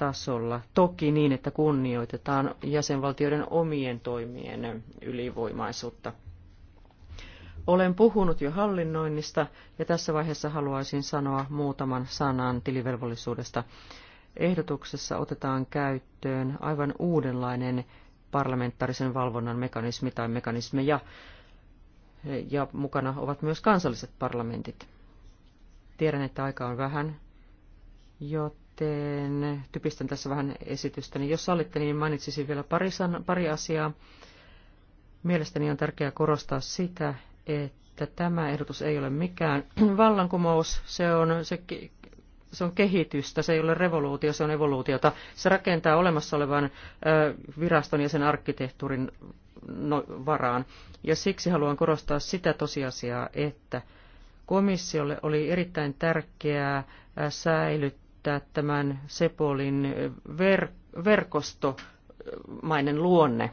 tasolla. Toki niin, että kunnioitetaan jäsenvaltioiden omien toimien ylivoimaisuutta. Olen puhunut jo hallinnoinnista ja tässä vaiheessa haluaisin sanoa muutaman sanan tilivelvollisuudesta. Ehdotuksessa otetaan käyttöön aivan uudenlainen parlamentaarisen valvonnan mekanismi tai mekanismeja, ja mukana ovat myös kansalliset parlamentit. Tiedän, että aika on vähän, jotta sitten typistän tässä vähän niin Jos sallitte, niin mainitsisin vielä pari, san, pari asiaa. Mielestäni on tärkeää korostaa sitä, että tämä ehdotus ei ole mikään vallankumous, se on, se, se on kehitystä, se ei ole revoluutio, se on evoluutiota. Se rakentaa olemassa olevan viraston ja sen arkkitehtuurin no, varaan. Ja siksi haluan korostaa sitä tosiasiaa, että komissiolle oli erittäin tärkeää säilyttää säilyttää tämän Sepolin ver- verkostomainen luonne.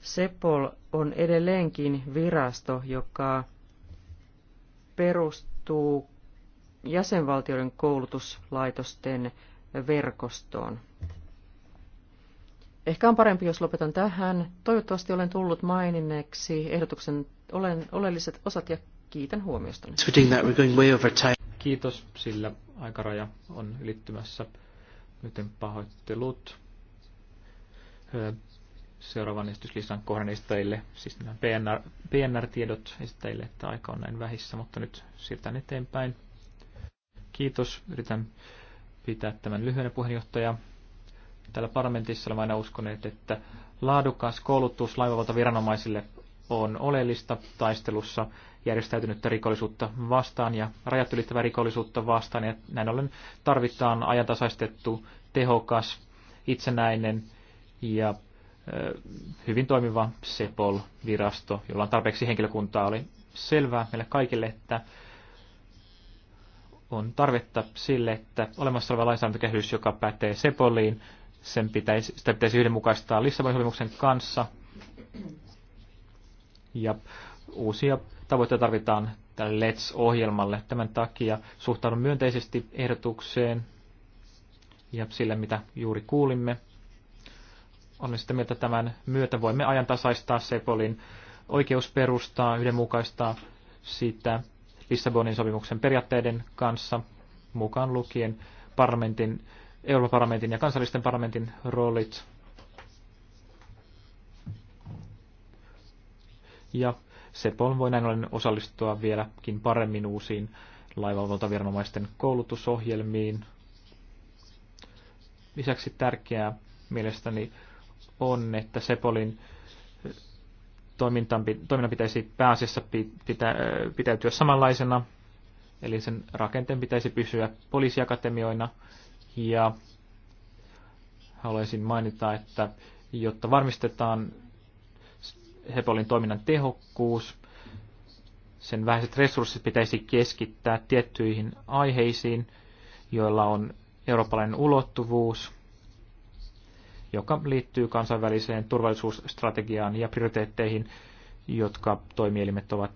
Sepol on edelleenkin virasto, joka perustuu jäsenvaltioiden koulutuslaitosten verkostoon. Ehkä on parempi, jos lopetan tähän. Toivottavasti olen tullut maininneeksi ehdotuksen olen oleelliset osat ja Kiitän huomiosta. Kiitos, sillä aikaraja on ylittymässä. en pahoittelut seuraavan esityslistan kohdan esittäjille, siis nämä PNR, PNR-tiedot esittäjille, että aika on näin vähissä, mutta nyt siirrytään eteenpäin. Kiitos, yritän pitää tämän lyhyenä puheenjohtaja. Täällä parlamentissa olemme aina uskoneet, että laadukas koulutus laivavalta viranomaisille on oleellista taistelussa järjestäytynyttä rikollisuutta vastaan ja rajat ylittävää rikollisuutta vastaan. Ja näin ollen tarvitaan ajantasaistettu, tehokas, itsenäinen ja hyvin toimiva Sepol-virasto, jolla on tarpeeksi henkilökuntaa. Oli selvää meille kaikille, että on tarvetta sille, että olemassa oleva lainsäädäntökehys, joka pätee Sepoliin, sen pitäisi, sitä pitäisi yhdenmukaistaa Lissabonin sopimuksen kanssa. Ja uusia tavoitteita tarvitaan tälle LETS-ohjelmalle. Tämän takia suhtaudun myönteisesti ehdotukseen ja sille, mitä juuri kuulimme. Olen sitä mieltä tämän myötä voimme ajantasaistaa Sepolin oikeusperustaa, yhdenmukaistaa sitä Lissabonin sopimuksen periaatteiden kanssa, mukaan lukien parlamentin, Euroopan parlamentin ja kansallisten parlamentin roolit. Ja Sepol voi näin ollen osallistua vieläkin paremmin uusiin laivavaltaviranomaisten koulutusohjelmiin. Lisäksi tärkeää mielestäni on, että Sepolin toiminnan pitäisi pääasiassa pitä, pitäytyä samanlaisena, eli sen rakenteen pitäisi pysyä poliisiakatemioina, ja haluaisin mainita, että jotta varmistetaan Hepolin toiminnan tehokkuus. Sen vähäiset resurssit pitäisi keskittää tiettyihin aiheisiin, joilla on eurooppalainen ulottuvuus, joka liittyy kansainväliseen turvallisuusstrategiaan ja prioriteetteihin, jotka toimielimet ovat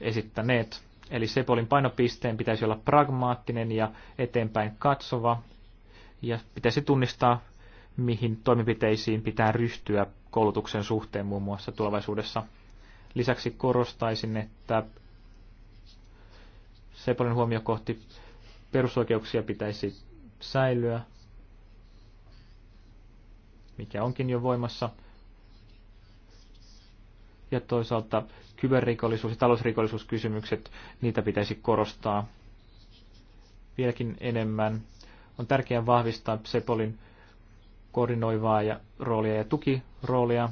esittäneet. Eli Sepolin painopisteen pitäisi olla pragmaattinen ja eteenpäin katsova, ja pitäisi tunnistaa, mihin toimenpiteisiin pitää ryhtyä koulutuksen suhteen muun muassa tulevaisuudessa. Lisäksi korostaisin, että Sepolin huomio kohti perusoikeuksia pitäisi säilyä, mikä onkin jo voimassa. Ja toisaalta kyberrikollisuus ja talousrikollisuuskysymykset, niitä pitäisi korostaa vieläkin enemmän. On tärkeää vahvistaa Sepolin koordinoivaa ja roolia ja tukiroolia.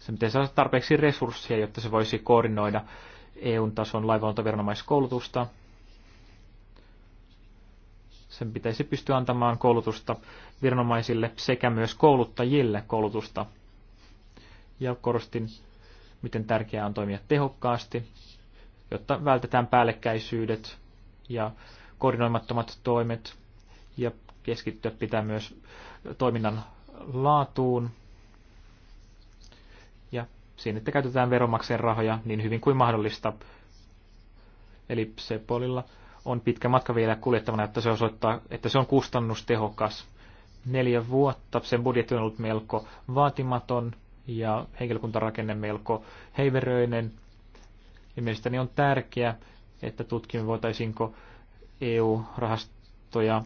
Se pitäisi saa tarpeeksi resursseja, jotta se voisi koordinoida eu tason laivavalvontaviranomaiskoulutusta. Sen pitäisi pystyä antamaan koulutusta viranomaisille sekä myös kouluttajille koulutusta. Ja korostin, miten tärkeää on toimia tehokkaasti, jotta vältetään päällekkäisyydet ja koordinoimattomat toimet ja keskittyä pitää myös toiminnan laatuun ja siinä, että käytetään veronmaksajan rahoja niin hyvin kuin mahdollista. Eli Sepolilla on pitkä matka vielä kuljettavana, että se osoittaa, että se on kustannustehokas. Neljä vuotta sen budjetti on ollut melko vaatimaton ja henkilökuntarakenne melko heiveröinen. Ja mielestäni on tärkeää, että tutkimme voitaisiinko EU-rahastoja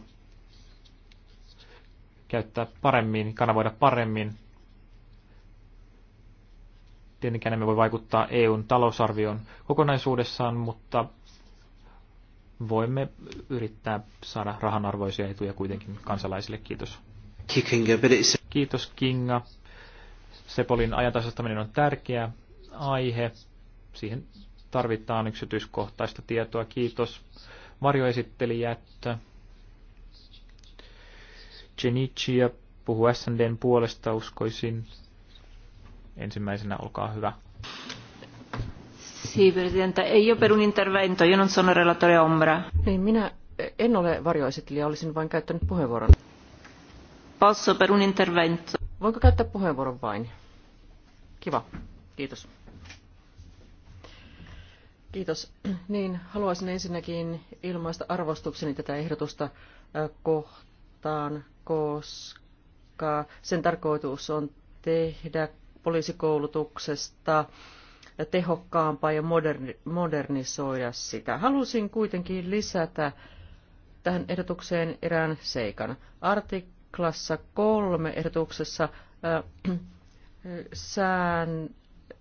käyttää paremmin, kanavoida paremmin. Tietenkään emme voi vaikuttaa EUn talousarvioon kokonaisuudessaan, mutta voimme yrittää saada rahanarvoisia etuja kuitenkin kansalaisille. Kiitos. Kiitos Kinga. Sepolin ajantasastaminen on tärkeä aihe. Siihen tarvitaan yksityiskohtaista tietoa. Kiitos esitteli, varjoesittelijät ja puhuu SNDn puolesta, uskoisin. Ensimmäisenä, olkaa hyvä. Sì, Presidente. E io per un intervento, io non sono relatore ombra. Niin, minä en ole varjoesittelijä, olisin vain käyttänyt puheenvuoron. Posso per un intervento. Voinko käyttää puheenvuoron vain? Kiva, kiitos. Kiitos. Niin, haluaisin ensinnäkin ilmaista arvostukseni tätä ehdotusta äh, kohtaan, koska sen tarkoitus on tehdä poliisikoulutuksesta tehokkaampaa ja modernisoida sitä. Halusin kuitenkin lisätä tähän ehdotukseen erään seikan. Artiklassa kolme ehdotuksessa äh, sään,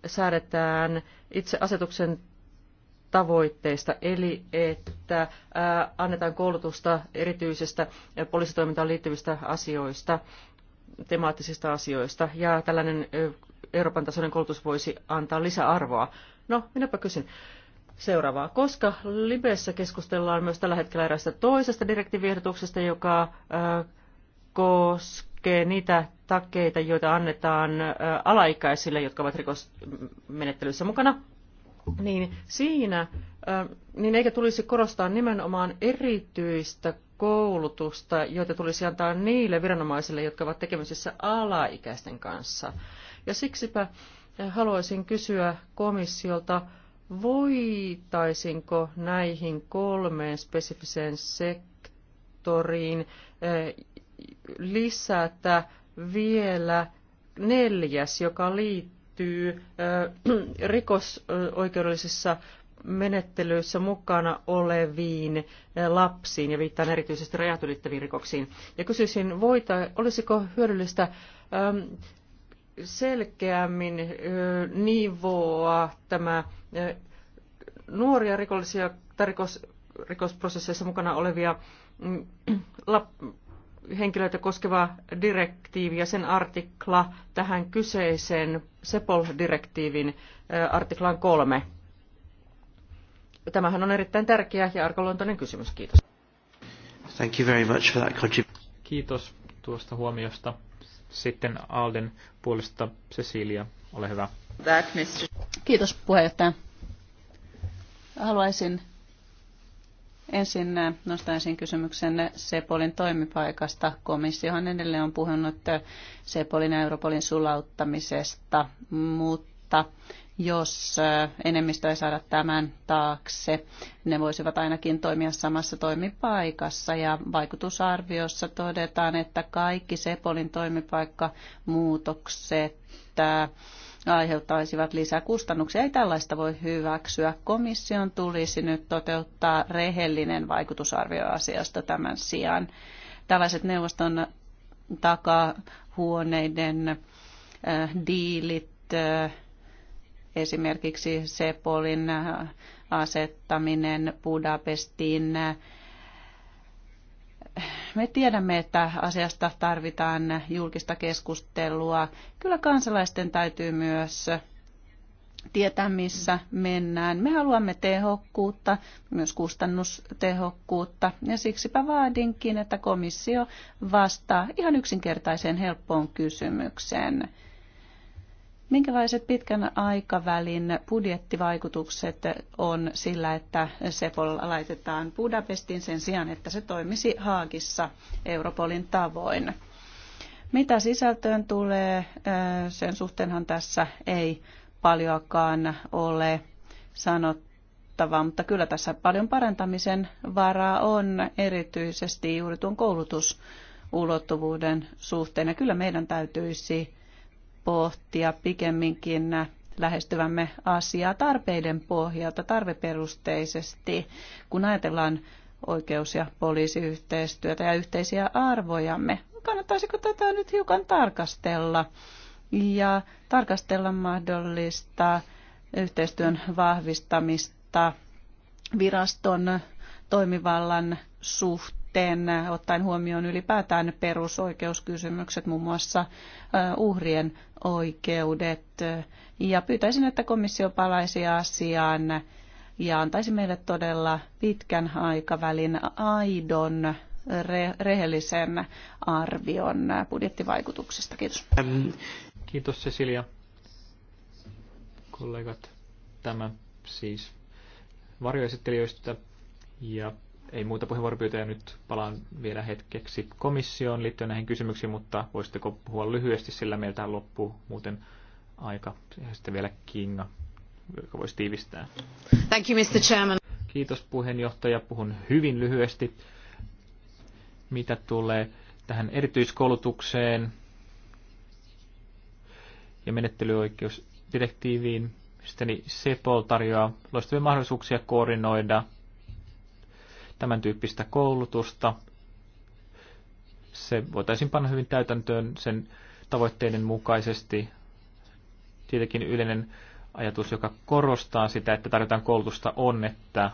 säädetään itse asetuksen tavoitteista, eli että annetaan koulutusta erityisestä poliisitoimintaan liittyvistä asioista, temaattisista asioista, ja tällainen Euroopan tasoinen koulutus voisi antaa lisäarvoa. No, minäpä kysyn seuraavaa. Koska Libessä keskustellaan myös tällä hetkellä eräästä toisesta direktiiviehdotuksesta, joka koskee niitä takkeita, joita annetaan alaikäisille, jotka ovat rikosmenettelyssä mukana niin siinä, niin eikä tulisi korostaa nimenomaan erityistä koulutusta, joita tulisi antaa niille viranomaisille, jotka ovat tekemisissä alaikäisten kanssa. Ja siksipä haluaisin kysyä komissiolta, voitaisinko näihin kolmeen spesifiseen sektoriin lisätä vielä neljäs, joka liittyy täytyy rikosoikeudellisissa menettelyissä mukana oleviin lapsiin ja viittaan erityisesti rajat ylittäviin rikoksiin. Ja kysyisin, voita, olisiko hyödyllistä selkeämmin nivoa tämä nuoria rikollisia tai rikos, rikosprosesseissa mukana olevia mm, henkilöitä koskeva direktiivi ja sen artikla tähän kyseiseen SEPOL-direktiivin artiklaan kolme. Tämähän on erittäin tärkeä ja arkaluontoinen kysymys. Kiitos. Thank you very much for that Kiitos tuosta huomiosta. Sitten Alden puolesta Cecilia, ole hyvä. That, Kiitos puheenjohtaja. Haluaisin Ensin nostaisin kysymyksen Sepolin toimipaikasta. Komissiohan edelleen on puhunut Sepolin ja Europolin sulauttamisesta, mutta jos enemmistö ei saada tämän taakse, ne voisivat ainakin toimia samassa toimipaikassa. Ja vaikutusarviossa todetaan, että kaikki Sepolin toimipaikkamuutokset aiheuttaisivat lisää kustannuksia. Ei tällaista voi hyväksyä. Komission tulisi nyt toteuttaa rehellinen vaikutusarvio asiasta tämän sijaan. Tällaiset neuvoston takahuoneiden äh, diilit, äh, esimerkiksi Sepolin äh, asettaminen Budapestin me tiedämme, että asiasta tarvitaan julkista keskustelua. Kyllä kansalaisten täytyy myös tietää, missä mennään. Me haluamme tehokkuutta, myös kustannustehokkuutta, ja siksipä vaadinkin, että komissio vastaa ihan yksinkertaiseen helppoon kysymykseen – Minkälaiset pitkän aikavälin budjettivaikutukset on sillä, että Sepol laitetaan Budapestin sen sijaan, että se toimisi Haagissa Europolin tavoin? Mitä sisältöön tulee, äh, sen suhteenhan tässä ei paljoakaan ole sanottavaa, mutta kyllä tässä paljon parantamisen varaa on, erityisesti juuri tuon koulutusulottuvuuden suhteen. Ja kyllä meidän täytyisi pohtia pikemminkin lähestyvämme asiaa tarpeiden pohjalta, tarveperusteisesti, kun ajatellaan oikeus- ja poliisiyhteistyötä ja yhteisiä arvojamme. Kannattaisiko tätä nyt hiukan tarkastella ja tarkastella mahdollista yhteistyön vahvistamista viraston toimivallan suhteen? sitten äh, ottaen huomioon ylipäätään perusoikeuskysymykset, muun muassa äh, uhrien oikeudet. Ja pyytäisin, että komissio palaisi asiaan ja antaisi meille todella pitkän aikavälin aidon re- rehellisen arvion äh, budjettivaikutuksista. Kiitos. Ähm, kiitos Cecilia. Kollegat, tämä siis varjoesittelijöistä ja ei muuta puheenvuoropyyntöjä. Nyt palaan vielä hetkeksi komissioon liittyen näihin kysymyksiin, mutta voisitteko puhua lyhyesti, sillä meiltä loppuu muuten aika. Ja sitten vielä Kinga, joka voisi tiivistää. Thank you, Mr. Chairman. Kiitos puheenjohtaja. Puhun hyvin lyhyesti, mitä tulee tähän erityiskoulutukseen ja menettelyoikeusdirektiiviin. Sitten CEPOL tarjoaa loistavia mahdollisuuksia koordinoida – tämän tyyppistä koulutusta. Se voitaisiin panna hyvin täytäntöön sen tavoitteiden mukaisesti. Tietenkin yleinen ajatus, joka korostaa sitä, että tarjotaan koulutusta, on, että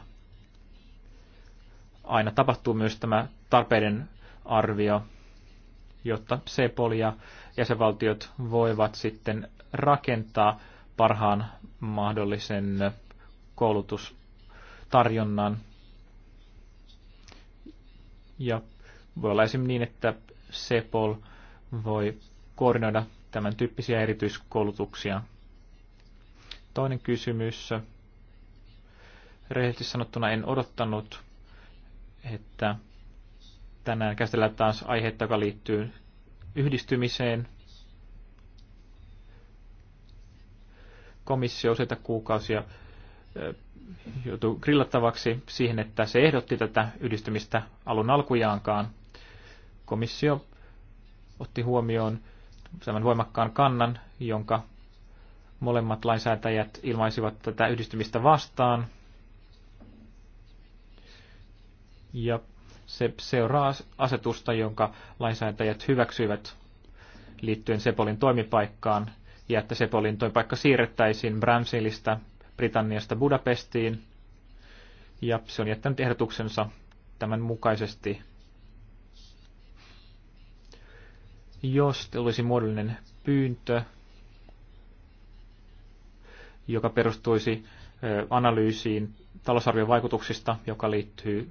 aina tapahtuu myös tämä tarpeiden arvio, jotta CEPOL ja jäsenvaltiot voivat sitten rakentaa parhaan mahdollisen koulutustarjonnan ja voi olla esimerkiksi niin, että Sepol voi koordinoida tämän tyyppisiä erityiskoulutuksia. Toinen kysymys. Rehellisesti sanottuna en odottanut, että tänään käsitellään taas aihetta, joka liittyy yhdistymiseen. Komissio useita kuukausia joutui grillattavaksi siihen, että se ehdotti tätä yhdistymistä alun alkujaankaan. Komissio otti huomioon tämän voimakkaan kannan, jonka molemmat lainsäätäjät ilmaisivat tätä yhdistymistä vastaan. Ja se seuraa asetusta, jonka lainsäätäjät hyväksyivät liittyen Sepolin toimipaikkaan, ja että Sepolin toimipaikka siirrettäisiin Bramsilista Britanniasta Budapestiin, ja se on jättänyt ehdotuksensa tämän mukaisesti. Jos olisi muodollinen pyyntö, joka perustuisi analyysiin talousarvion vaikutuksista, joka liittyy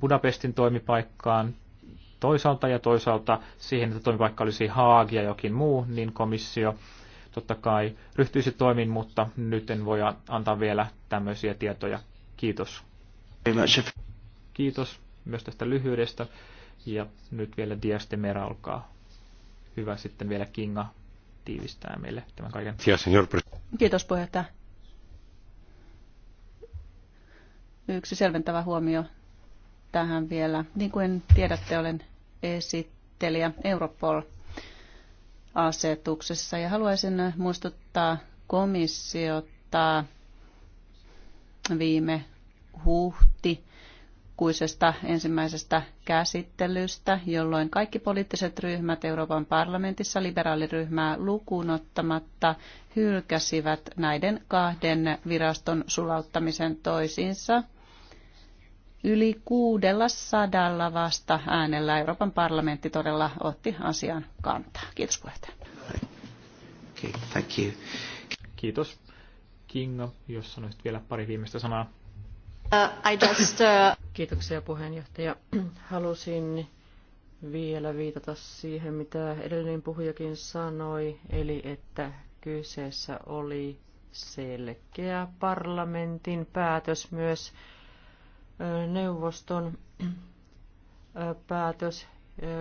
Budapestin toimipaikkaan toisaalta ja toisaalta siihen, että toimipaikka olisi Haag ja jokin muu, niin komissio totta kai ryhtyisi toimiin, mutta nyt en voi antaa vielä tämmöisiä tietoja. Kiitos. Kiitos myös tästä lyhyydestä. Ja nyt vielä Diaste Mera, olkaa hyvä sitten vielä Kinga tiivistää meille tämän kaiken. Kiitos puheenjohtaja. Yksi selventävä huomio tähän vielä. Niin kuin tiedätte, olen esittelijä Europol asetuksessa. Ja haluaisin muistuttaa komissiota viime huhti kuisesta ensimmäisestä käsittelystä, jolloin kaikki poliittiset ryhmät Euroopan parlamentissa liberaaliryhmää lukuun ottamatta hylkäsivät näiden kahden viraston sulauttamisen toisiinsa – Yli 600 vasta äänellä Euroopan parlamentti todella otti asian kantaa. Kiitos puheenjohtaja. Okay, thank you. Kiitos. Kinga, jos sanoisit vielä pari viimeistä sanaa. Uh, I just, uh... Kiitoksia puheenjohtaja. Halusin vielä viitata siihen, mitä edellinen puhujakin sanoi, eli että kyseessä oli selkeä parlamentin päätös myös neuvoston päätös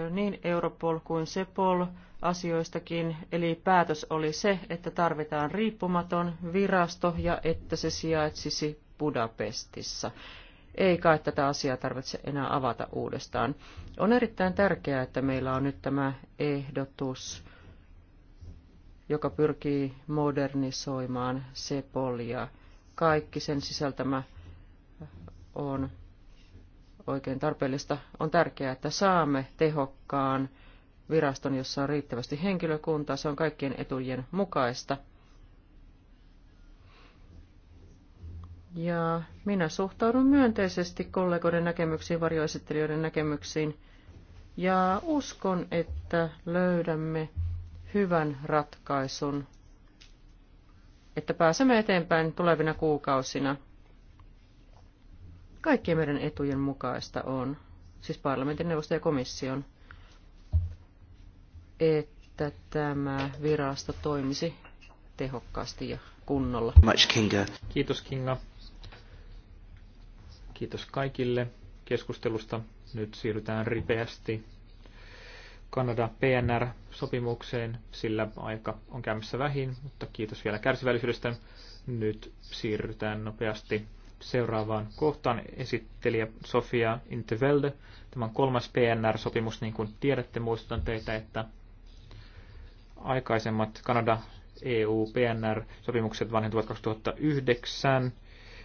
niin Europol kuin Sepol asioistakin, eli päätös oli se, että tarvitaan riippumaton virasto ja että se sijaitsisi Budapestissa. Ei kai tätä asiaa tarvitse enää avata uudestaan. On erittäin tärkeää, että meillä on nyt tämä ehdotus, joka pyrkii modernisoimaan Sepolia. Kaikki sen sisältämä on oikein tarpeellista. On tärkeää, että saamme tehokkaan viraston, jossa on riittävästi henkilökuntaa. Se on kaikkien etujen mukaista. Ja minä suhtaudun myönteisesti kollegoiden näkemyksiin, varjoesittelijöiden näkemyksiin. Ja uskon, että löydämme hyvän ratkaisun, että pääsemme eteenpäin tulevina kuukausina – kaikkien meidän etujen mukaista on, siis parlamentin neuvosto ja komission, että tämä virasto toimisi tehokkaasti ja kunnolla. Much Kinga. Kiitos Kinga. Kiitos kaikille keskustelusta. Nyt siirrytään ripeästi Kanada-PNR-sopimukseen, sillä aika on käymässä vähin, mutta kiitos vielä kärsivällisyydestä. Nyt siirrytään nopeasti seuraavaan kohtaan esittelijä Sofia Intervelde. Tämä on kolmas PNR-sopimus, niin kuin tiedätte, muistutan teitä, että aikaisemmat Kanada EU-PNR-sopimukset vanhentuvat 2009,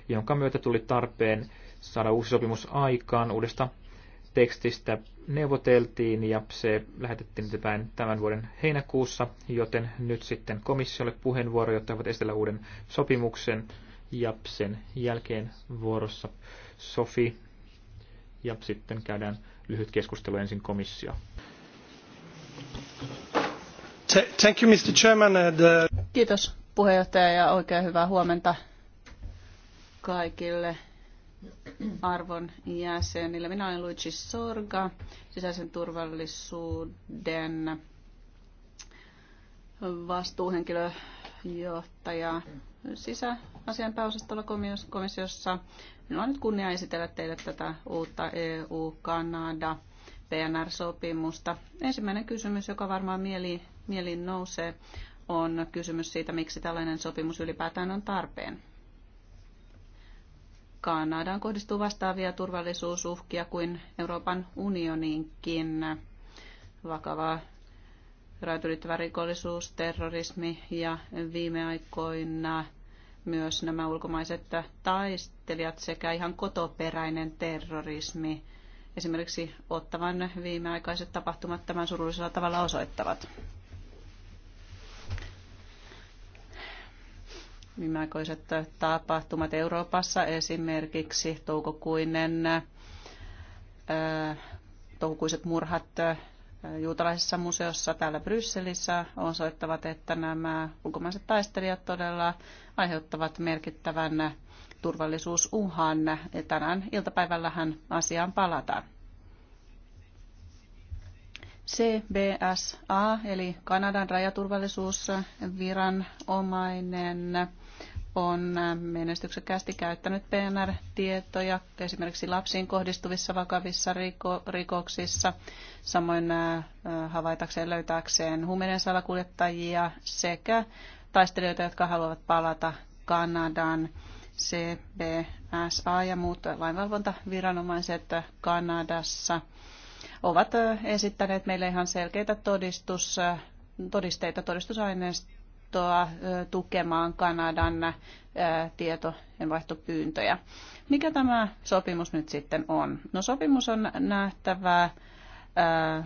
jonka myötä tuli tarpeen saada uusi sopimus aikaan. Uudesta tekstistä neuvoteltiin ja se lähetettiin eteenpäin tämän vuoden heinäkuussa, joten nyt sitten komissiolle puheenvuoro, jotta voivat esitellä uuden sopimuksen Japsen jälkeen vuorossa Sofi ja sitten käydään lyhyt keskustelu ensin komissio. Thank you, Mr. Chairman. Uh, Kiitos puheenjohtaja ja oikein hyvää huomenta kaikille arvon jäsenille. Minä olen Luigi Sorga, sisäisen turvallisuuden vastuuhenkilöjohtaja sisäasian pääosastolla komissiossa. Minulla on nyt kunnia esitellä teille tätä uutta EU-Kanada PNR-sopimusta. Ensimmäinen kysymys, joka varmaan mieli, mieliin nousee, on kysymys siitä, miksi tällainen sopimus ylipäätään on tarpeen. Kanadaan kohdistuu vastaavia turvallisuusuhkia kuin Euroopan unioniinkin. Vakavaa rajat ylittävä rikollisuus, terrorismi ja viime aikoina myös nämä ulkomaiset taistelijat sekä ihan kotoperäinen terrorismi. Esimerkiksi ottavan viimeaikaiset tapahtumat tämän surullisella tavalla osoittavat. Viimeaikoiset tapahtumat Euroopassa esimerkiksi toukokuinen toukokuiset murhat juutalaisessa museossa täällä Brysselissä osoittavat, että nämä ulkomaiset taistelijat todella aiheuttavat merkittävän turvallisuusuhan. Tänään iltapäivällähän asiaan palataan. CBSA eli Kanadan rajaturvallisuusviranomainen on menestyksekkäästi käyttänyt PNR-tietoja esimerkiksi lapsiin kohdistuvissa vakavissa riko- rikoksissa, samoin havaitakseen löytääkseen huumeiden salakuljettajia sekä taistelijoita, jotka haluavat palata Kanadaan. CBSA ja muut lainvalvontaviranomaiset Kanadassa ovat esittäneet meille ihan selkeitä todistus, todisteita, todistusaineistoa vaihtoa tukemaan Kanadan tietojenvaihtopyyntöjä. Mikä tämä sopimus nyt sitten on? No sopimus on nähtävää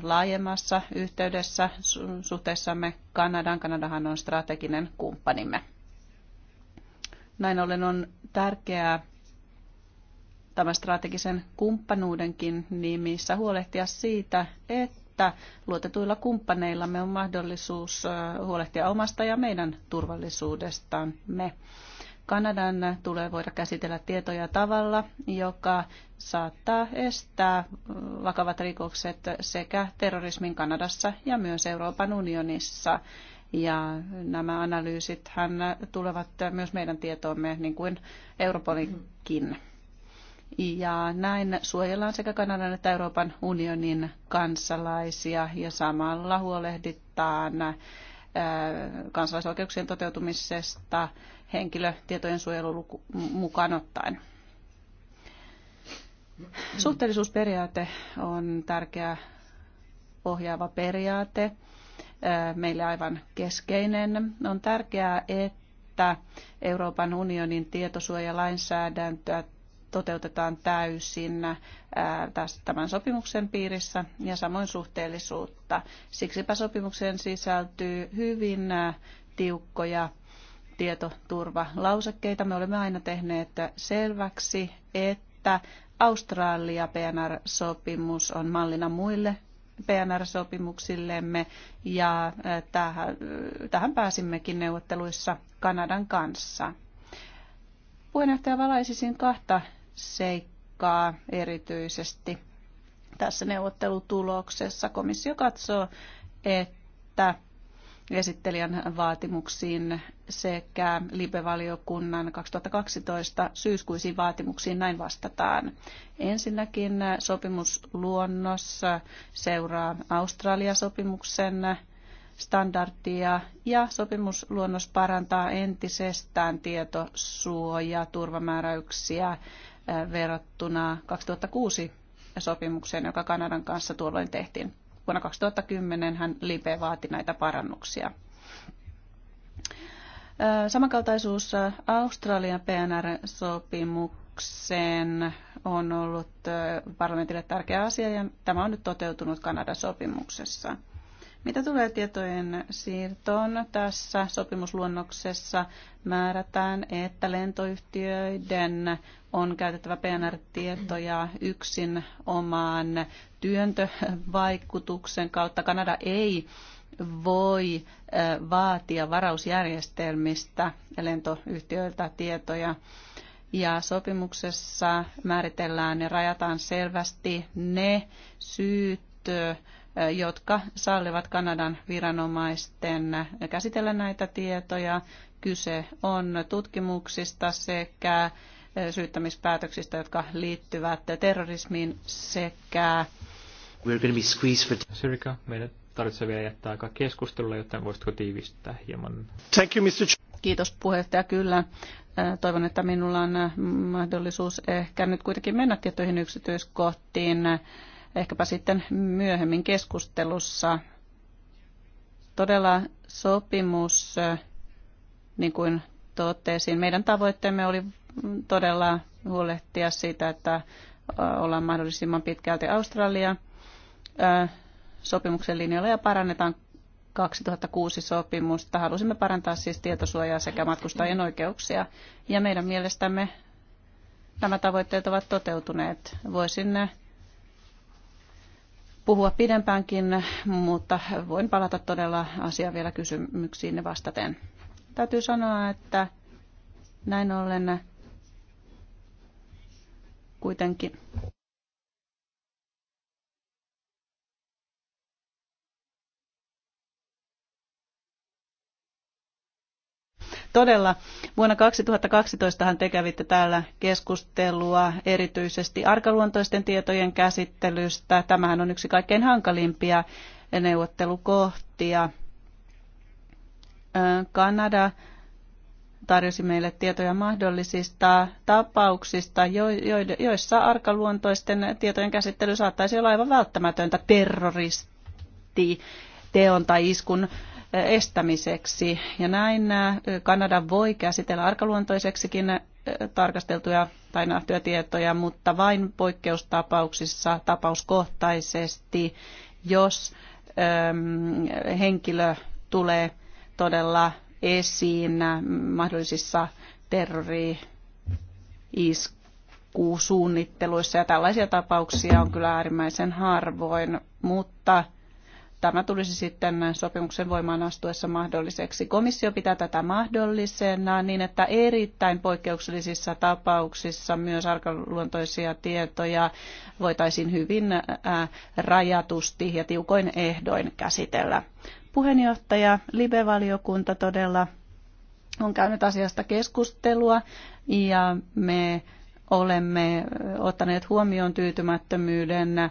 laajemmassa yhteydessä suhteessamme Kanadan. Kanadahan on strateginen kumppanimme. Näin ollen on tärkeää tämän strategisen kumppanuudenkin nimissä huolehtia siitä, että että luotetuilla kumppaneillamme on mahdollisuus huolehtia omasta ja meidän turvallisuudestamme. Kanadan tulee voida käsitellä tietoja tavalla, joka saattaa estää vakavat rikokset sekä terrorismin Kanadassa ja myös Euroopan unionissa. Ja nämä analyysit tulevat myös meidän tietoomme, niin kuin Europolinkin. Ja näin suojellaan sekä Kanadan että Euroopan unionin kansalaisia ja samalla huolehditaan äh, kansalaisoikeuksien toteutumisesta henkilötietojen suojelun mukaan ottaen. Suhteellisuusperiaate on tärkeä ohjaava periaate, äh, meille aivan keskeinen. On tärkeää, että Euroopan unionin tietosuojalainsäädäntöä toteutetaan täysin tämän sopimuksen piirissä ja samoin suhteellisuutta. Siksipä sopimukseen sisältyy hyvin tiukkoja tietoturvalausekkeita. Me olemme aina tehneet selväksi, että Australia PNR-sopimus on mallina muille PNR-sopimuksillemme ja tähän, tähän pääsimmekin neuvotteluissa Kanadan kanssa. Puheenjohtaja valaisisin kahta seikkaa erityisesti tässä neuvottelutuloksessa. Komissio katsoo, että esittelijän vaatimuksiin sekä LIBE-valiokunnan 2012 syyskuisiin vaatimuksiin näin vastataan. Ensinnäkin sopimusluonnos seuraa Australia-sopimuksen standardia ja sopimusluonnos parantaa entisestään tietosuojaa, turvamääräyksiä verrattuna 2006 sopimukseen, joka Kanadan kanssa tuolloin tehtiin. Vuonna 2010 hän Libe vaati näitä parannuksia. Samankaltaisuus Australian PNR-sopimukseen on ollut parlamentille tärkeä asia ja tämä on nyt toteutunut Kanadan sopimuksessa. Mitä tulee tietojen siirtoon, tässä sopimusluonnoksessa määrätään, että lentoyhtiöiden on käytettävä PNR-tietoja yksin omaan työntövaikutuksen kautta. Kanada ei voi vaatia varausjärjestelmistä lentoyhtiöiltä tietoja. Ja sopimuksessa määritellään ja rajataan selvästi ne syyt, jotka sallivat Kanadan viranomaisten käsitellä näitä tietoja. Kyse on tutkimuksista sekä syyttämispäätöksistä, jotka liittyvät terrorismiin sekä... We're going to be squeezed for... Sirika, meidän tarvitsee vielä jättää aika keskustelulle, joten voisitko tiivistää hieman? Thank you, Mr. Kiitos puheenjohtaja, kyllä. Toivon, että minulla on mahdollisuus ehkä nyt kuitenkin mennä tiettyihin yksityiskohtiin ehkäpä sitten myöhemmin keskustelussa. Todella sopimus, niin kuin totesin, meidän tavoitteemme oli todella huolehtia siitä, että ollaan mahdollisimman pitkälti Australia sopimuksen linjalla ja parannetaan 2006 sopimusta. Halusimme parantaa siis tietosuojaa sekä matkustajien oikeuksia. Ja meidän mielestämme nämä tavoitteet ovat toteutuneet. Voisin puhua pidempäänkin, mutta voin palata todella asiaan vielä kysymyksiin vastaten. Täytyy sanoa, että näin ollen kuitenkin Todella vuonna 2012 hän te kävitte täällä keskustelua erityisesti arkaluontoisten tietojen käsittelystä. Tämähän on yksi kaikkein hankalimpia neuvottelukohtia. Kanada tarjosi meille tietoja mahdollisista tapauksista, joissa arkaluontoisten tietojen käsittely saattaisi olla aivan välttämätöntä terroristi teon tai iskun estämiseksi. Ja näin Kanada voi käsitellä arkaluontoiseksikin tarkasteltuja tai nähtyjä tietoja, mutta vain poikkeustapauksissa tapauskohtaisesti, jos henkilö tulee todella esiin mahdollisissa terrori iskusuunnitteluissa ja tällaisia tapauksia on kyllä äärimmäisen harvoin, mutta tämä tulisi sitten sopimuksen voimaan astuessa mahdolliseksi. Komissio pitää tätä mahdollisena niin, että erittäin poikkeuksellisissa tapauksissa myös arkaluontoisia tietoja voitaisiin hyvin rajatusti ja tiukoin ehdoin käsitellä. Puheenjohtaja Libe-valiokunta todella on käynyt asiasta keskustelua ja me olemme ottaneet huomioon tyytymättömyyden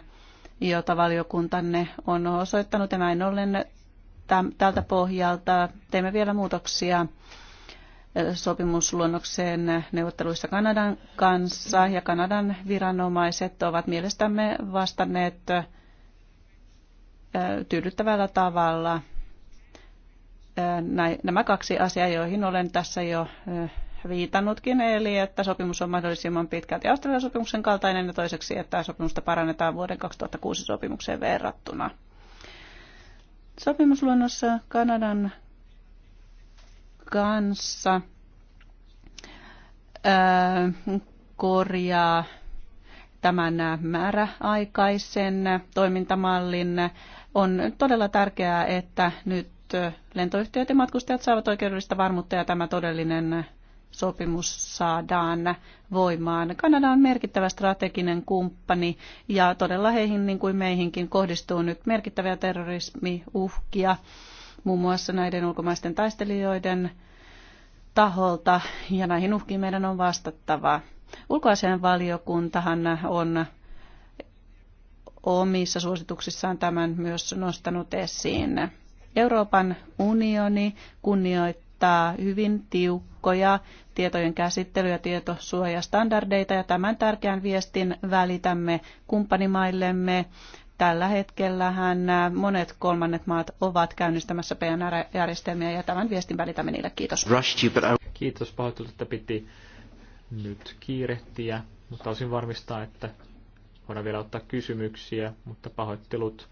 jota valiokuntanne on osoittanut. Ja näin ollen tältä pohjalta teemme vielä muutoksia sopimusluonnokseen neuvotteluissa Kanadan kanssa ja Kanadan viranomaiset ovat mielestämme vastanneet tyydyttävällä tavalla nämä kaksi asiaa, joihin olen tässä jo viitannutkin, eli että sopimus on mahdollisimman pitkälti Australian sopimuksen kaltainen ja toiseksi, että sopimusta parannetaan vuoden 2006 sopimukseen verrattuna. Sopimusluonnossa Kanadan kanssa ää, äh, korjaa tämän määräaikaisen toimintamallin. On todella tärkeää, että nyt lentoyhtiöt ja matkustajat saavat oikeudellista varmuutta ja tämä todellinen sopimus saadaan voimaan. Kanada on merkittävä strateginen kumppani ja todella heihin niin kuin meihinkin kohdistuu nyt merkittäviä terrorismiuhkia muun muassa näiden ulkomaisten taistelijoiden taholta ja näihin uhkiin meidän on vastattava. Ulkoasian valiokuntahan on omissa suosituksissaan tämän myös nostanut esiin. Euroopan unioni kunnioittaa noudattaa hyvin tiukkoja tietojen käsittely- ja tietosuojastandardeita ja tämän tärkeän viestin välitämme kumppanimaillemme. Tällä hetkellähän monet kolmannet maat ovat käynnistämässä PNR-järjestelmiä ja tämän viestin välitämme niille. Kiitos. Kiitos pahoittelut, että piti nyt kiirehtiä, mutta osin varmistaa, että voidaan vielä ottaa kysymyksiä, mutta pahoittelut,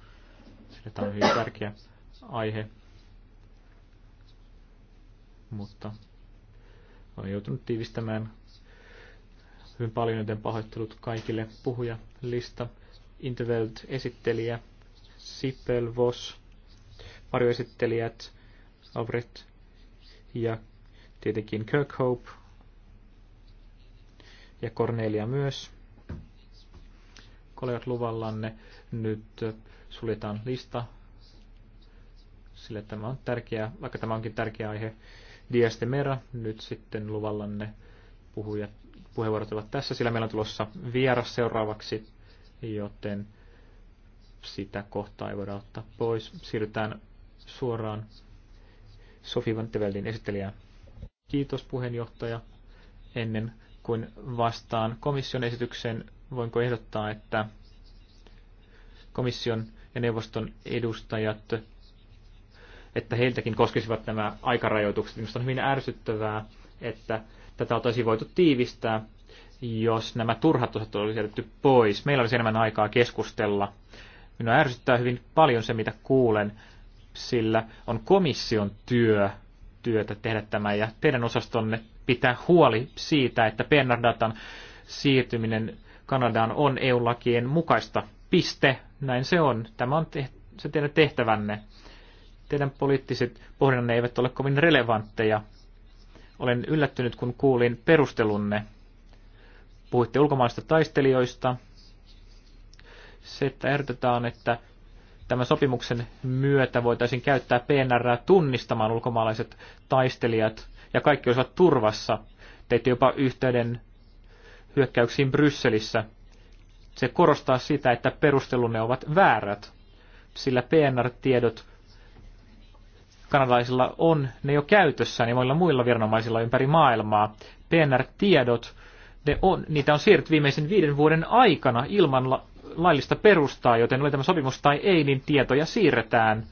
sillä tämä on hyvin tärkeä aihe mutta olen joutunut tiivistämään hyvin paljon, joten pahoittelut kaikille puhuja lista. Intervelt esittelijä, Sipel Vos, varjoesittelijät, Albrecht ja tietenkin Kirkhope ja Cornelia myös. Kollegat luvallanne nyt suljetaan lista, sillä tämä on tärkeä, vaikka tämä onkin tärkeä aihe, Diastemera. Nyt sitten luvallanne puhujat, puheenvuorot ovat tässä, sillä meillä on tulossa vieras seuraavaksi, joten sitä kohtaa ei voida ottaa pois. Siirrytään suoraan Sofi Vanteveldin esittelijään. Kiitos puheenjohtaja. Ennen kuin vastaan komission esitykseen, voinko ehdottaa, että komission ja neuvoston edustajat että heiltäkin koskisivat nämä aikarajoitukset. Minusta on hyvin ärsyttävää, että tätä oltaisiin voitu tiivistää, jos nämä turhat osat olisi jätetty pois. Meillä olisi enemmän aikaa keskustella. Minua ärsyttää hyvin paljon se, mitä kuulen, sillä on komission työ, työtä tehdä tämä, ja teidän osastonne pitää huoli siitä, että PNR-datan siirtyminen Kanadaan on EU-lakien mukaista. Piste. Näin se on. Tämä on tehty, se teidän tehtävänne teidän poliittiset pohdinnanne eivät ole kovin relevantteja. Olen yllättynyt, kun kuulin perustelunne. Puhuitte ulkomaista taistelijoista. Se, että ehdotetaan, että tämän sopimuksen myötä voitaisiin käyttää PNR tunnistamaan ulkomaalaiset taistelijat ja kaikki olisivat turvassa. Teitte jopa yhteyden hyökkäyksiin Brysselissä. Se korostaa sitä, että perustelunne ovat väärät, sillä PNR-tiedot kanadalaisilla on ne jo käytössä, niin monilla muilla viranomaisilla ympäri maailmaa. PNR-tiedot, ne on, niitä on siirretty viimeisen viiden vuoden aikana ilman la, laillista perustaa, joten oli tämä sopimus tai ei, niin tietoja siirretään.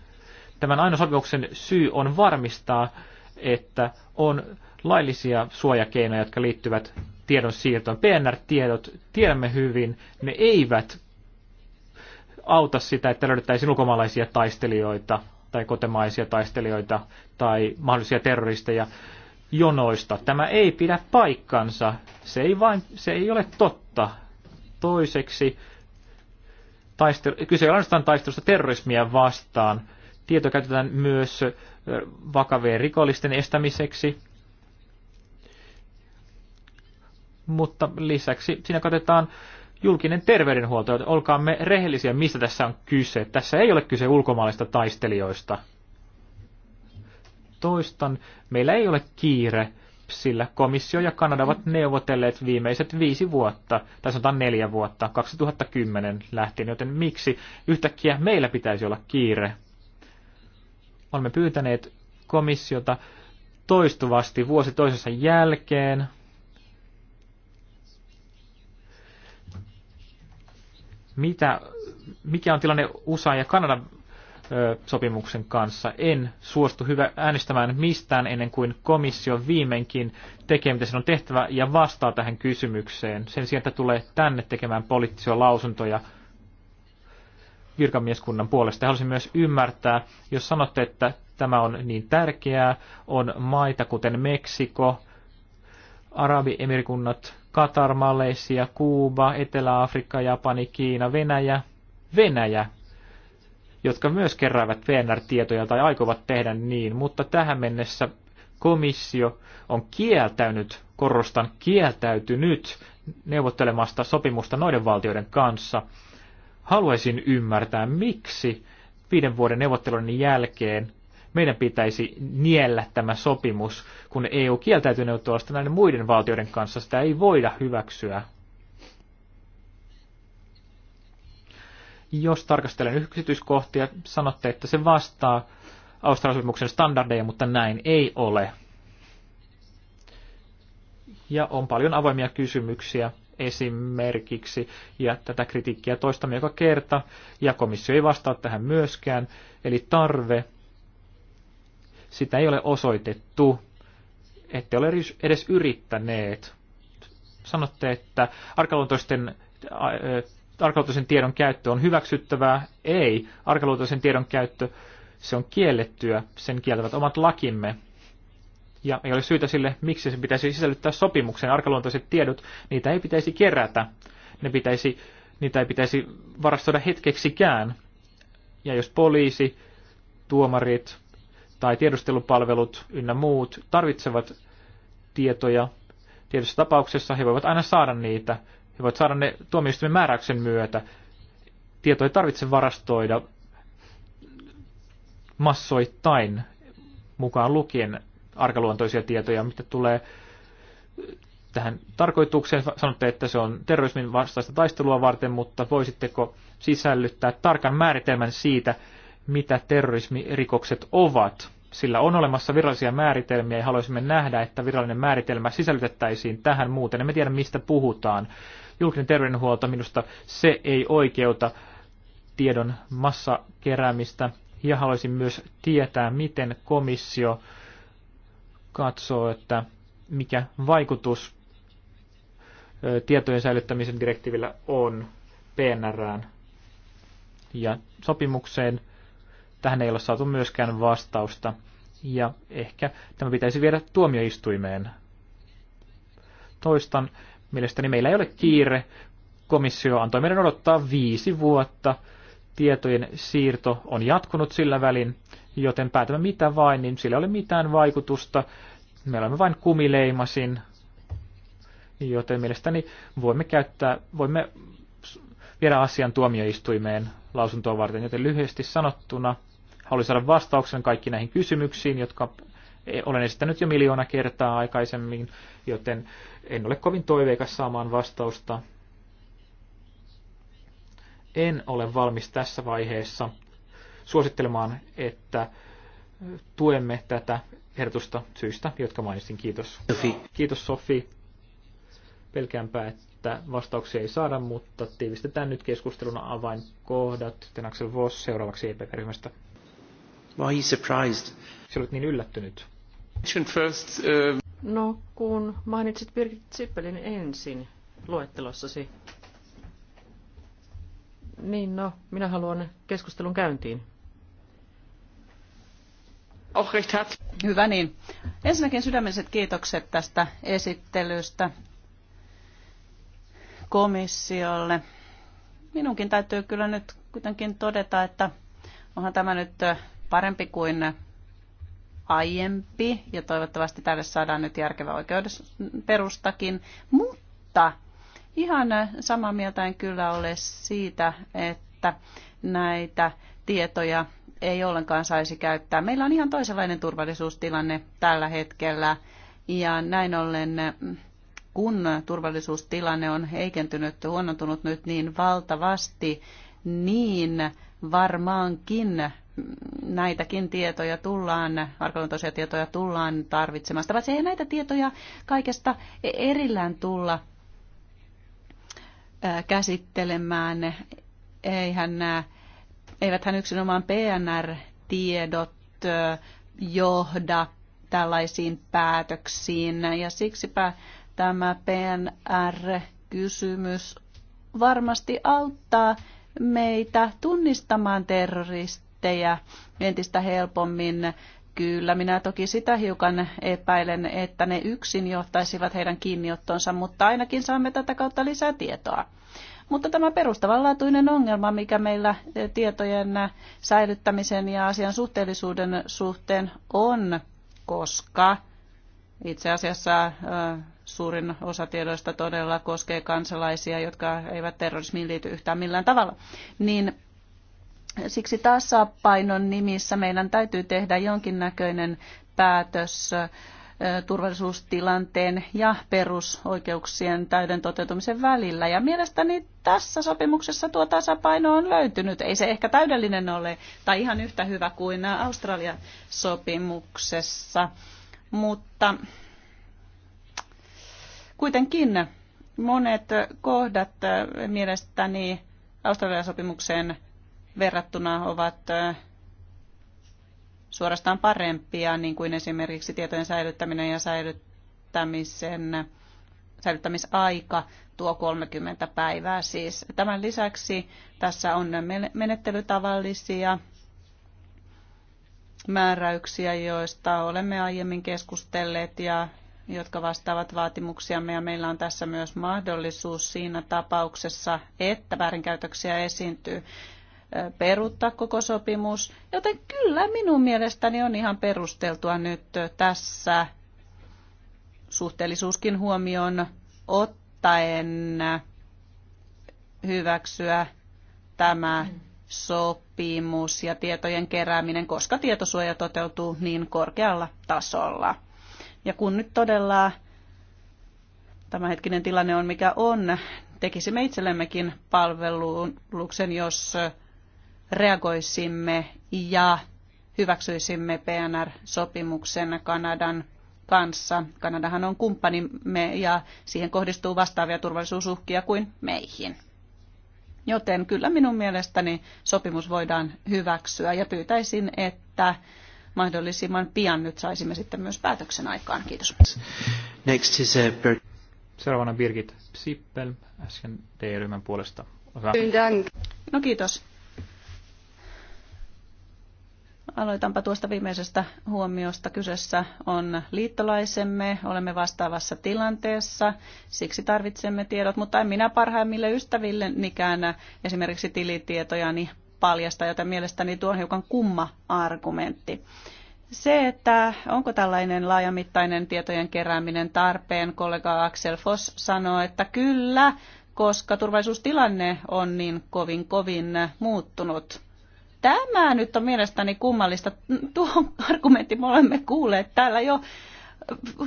Tämän ainoa sopimuksen syy on varmistaa, että on laillisia suojakeinoja, jotka liittyvät tiedon siirtoon. PNR-tiedot tiedämme hyvin, ne eivät auta sitä, että löydettäisiin ulkomaalaisia taistelijoita – tai kotemaisia taistelijoita tai mahdollisia terroristeja jonoista. Tämä ei pidä paikkansa. Se ei, vain, se ei ole totta. Toiseksi taistel, kyse ei ole ainoastaan taistelusta terrorismia vastaan. Tieto käytetään myös vakavien rikollisten estämiseksi, mutta lisäksi siinä katsotaan julkinen terveydenhuolto. Joten olkaamme rehellisiä, mistä tässä on kyse. Tässä ei ole kyse ulkomaalaisista taistelijoista. Toistan, meillä ei ole kiire, sillä komissio ja Kanada ovat neuvotelleet viimeiset viisi vuotta, tai sanotaan neljä vuotta, 2010 lähtien, joten miksi yhtäkkiä meillä pitäisi olla kiire? Olemme pyytäneet komissiota toistuvasti vuosi toisensa jälkeen, mitä, mikä on tilanne USA ja Kanadan sopimuksen kanssa. En suostu hyvä äänestämään mistään ennen kuin komissio viimeinkin tekee, mitä sen on tehtävä ja vastaa tähän kysymykseen. Sen sijaan, että tulee tänne tekemään poliittisia lausuntoja virkamieskunnan puolesta. Haluaisin myös ymmärtää, jos sanotte, että tämä on niin tärkeää, on maita kuten Meksiko, Arabi-emirikunnat, Katar, Malesia, Kuuba, Etelä-Afrikka, Japani, Kiina, Venäjä, Venäjä, jotka myös keräävät PNR-tietoja tai aikovat tehdä niin, mutta tähän mennessä komissio on kieltäynyt, korostan kieltäytynyt neuvottelemasta sopimusta noiden valtioiden kanssa. Haluaisin ymmärtää, miksi viiden vuoden neuvottelun jälkeen meidän pitäisi niellä tämä sopimus, kun EU kieltäytyy neuvottelusta näiden muiden valtioiden kanssa. Sitä ei voida hyväksyä. Jos tarkastelen yksityiskohtia, sanotte, että se vastaa Australian standardeja, mutta näin ei ole. Ja on paljon avoimia kysymyksiä esimerkiksi, ja tätä kritiikkiä toistamme joka kerta, ja komissio ei vastaa tähän myöskään, eli tarve sitä ei ole osoitettu, ette ole edes yrittäneet. Sanotte, että arkaluontoisten arkaluontoisen tiedon käyttö on hyväksyttävää. Ei. Arkaluontoisen tiedon käyttö, se on kiellettyä. Sen kieltävät omat lakimme. Ja ei ole syytä sille, miksi se pitäisi sisällyttää sopimukseen. Arkaluontoiset tiedot, niitä ei pitäisi kerätä. Ne pitäisi, niitä ei pitäisi varastoida hetkeksikään. Ja jos poliisi, tuomarit, tai tiedustelupalvelut ynnä muut tarvitsevat tietoja tietyssä tapauksessa, he voivat aina saada niitä. He voivat saada ne tuomioistuimen määräyksen myötä. Tietoja ei tarvitse varastoida massoittain mukaan lukien arkaluontoisia tietoja, mitä tulee tähän tarkoitukseen. Sanotte, että se on terrorismin vastaista taistelua varten, mutta voisitteko sisällyttää tarkan määritelmän siitä, mitä terrorismirikokset ovat? sillä on olemassa virallisia määritelmiä ja haluaisimme nähdä, että virallinen määritelmä sisällytettäisiin tähän muuten. Emme tiedä, mistä puhutaan. Julkinen terveydenhuolto minusta se ei oikeuta tiedon massakeräämistä ja haluaisin myös tietää, miten komissio katsoo, että mikä vaikutus tietojen säilyttämisen direktiivillä on PNRään ja sopimukseen – Tähän ei ole saatu myöskään vastausta ja ehkä tämä pitäisi viedä tuomioistuimeen. Toistan, mielestäni meillä ei ole kiire. Komissio antoi meidän odottaa viisi vuotta. Tietojen siirto on jatkunut sillä välin, joten päätämme mitä vain, niin sillä ei ole mitään vaikutusta. Me olemme vain kumileimasin, joten mielestäni voimme käyttää, voimme viedä asian tuomioistuimeen lausuntoa varten, joten lyhyesti sanottuna – Haluaisin saada vastauksen kaikki näihin kysymyksiin, jotka e- olen esittänyt jo miljoona kertaa aikaisemmin, joten en ole kovin toiveikas saamaan vastausta. En ole valmis tässä vaiheessa suosittelemaan, että tuemme tätä ehdotusta syistä, jotka mainitsin. Kiitos. Sofi. Kiitos Sofi. Pelkäänpä, että vastauksia ei saada, mutta tiivistetään nyt keskustelun avainkohdat. Sitten Axel Voss seuraavaksi EPP-ryhmästä. Why surprised? olet niin yllättynyt. First, uh... No, kun mainitsit Birgit Zippelin ensin luettelossasi, niin no, minä haluan keskustelun käyntiin. Hyvä niin. Ensinnäkin sydämelliset kiitokset tästä esittelystä komissiolle. Minunkin täytyy kyllä nyt kuitenkin todeta, että onhan tämä nyt parempi kuin aiempi ja toivottavasti tälle saadaan nyt järkevä perustakin, mutta ihan samaa mieltä en kyllä ole siitä, että näitä tietoja ei ollenkaan saisi käyttää. Meillä on ihan toisenlainen turvallisuustilanne tällä hetkellä ja näin ollen kun turvallisuustilanne on heikentynyt, huonontunut nyt niin valtavasti, niin varmaankin näitäkin tietoja tullaan, arkaluontoisia tietoja tullaan tarvitsemaan. Sitä ei näitä tietoja kaikesta erillään tulla käsittelemään. Eihän nämä, eiväthän yksinomaan PNR-tiedot johda tällaisiin päätöksiin. Ja siksipä tämä PNR-kysymys varmasti auttaa meitä tunnistamaan terrorist reittejä entistä helpommin. Kyllä, minä toki sitä hiukan epäilen, että ne yksin johtaisivat heidän kiinniottonsa, mutta ainakin saamme tätä kautta lisää tietoa. Mutta tämä perustavanlaatuinen ongelma, mikä meillä e, tietojen säilyttämisen ja asian suhteellisuuden suhteen on, koska itse asiassa e, suurin osa tiedoista todella koskee kansalaisia, jotka eivät terrorismiin liity yhtään millään tavalla, niin Siksi tasapainon nimissä meidän täytyy tehdä jonkinnäköinen päätös turvallisuustilanteen ja perusoikeuksien täyden toteutumisen välillä. Ja mielestäni tässä sopimuksessa tuo tasapaino on löytynyt. Ei se ehkä täydellinen ole tai ihan yhtä hyvä kuin Australian sopimuksessa, mutta kuitenkin monet kohdat mielestäni Australian sopimukseen verrattuna ovat suorastaan parempia, niin kuin esimerkiksi tietojen säilyttäminen ja säilyttämisen, säilyttämisaika, tuo 30 päivää siis. Tämän lisäksi tässä on menettelytavallisia määräyksiä, joista olemme aiemmin keskustelleet ja jotka vastaavat vaatimuksiamme ja meillä on tässä myös mahdollisuus siinä tapauksessa, että väärinkäytöksiä esiintyy peruuttaa koko sopimus. Joten kyllä minun mielestäni on ihan perusteltua nyt tässä suhteellisuuskin huomioon ottaen hyväksyä tämä sopimus ja tietojen kerääminen, koska tietosuoja toteutuu niin korkealla tasolla. Ja kun nyt todella tämä hetkinen tilanne on mikä on, tekisimme itsellemmekin palveluksen, jos reagoisimme ja hyväksyisimme PNR-sopimuksen Kanadan kanssa. Kanadahan on kumppanimme ja siihen kohdistuu vastaavia turvallisuusuhkia kuin meihin. Joten kyllä minun mielestäni sopimus voidaan hyväksyä ja pyytäisin, että mahdollisimman pian nyt saisimme sitten myös päätöksen aikaan. Kiitos. Next is, uh, Birgit. Seuraavana Birgit Sippel, SND-ryhmän puolesta. Osa. No kiitos Aloitanpa tuosta viimeisestä huomiosta. Kyseessä on liittolaisemme, olemme vastaavassa tilanteessa, siksi tarvitsemme tiedot, mutta en minä parhaimmille ystäville mikään esimerkiksi tilitietojani paljasta, joten mielestäni tuo on hiukan kumma argumentti. Se, että onko tällainen laajamittainen tietojen kerääminen tarpeen, kollega Axel Foss sanoo, että kyllä, koska turvallisuustilanne on niin kovin kovin muuttunut Tämä nyt on mielestäni kummallista. tuohon argumentti me olemme kuulleet täällä jo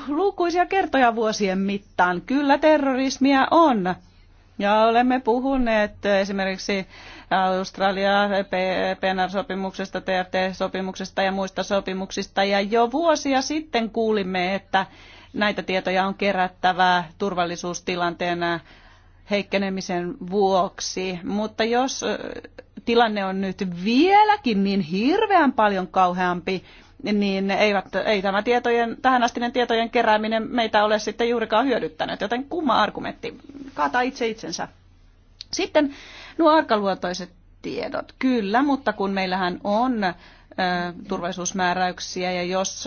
lukuisia kertoja vuosien mittaan. Kyllä terrorismia on. Ja olemme puhuneet esimerkiksi Australia PNR-sopimuksesta, TFT-sopimuksesta ja muista sopimuksista. Ja jo vuosia sitten kuulimme, että näitä tietoja on kerättävä turvallisuustilanteena heikkenemisen vuoksi, mutta jos tilanne on nyt vieläkin niin hirveän paljon kauheampi, niin eivät, ei tämä tietojen, tähänastinen tietojen kerääminen meitä ole sitten juurikaan hyödyttänyt, joten kumma argumentti, kaataa itse itsensä. Sitten nuo arkaluontoiset tiedot, kyllä, mutta kun meillähän on turvallisuusmääräyksiä ja jos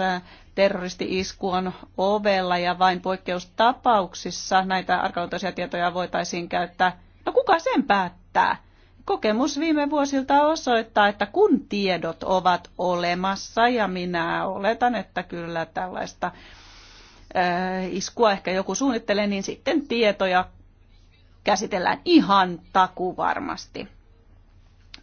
terroristi-isku on ovella ja vain poikkeustapauksissa näitä arkaluontoisia tietoja voitaisiin käyttää. No kuka sen päättää? Kokemus viime vuosilta osoittaa, että kun tiedot ovat olemassa, ja minä oletan, että kyllä tällaista äh, iskua ehkä joku suunnittelee, niin sitten tietoja käsitellään ihan takuvarmasti.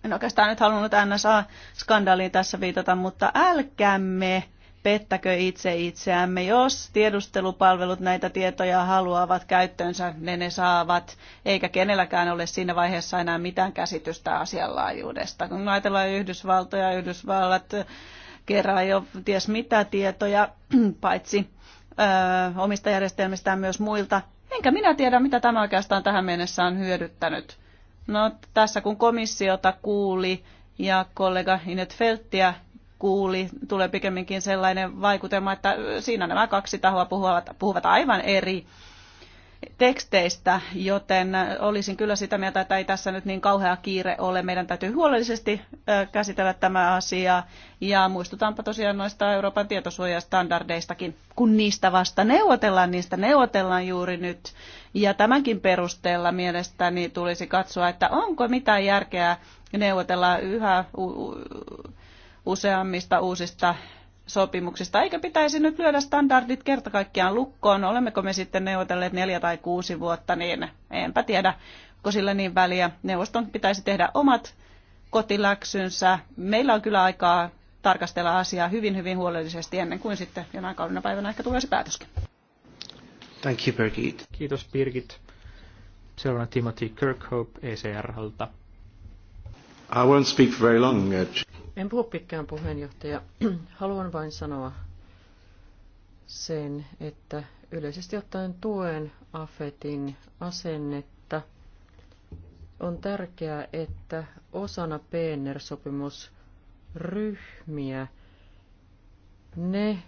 En oikeastaan nyt halunnut NSA-skandaaliin tässä viitata, mutta älkäämme pettäkö itse itseämme. Jos tiedustelupalvelut näitä tietoja haluavat käyttöönsä, ne ne saavat, eikä kenelläkään ole siinä vaiheessa enää mitään käsitystä asianlaajuudesta. Kun ajatellaan Yhdysvaltoja, Yhdysvallat kerää jo ties mitä tietoja, paitsi ö, omista järjestelmistään myös muilta. Enkä minä tiedä, mitä tämä oikeastaan tähän mennessä on hyödyttänyt. No tässä kun komissiota kuuli ja kollega Inet Felttiä, kuuli, tulee pikemminkin sellainen vaikutelma, että siinä nämä kaksi tahoa puhuvat, puhuvat aivan eri teksteistä, joten olisin kyllä sitä mieltä, että ei tässä nyt niin kauhea kiire ole. Meidän täytyy huolellisesti käsitellä tämä asia ja muistutanpa tosiaan noista Euroopan tietosuojastandardeistakin, kun niistä vasta neuvotellaan, niistä neuvotellaan juuri nyt. Ja tämänkin perusteella mielestäni tulisi katsoa, että onko mitään järkeä neuvotella yhä useammista uusista sopimuksista. Eikö pitäisi nyt lyödä standardit kerta kaikkiaan lukkoon? Olemmeko me sitten neuvotelleet neljä tai kuusi vuotta, niin enpä tiedä, onko sillä niin väliä. Neuvoston pitäisi tehdä omat kotiläksynsä. Meillä on kyllä aikaa tarkastella asiaa hyvin, hyvin huolellisesti ennen kuin sitten jonain kaudena päivänä ehkä tulee se päätöskin. Thank you, Birgit. Kiitos, Birgit. Seuraavana Timothy Kirkhope ECR-alta. I won't speak very long. Uh, en puhu pitkään puheenjohtaja. Haluan vain sanoa sen, että yleisesti ottaen tuen AFETin asennetta. On tärkeää, että osana PNR-sopimusryhmiä ne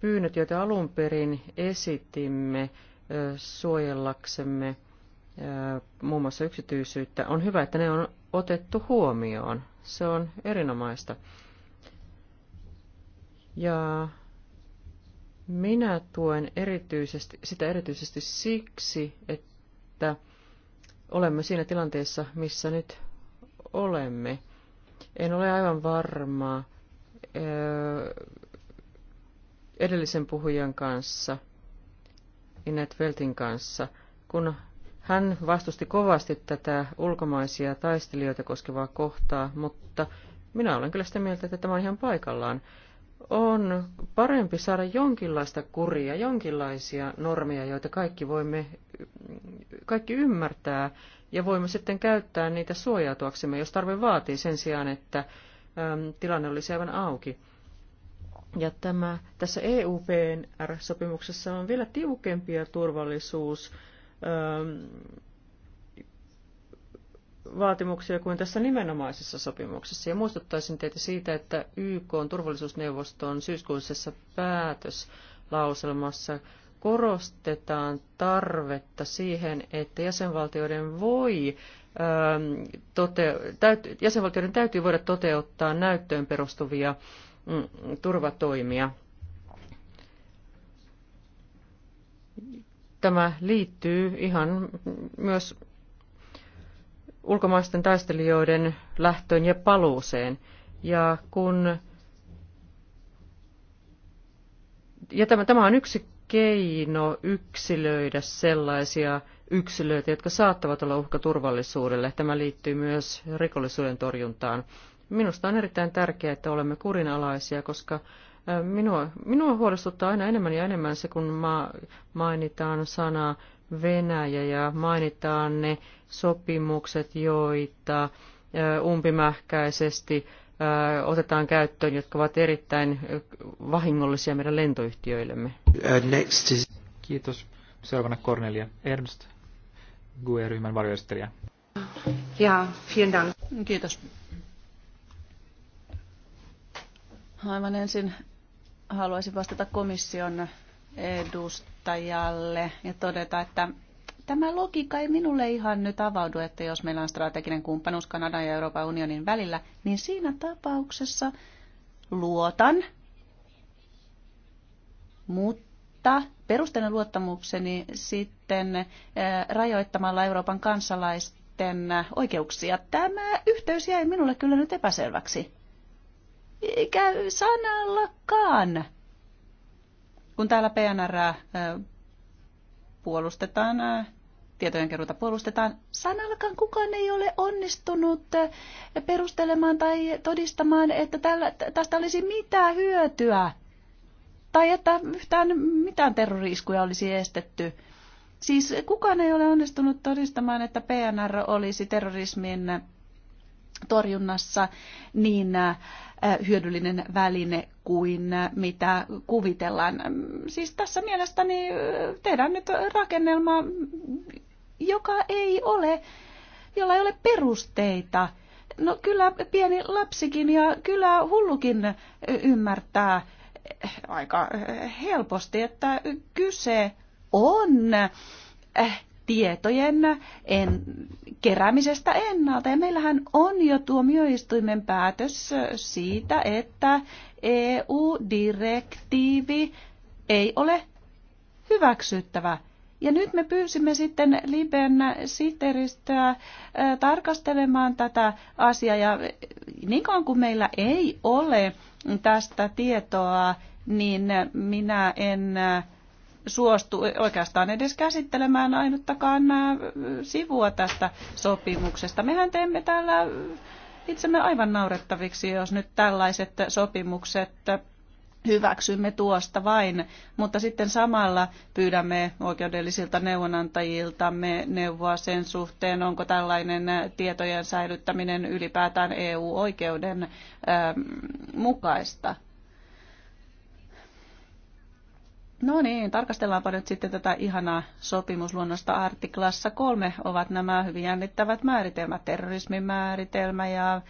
pyynnöt, joita alun perin esitimme suojellaksemme muun muassa yksityisyyttä, on hyvä, että ne on otettu huomioon. Se on erinomaista. Ja minä tuen erityisesti, sitä erityisesti siksi, että olemme siinä tilanteessa, missä nyt olemme. En ole aivan varma eh, edellisen puhujan kanssa, Inet Veltin kanssa, kun hän vastusti kovasti tätä ulkomaisia taistelijoita koskevaa kohtaa, mutta minä olen kyllä sitä mieltä, että tämä on ihan paikallaan. On parempi saada jonkinlaista kuria, jonkinlaisia normeja, joita kaikki voimme kaikki ymmärtää ja voimme sitten käyttää niitä suojautuaksemme, jos tarve vaatii sen sijaan, että äm, tilanne olisi aivan auki. Ja tämä, tässä EUPNR-sopimuksessa on vielä tiukempia turvallisuus- Ähm, vaatimuksia kuin tässä nimenomaisessa sopimuksessa. Ja muistuttaisin teitä siitä, että YK on turvallisuusneuvoston syyskuisessa päätöslauselmassa korostetaan tarvetta siihen, että jäsenvaltioiden voi ähm, tote, täyt, jäsenvaltioiden täytyy voida toteuttaa näyttöön perustuvia mm, turvatoimia. Tämä liittyy ihan myös ulkomaisten taistelijoiden lähtöön ja paluuseen. Ja kun ja tämä, tämä on yksi keino yksilöidä sellaisia yksilöitä, jotka saattavat olla uhka turvallisuudelle. Tämä liittyy myös rikollisuuden torjuntaan. Minusta on erittäin tärkeää, että olemme kurinalaisia, koska Minua, minua huolestuttaa aina enemmän ja enemmän se, kun ma, mainitaan sana Venäjä ja mainitaan ne sopimukset, joita umpimähkäisesti otetaan käyttöön, jotka ovat erittäin vahingollisia meidän lentoyhtiöillemme. next is... Kiitos. Seuraavana Cornelia Ernst, GUE-ryhmän varjoistelija. Ja, vielen dank. Kiitos. Aivan ensin haluaisin vastata komission edustajalle ja todeta, että tämä logiikka ei minulle ihan nyt avaudu, että jos meillä on strateginen kumppanuus Kanadan ja Euroopan unionin välillä, niin siinä tapauksessa luotan, mutta perusteena luottamukseni sitten eh, rajoittamalla Euroopan kansalaisten oikeuksia. Tämä yhteys jäi minulle kyllä nyt epäselväksi käy sanallakaan. Kun täällä PNR äh, puolustetaan, äh, tietojenkeruuta puolustetaan, sanallakaan kukaan ei ole onnistunut äh, perustelemaan tai todistamaan, että tällä, tästä olisi mitään hyötyä tai että yhtään mitään terroriiskuja olisi estetty. Siis kukaan ei ole onnistunut todistamaan, että PNR olisi terrorismin torjunnassa niin äh, hyödyllinen väline kuin äh, mitä kuvitellaan. Siis tässä mielestäni äh, tehdään nyt rakennelma, joka ei ole, jolla ei ole perusteita. No kyllä pieni lapsikin ja kyllä hullukin ymmärtää aika helposti, että kyse on tietojen en, keräämisestä ennalta. Ja meillähän on jo tuomioistuimen päätös siitä, että EU-direktiivi ei ole hyväksyttävä. Ja nyt me pyysimme sitten Liben sihteeristöä tarkastelemaan tätä asiaa. Ja niin kauan kuin meillä ei ole tästä tietoa, niin minä en suostu oikeastaan edes käsittelemään ainuttakaan sivua tästä sopimuksesta. Mehän teemme täällä itsemme aivan naurettaviksi, jos nyt tällaiset sopimukset hyväksymme tuosta vain, mutta sitten samalla pyydämme oikeudellisilta neuvonantajiltamme neuvoa sen suhteen, onko tällainen tietojen säilyttäminen ylipäätään EU-oikeuden mukaista. No niin, tarkastellaanpa nyt sitten tätä ihanaa sopimusluonnosta artiklassa kolme ovat nämä hyvin jännittävät määritelmät, terrorismin määritelmä ja ö,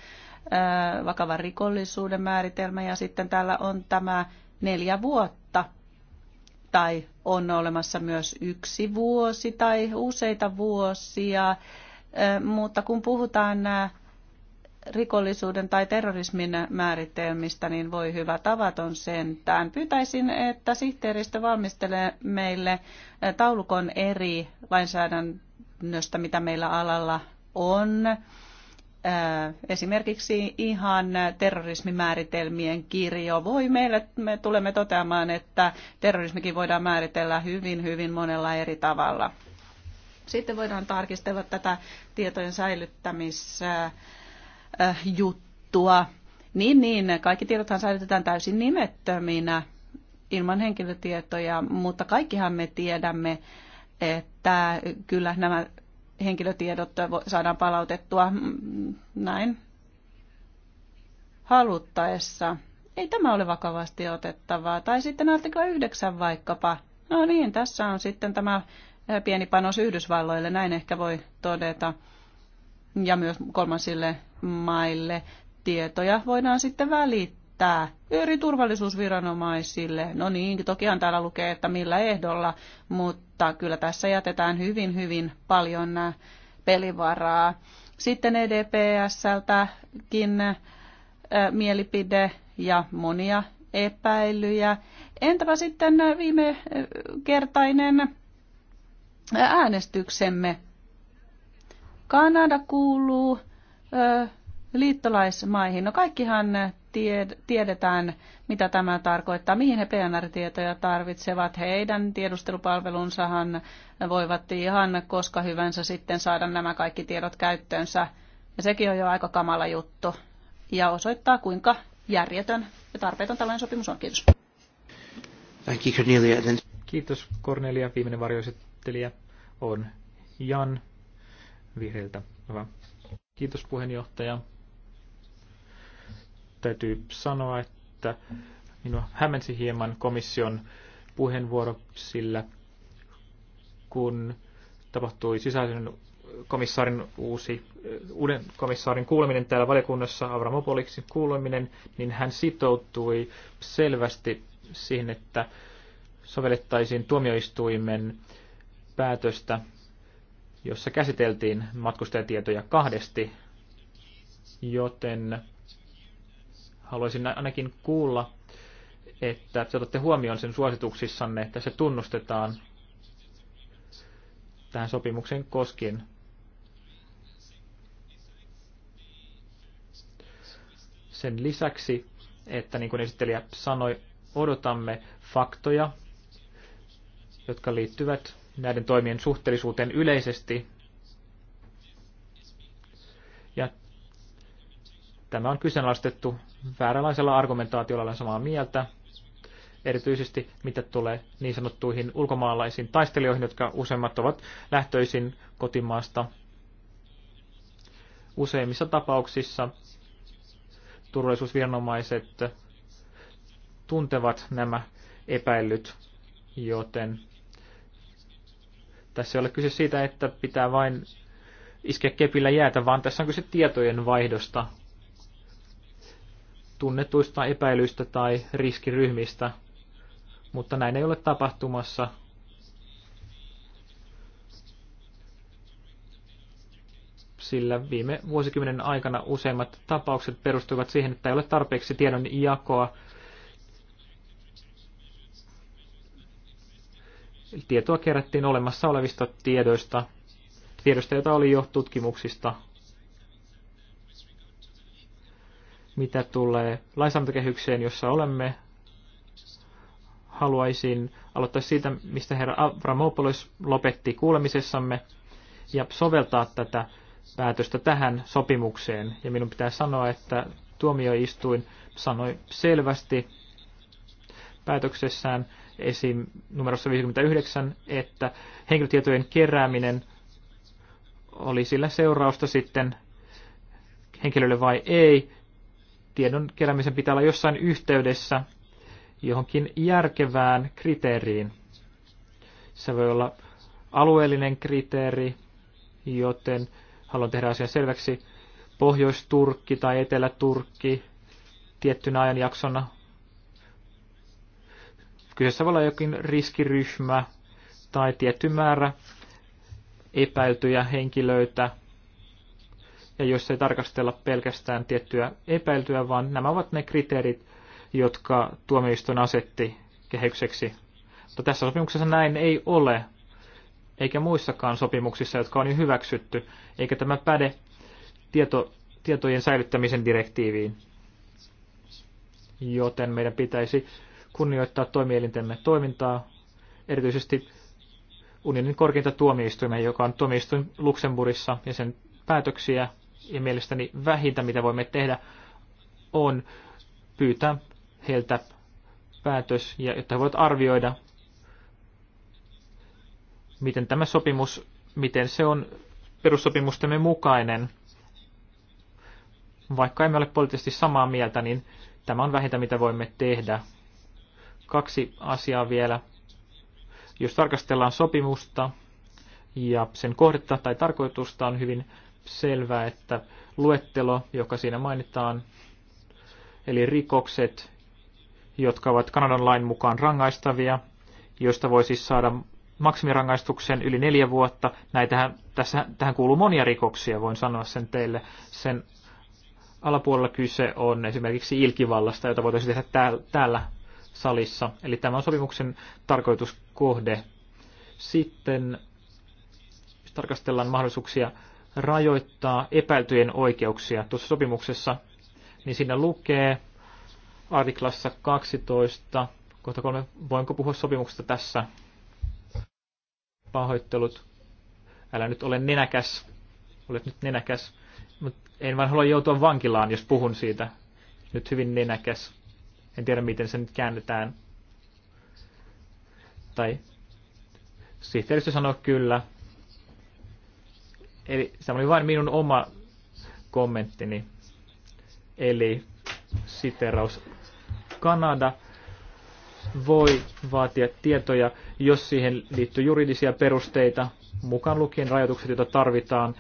vakavan rikollisuuden määritelmä ja sitten täällä on tämä neljä vuotta tai on olemassa myös yksi vuosi tai useita vuosia, ö, mutta kun puhutaan rikollisuuden tai terrorismin määritelmistä, niin voi hyvä tavaton sentään. Pyytäisin, että sihteeristö valmistelee meille eh, taulukon eri lainsäädännöstä, mitä meillä alalla on. Eh, esimerkiksi ihan terrorismimääritelmien kirjo voi meille, me tulemme toteamaan, että terrorismikin voidaan määritellä hyvin, hyvin monella eri tavalla. Sitten voidaan tarkistella tätä tietojen säilyttämistä Äh, juttua. Niin, niin, kaikki tiedothan säilytetään täysin nimettöminä ilman henkilötietoja, mutta kaikkihan me tiedämme, että kyllä nämä henkilötiedot saadaan palautettua mm, näin haluttaessa. Ei tämä ole vakavasti otettavaa. Tai sitten artikla yhdeksän vaikkapa. No niin, tässä on sitten tämä äh, pieni panos Yhdysvalloille, näin ehkä voi todeta. Ja myös kolmansille maille. Tietoja voidaan sitten välittää eri turvallisuusviranomaisille. No niin, tokihan täällä lukee, että millä ehdolla, mutta kyllä tässä jätetään hyvin, hyvin paljon äh, pelivaraa. Sitten EDPS-ltäkin äh, mielipide ja monia epäilyjä. Entäpä sitten äh, viime kertainen äänestyksemme? Kanada kuuluu liittolaismaihin. No kaikkihan tied- tiedetään, mitä tämä tarkoittaa, mihin he PNR-tietoja tarvitsevat. Heidän tiedustelupalvelunsahan voivat ihan koska hyvänsä sitten saada nämä kaikki tiedot käyttöönsä. Ja sekin on jo aika kamala juttu ja osoittaa, kuinka järjetön ja tarpeeton tällainen sopimus on. Kiitos. Thank you, Cornelia. Kiitos Cornelia. Viimeinen varjoesittelijä on Jan Vihreiltä. Hyvä. Kiitos puheenjohtaja. Täytyy sanoa, että minua hämmensi hieman komission puheenvuoro, sillä kun tapahtui sisäisen komissaarin uusi, uuden komissaarin kuuleminen täällä valiokunnassa, Avramopoliksi kuuleminen, niin hän sitoutui selvästi siihen, että sovellettaisiin tuomioistuimen päätöstä jossa käsiteltiin matkustajatietoja kahdesti, joten haluaisin ainakin kuulla, että te otatte huomioon sen suosituksissanne, että se tunnustetaan tähän sopimuksen koskien. Sen lisäksi, että niin kuin esittelijä sanoi, odotamme faktoja, jotka liittyvät näiden toimien suhteellisuuteen yleisesti. Ja tämä on kyseenalaistettu vääränlaisella argumentaatiolla olen samaa mieltä, erityisesti mitä tulee niin sanottuihin ulkomaalaisiin taistelijoihin, jotka useimmat ovat lähtöisin kotimaasta. Useimmissa tapauksissa turvallisuusviranomaiset tuntevat nämä epäillyt, joten tässä ei ole kyse siitä, että pitää vain iskeä kepillä jäätä, vaan tässä on kyse tietojen vaihdosta, tunnetuista epäilyistä tai riskiryhmistä, mutta näin ei ole tapahtumassa. Sillä viime vuosikymmenen aikana useimmat tapaukset perustuivat siihen, että ei ole tarpeeksi tiedon jakoa tietoa kerättiin olemassa olevista tiedoista, tiedoista, joita oli jo tutkimuksista. Mitä tulee lainsäädäntökehykseen, jossa olemme, haluaisin aloittaa siitä, mistä herra Avramopoulos lopetti kuulemisessamme ja soveltaa tätä päätöstä tähän sopimukseen. Ja minun pitää sanoa, että tuomioistuin sanoi selvästi päätöksessään, esim. numerossa 59, että henkilötietojen kerääminen oli sillä seurausta sitten henkilölle vai ei. Tiedon keräämisen pitää olla jossain yhteydessä johonkin järkevään kriteeriin. Se voi olla alueellinen kriteeri, joten haluan tehdä asian selväksi. Pohjois-Turkki tai Etelä-Turkki tiettynä ajanjaksona Kyseessä voi olla jokin riskiryhmä tai tietty määrä epäiltyjä henkilöitä. Ja jos ei tarkastella pelkästään tiettyä epäiltyä, vaan nämä ovat ne kriteerit, jotka tuomioistuin asetti kehykseksi. Mutta tässä sopimuksessa näin ei ole, eikä muissakaan sopimuksissa, jotka on jo hyväksytty, eikä tämä päde tieto, tietojen säilyttämisen direktiiviin. Joten meidän pitäisi kunnioittaa toimielintemme toimintaa, erityisesti unionin korkeinta tuomioistuimen, joka on tuomioistuin Luxemburgissa ja sen päätöksiä. Ja mielestäni vähintä, mitä voimme tehdä, on pyytää heiltä päätös, ja jotta he voivat arvioida, miten tämä sopimus, miten se on perussopimustemme mukainen. Vaikka emme ole poliittisesti samaa mieltä, niin tämä on vähintä, mitä voimme tehdä. Kaksi asiaa vielä. Jos tarkastellaan sopimusta ja sen kohdetta tai tarkoitusta, on hyvin selvää, että luettelo, joka siinä mainitaan, eli rikokset, jotka ovat Kanadan lain mukaan rangaistavia, joista voi siis saada maksimirangaistuksen yli neljä vuotta. Näitähän, tässä, tähän kuuluu monia rikoksia, voin sanoa sen teille. Sen alapuolella kyse on esimerkiksi ilkivallasta, jota voitaisiin tehdä täällä, täällä salissa. Eli tämä on sopimuksen tarkoituskohde. Sitten tarkastellaan mahdollisuuksia rajoittaa epäiltyjen oikeuksia. Tuossa sopimuksessa niin siinä lukee artiklassa 12, kohta 3, voinko puhua sopimuksesta tässä? Pahoittelut. Älä nyt ole nenäkäs. Olet nyt nenäkäs. Mutta en vaan halua joutua vankilaan, jos puhun siitä. Nyt hyvin nenäkäs. En tiedä, miten se nyt käännetään. Tai sihteeristö sanoi kyllä. Eli se oli vain minun oma kommenttini. Eli siteraus. Kanada voi vaatia tietoja, jos siihen liittyy juridisia perusteita, mukaan lukien rajoitukset, joita tarvitaan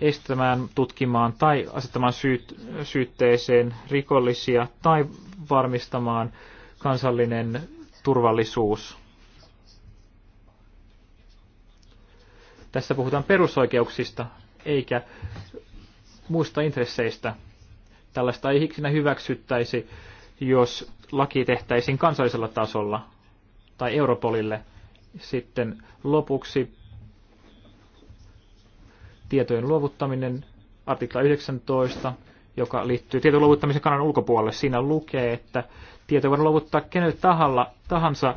estämään, tutkimaan tai asettamaan syyt, syytteeseen rikollisia tai varmistamaan kansallinen turvallisuus. Tässä puhutaan perusoikeuksista eikä muista intresseistä. Tällaista ei ikinä hyväksyttäisi, jos laki tehtäisiin kansallisella tasolla tai Europolille. Sitten lopuksi tietojen luovuttaminen, artikla 19, joka liittyy tietojen luovuttamisen kanan ulkopuolelle. Siinä lukee, että tietoja voidaan luovuttaa kenelle tahalla, tahansa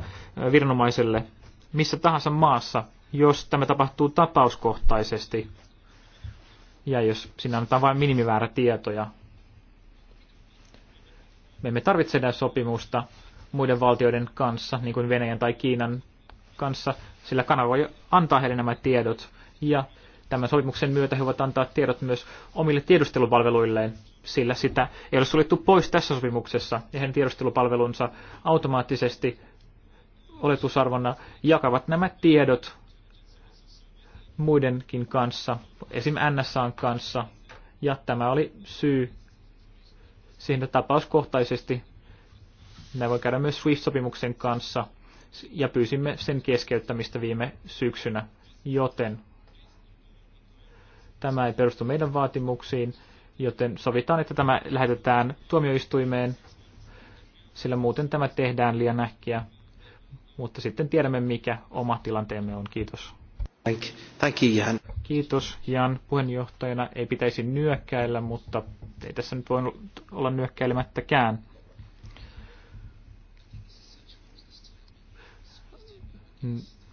viranomaiselle missä tahansa maassa, jos tämä tapahtuu tapauskohtaisesti ja jos sinä annetaan vain minimiväärä tietoja. Me emme tarvitse enää sopimusta muiden valtioiden kanssa, niin kuin Venäjän tai Kiinan kanssa, sillä kanava voi antaa heille nämä tiedot ja Tämän sopimuksen myötä he voivat antaa tiedot myös omille tiedustelupalveluilleen, sillä sitä ei ole suljettu pois tässä sopimuksessa, ja heidän tiedustelupalvelunsa automaattisesti oletusarvona jakavat nämä tiedot muidenkin kanssa, esim. NSAn kanssa, ja tämä oli syy siihen tapauskohtaisesti. Nämä voi käydä myös SWIFT-sopimuksen kanssa, ja pyysimme sen keskeyttämistä viime syksynä, joten Tämä ei perustu meidän vaatimuksiin, joten sovitaan, että tämä lähetetään tuomioistuimeen, sillä muuten tämä tehdään liian äkkiä. Mutta sitten tiedämme, mikä oma tilanteemme on. Kiitos. Thank, thank you, Jan. Kiitos, Jan. Puheenjohtajana ei pitäisi nyökkäillä, mutta ei tässä nyt voi olla nyökkäilemättäkään.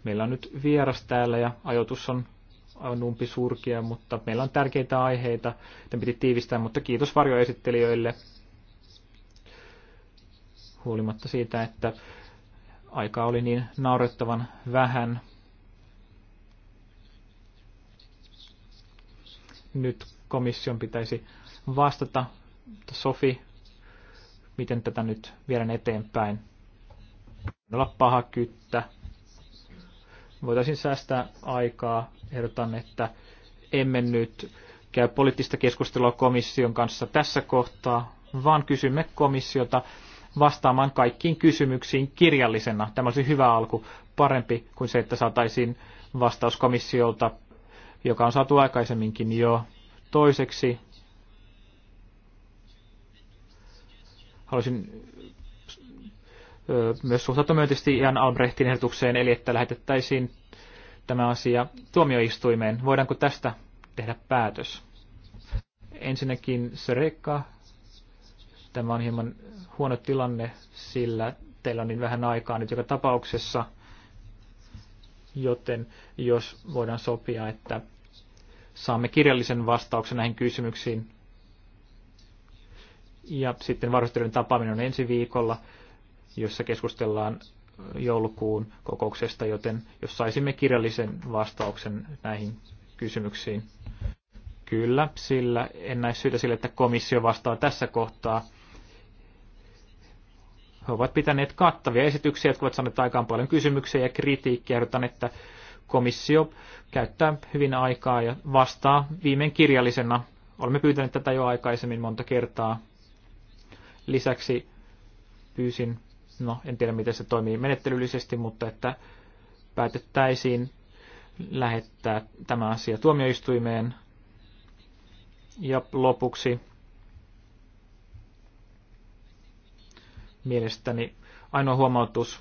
Meillä on nyt vieras täällä ja ajoitus on aivan umpisurkia, mutta meillä on tärkeitä aiheita, ne piti tiivistää, mutta kiitos varjoesittelijöille huolimatta siitä, että aika oli niin naurettavan vähän. Nyt komission pitäisi vastata. Sofi, miten tätä nyt viedään eteenpäin? Olla paha kyttä. Voitaisiin säästää aikaa ehdotan, että emme nyt käy poliittista keskustelua komission kanssa tässä kohtaa, vaan kysymme komissiota vastaamaan kaikkiin kysymyksiin kirjallisena. Tämä olisi hyvä alku, parempi kuin se, että saataisiin vastaus komissiolta, joka on saatu aikaisemminkin jo. Toiseksi haluaisin myös suhtautua myönteisesti Jan Albrechtin ehdotukseen, eli että lähetettäisiin tämä asia tuomioistuimeen. Voidaanko tästä tehdä päätös? Ensinnäkin Sreka. Tämä on hieman huono tilanne, sillä teillä on niin vähän aikaa nyt joka tapauksessa. Joten jos voidaan sopia, että saamme kirjallisen vastauksen näihin kysymyksiin. Ja sitten varustelijoiden tapaaminen on ensi viikolla, jossa keskustellaan joulukuun kokouksesta, joten jos saisimme kirjallisen vastauksen näihin kysymyksiin. Kyllä, sillä en näe syytä sille, että komissio vastaa tässä kohtaa. He ovat pitäneet kattavia esityksiä, jotka ovat saaneet aikaan paljon kysymyksiä ja kritiikkiä. Ehdotan, että komissio käyttää hyvin aikaa ja vastaa viimein kirjallisena. Olemme pyytäneet tätä jo aikaisemmin monta kertaa. Lisäksi pyysin no en tiedä miten se toimii menettelyllisesti, mutta että päätettäisiin lähettää tämä asia tuomioistuimeen. Ja lopuksi mielestäni ainoa huomautus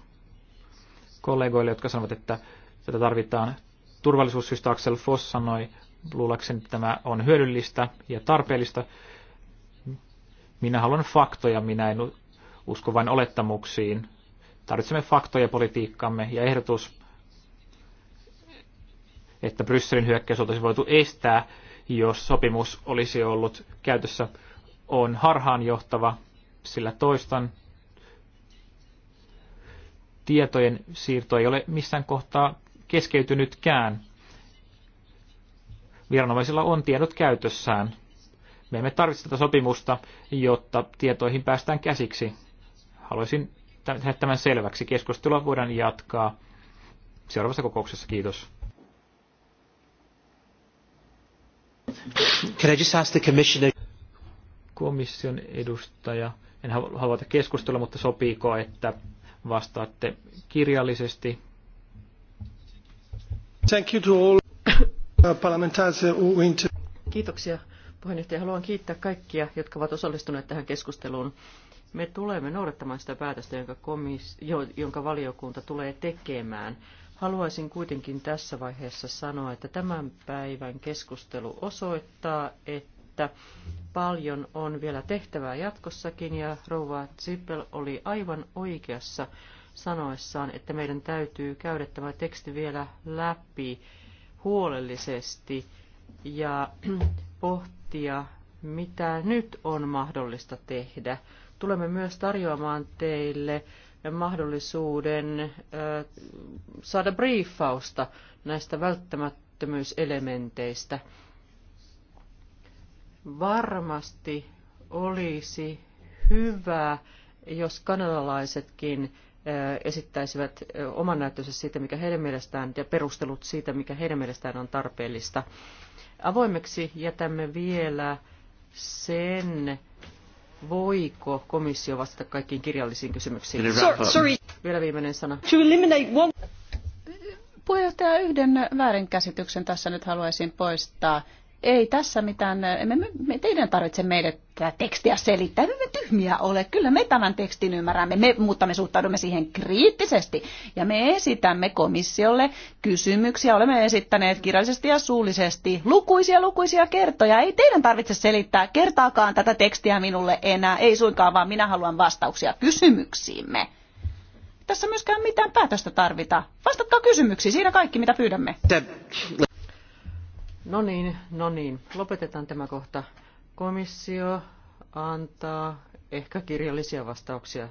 kollegoille, jotka sanovat, että tätä tarvitaan turvallisuussyistä Axel Foss sanoi, luulakseni että tämä on hyödyllistä ja tarpeellista. Minä haluan faktoja, minä en usko vain olettamuksiin. Tarvitsemme faktoja politiikkamme ja ehdotus, että Brysselin hyökkäys olisi voitu estää, jos sopimus olisi ollut käytössä, on harhaanjohtava, sillä toistan tietojen siirto ei ole missään kohtaa keskeytynytkään. Viranomaisilla on tiedot käytössään. Me emme tarvitse tätä sopimusta, jotta tietoihin päästään käsiksi. Haluaisin tehdä tämän selväksi. Keskustelua voidaan jatkaa seuraavassa kokouksessa. Kiitos. Can I just ask the commissioner? Komission edustaja. En halua keskustella, mutta sopiiko, että vastaatte kirjallisesti? Thank you to all uh, Kiitoksia puheenjohtaja. Haluan kiittää kaikkia, jotka ovat osallistuneet tähän keskusteluun me tulemme noudattamaan sitä päätöstä, jonka, komis, jonka valiokunta tulee tekemään. Haluaisin kuitenkin tässä vaiheessa sanoa, että tämän päivän keskustelu osoittaa, että paljon on vielä tehtävää jatkossakin ja rouva Zippel oli aivan oikeassa sanoessaan, että meidän täytyy käydä tämä teksti vielä läpi huolellisesti ja pohtia, mitä nyt on mahdollista tehdä Tulemme myös tarjoamaan teille mahdollisuuden saada briefausta näistä välttämättömyyselementeistä. Varmasti olisi hyvä, jos kanadalaisetkin esittäisivät oman näyttönsä siitä, mikä heidän mielestään, ja perustelut siitä, mikä heidän mielestään on tarpeellista. Avoimeksi jätämme vielä sen, Voiko komissio vastata kaikkiin kirjallisiin kysymyksiin? Sorry. Vielä viimeinen sana. To eliminate one... Puheenjohtaja, yhden väärinkäsityksen tässä nyt haluaisin poistaa ei tässä mitään, emme me, me teidän tarvitse meille tätä tekstiä selittää, emme me tyhmiä ole. Kyllä me tämän tekstin ymmärrämme, me, mutta me suhtaudumme siihen kriittisesti ja me esitämme komissiolle kysymyksiä. Olemme esittäneet kirjallisesti ja suullisesti lukuisia lukuisia kertoja. Ei teidän tarvitse selittää kertaakaan tätä tekstiä minulle enää, ei suinkaan, vaan minä haluan vastauksia kysymyksiimme. Tässä myöskään mitään päätöstä tarvita. Vastatkaa kysymyksiin, siinä kaikki mitä pyydämme. No niin, no niin. Lopetetaan tämä kohta. Komissio antaa ehkä kirjallisia vastauksia.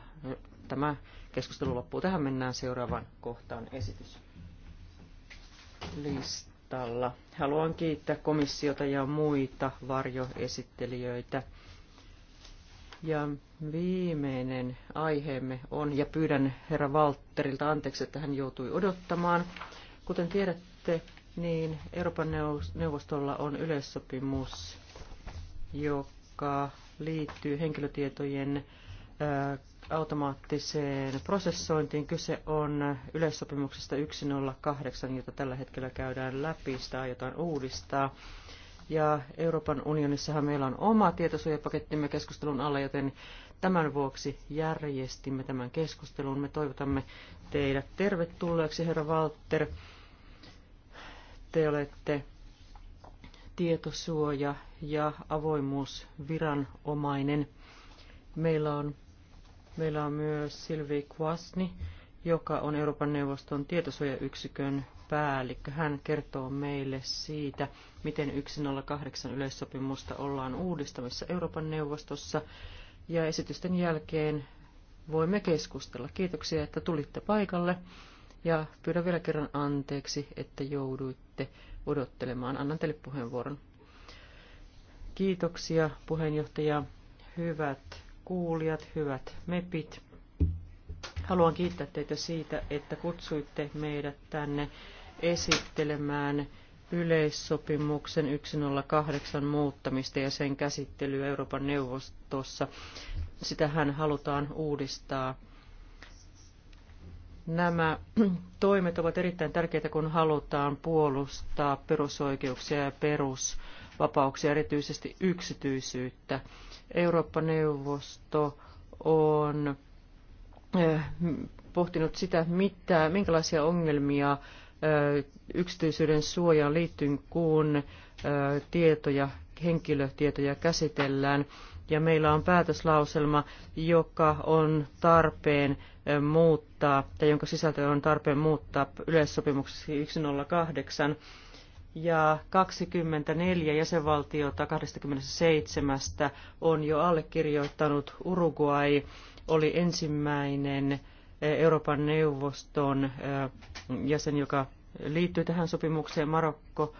Tämä keskustelu loppuu. Tähän mennään seuraavaan kohtaan esitys listalla. Haluan kiittää komissiota ja muita varjoesittelijöitä. Ja viimeinen aiheemme on, ja pyydän herra Walterilta anteeksi, että hän joutui odottamaan. Kuten tiedätte, niin Euroopan neuvostolla on yleissopimus, joka liittyy henkilötietojen automaattiseen prosessointiin. Kyse on yleissopimuksesta 108, jota tällä hetkellä käydään läpi, sitä aiotaan uudistaa. Ja Euroopan unionissahan meillä on oma tietosuojapakettimme keskustelun alla, joten tämän vuoksi järjestimme tämän keskustelun. Me toivotamme teidät tervetulleeksi, herra Walter te olette tietosuoja- ja avoimuusviranomainen. Meillä on, meillä on myös Silvi Kvasni, joka on Euroopan neuvoston tietosuojayksikön päällikkö. Hän kertoo meille siitä, miten 108 yleissopimusta ollaan uudistamassa Euroopan neuvostossa. Ja esitysten jälkeen voimme keskustella. Kiitoksia, että tulitte paikalle. Ja pyydän vielä kerran anteeksi, että jouduitte odottelemaan. Annan teille puheenvuoron. Kiitoksia puheenjohtaja. Hyvät kuulijat, hyvät mepit. Haluan kiittää teitä siitä, että kutsuitte meidät tänne esittelemään yleissopimuksen 108 muuttamista ja sen käsittelyä Euroopan neuvostossa. Sitähän halutaan uudistaa Nämä toimet ovat erittäin tärkeitä, kun halutaan puolustaa perusoikeuksia ja perusvapauksia, erityisesti yksityisyyttä. Eurooppa-neuvosto on eh, pohtinut sitä, mitä, minkälaisia ongelmia eh, yksityisyyden suojaan liittyy, kun eh, tietoja, henkilötietoja käsitellään ja meillä on päätöslauselma, joka on tarpeen muuttaa, tai jonka sisältö on tarpeen muuttaa yleissopimuksessa 108. Ja 24 jäsenvaltiota 27 on jo allekirjoittanut. Uruguay oli ensimmäinen Euroopan neuvoston jäsen, joka liittyy tähän sopimukseen. Marokko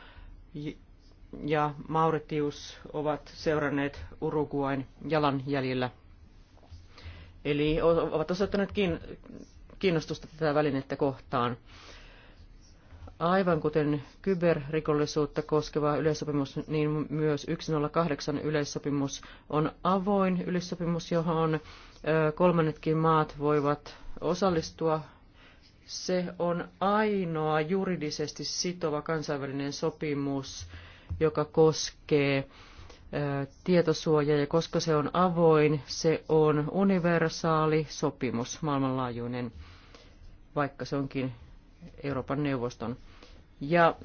ja Mauritius ovat seuranneet Uruguain jalanjäljillä. Eli ovat osoittaneet kiinnostusta tätä välinettä kohtaan. Aivan kuten kyberrikollisuutta koskeva yleissopimus, niin myös 108 yleissopimus on avoin yleissopimus, johon kolmannetkin maat voivat osallistua. Se on ainoa juridisesti sitova kansainvälinen sopimus joka koskee tietosuojaa ja koska se on avoin, se on universaali sopimus, maailmanlaajuinen, vaikka se onkin Euroopan neuvoston. Ja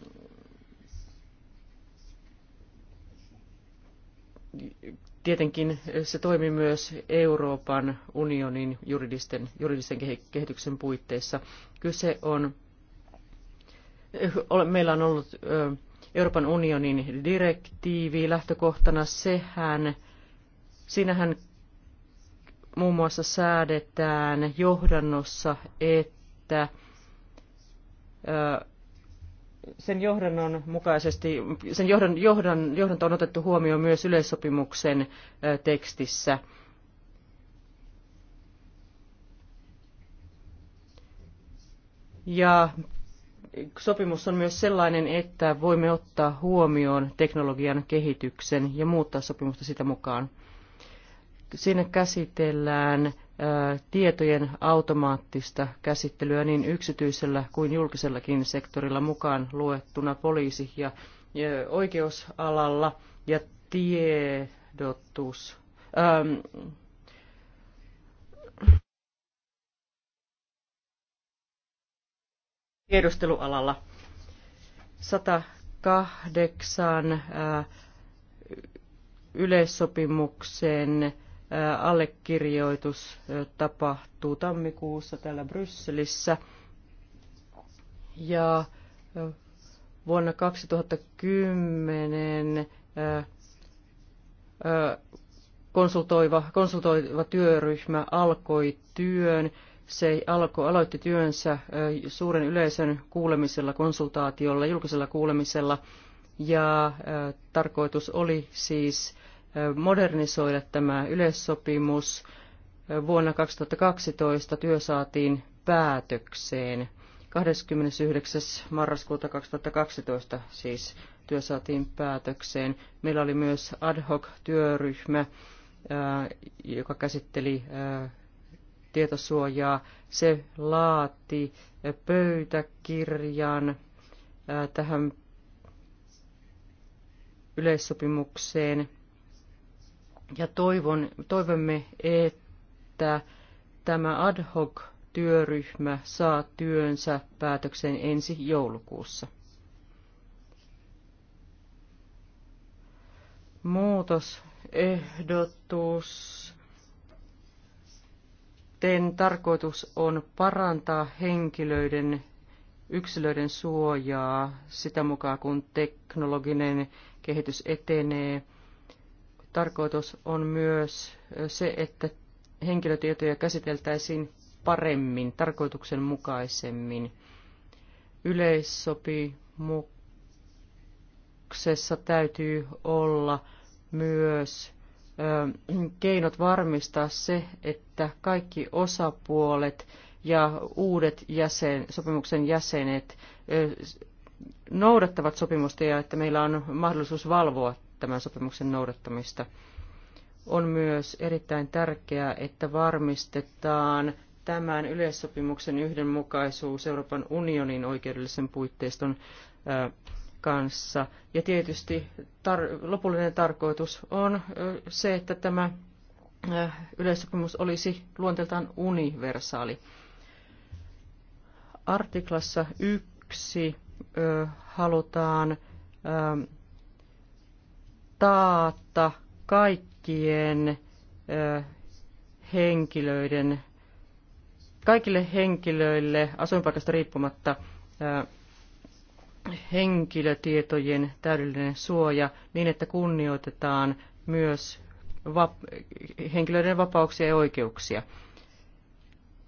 tietenkin se toimii myös Euroopan unionin juridisten, juridisen kehityksen puitteissa. Kyse on, meillä on ollut Euroopan unionin direktiivi lähtökohtana, sehän, siinähän muun muassa säädetään johdannossa, että sen johdannon mukaisesti, sen johdan, johdan, johdanto on otettu huomioon myös yleissopimuksen tekstissä. Ja sopimus on myös sellainen, että voimme ottaa huomioon teknologian kehityksen ja muuttaa sopimusta sitä mukaan. Siinä käsitellään tietojen automaattista käsittelyä niin yksityisellä kuin julkisellakin sektorilla mukaan luettuna poliisi- ja oikeusalalla ja tiedotus. Ähm, tiedustelualalla. 108 äh, yleissopimuksen äh, allekirjoitus äh, tapahtuu tammikuussa täällä Brysselissä. Ja vuonna 2010 konsultoiva, konsultoiva työryhmä alkoi työn se alko, aloitti työnsä suuren yleisön kuulemisella, konsultaatiolla, julkisella kuulemisella ja tarkoitus oli siis modernisoida tämä yleissopimus. Vuonna 2012 työ saatiin päätökseen. 29. marraskuuta 2012 siis työ saatiin päätökseen. Meillä oli myös ad hoc työryhmä, joka käsitteli tietosuojaa. Se laati pöytäkirjan tähän yleissopimukseen. Ja toivon, toivomme, että tämä ad hoc työryhmä saa työnsä päätöksen ensi joulukuussa. Muutosehdotus aloitteen tarkoitus on parantaa henkilöiden yksilöiden suojaa sitä mukaan, kun teknologinen kehitys etenee. Tarkoitus on myös se, että henkilötietoja käsiteltäisiin paremmin, tarkoituksenmukaisemmin. Yleissopimuksessa täytyy olla myös keinot varmistaa se, että kaikki osapuolet ja uudet jäsen, sopimuksen jäsenet noudattavat sopimusta ja että meillä on mahdollisuus valvoa tämän sopimuksen noudattamista. On myös erittäin tärkeää, että varmistetaan tämän yleissopimuksen yhdenmukaisuus Euroopan unionin oikeudellisen puitteiston kanssa. Ja tietysti tar- lopullinen tarkoitus on se, että tämä yleissopimus olisi luonteeltaan universaali. Artiklassa yksi halutaan taata kaikkien henkilöiden, kaikille henkilöille asuinpaikasta riippumatta henkilötietojen täydellinen suoja niin, että kunnioitetaan myös vap- henkilöiden vapauksia ja oikeuksia.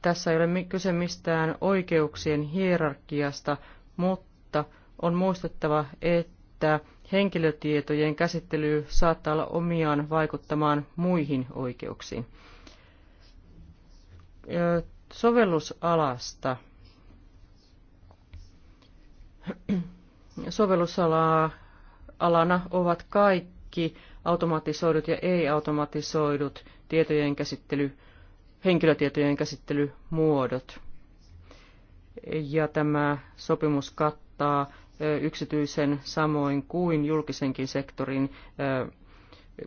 Tässä ei ole kyse mistään oikeuksien hierarkiasta, mutta on muistettava, että henkilötietojen käsittely saattaa olla omiaan vaikuttamaan muihin oikeuksiin. Sovellusalasta sovellusalana alana ovat kaikki automatisoidut ja ei-automatisoidut tietojen käsittely, henkilötietojen käsittelymuodot. Ja tämä sopimus kattaa yksityisen samoin kuin julkisenkin sektorin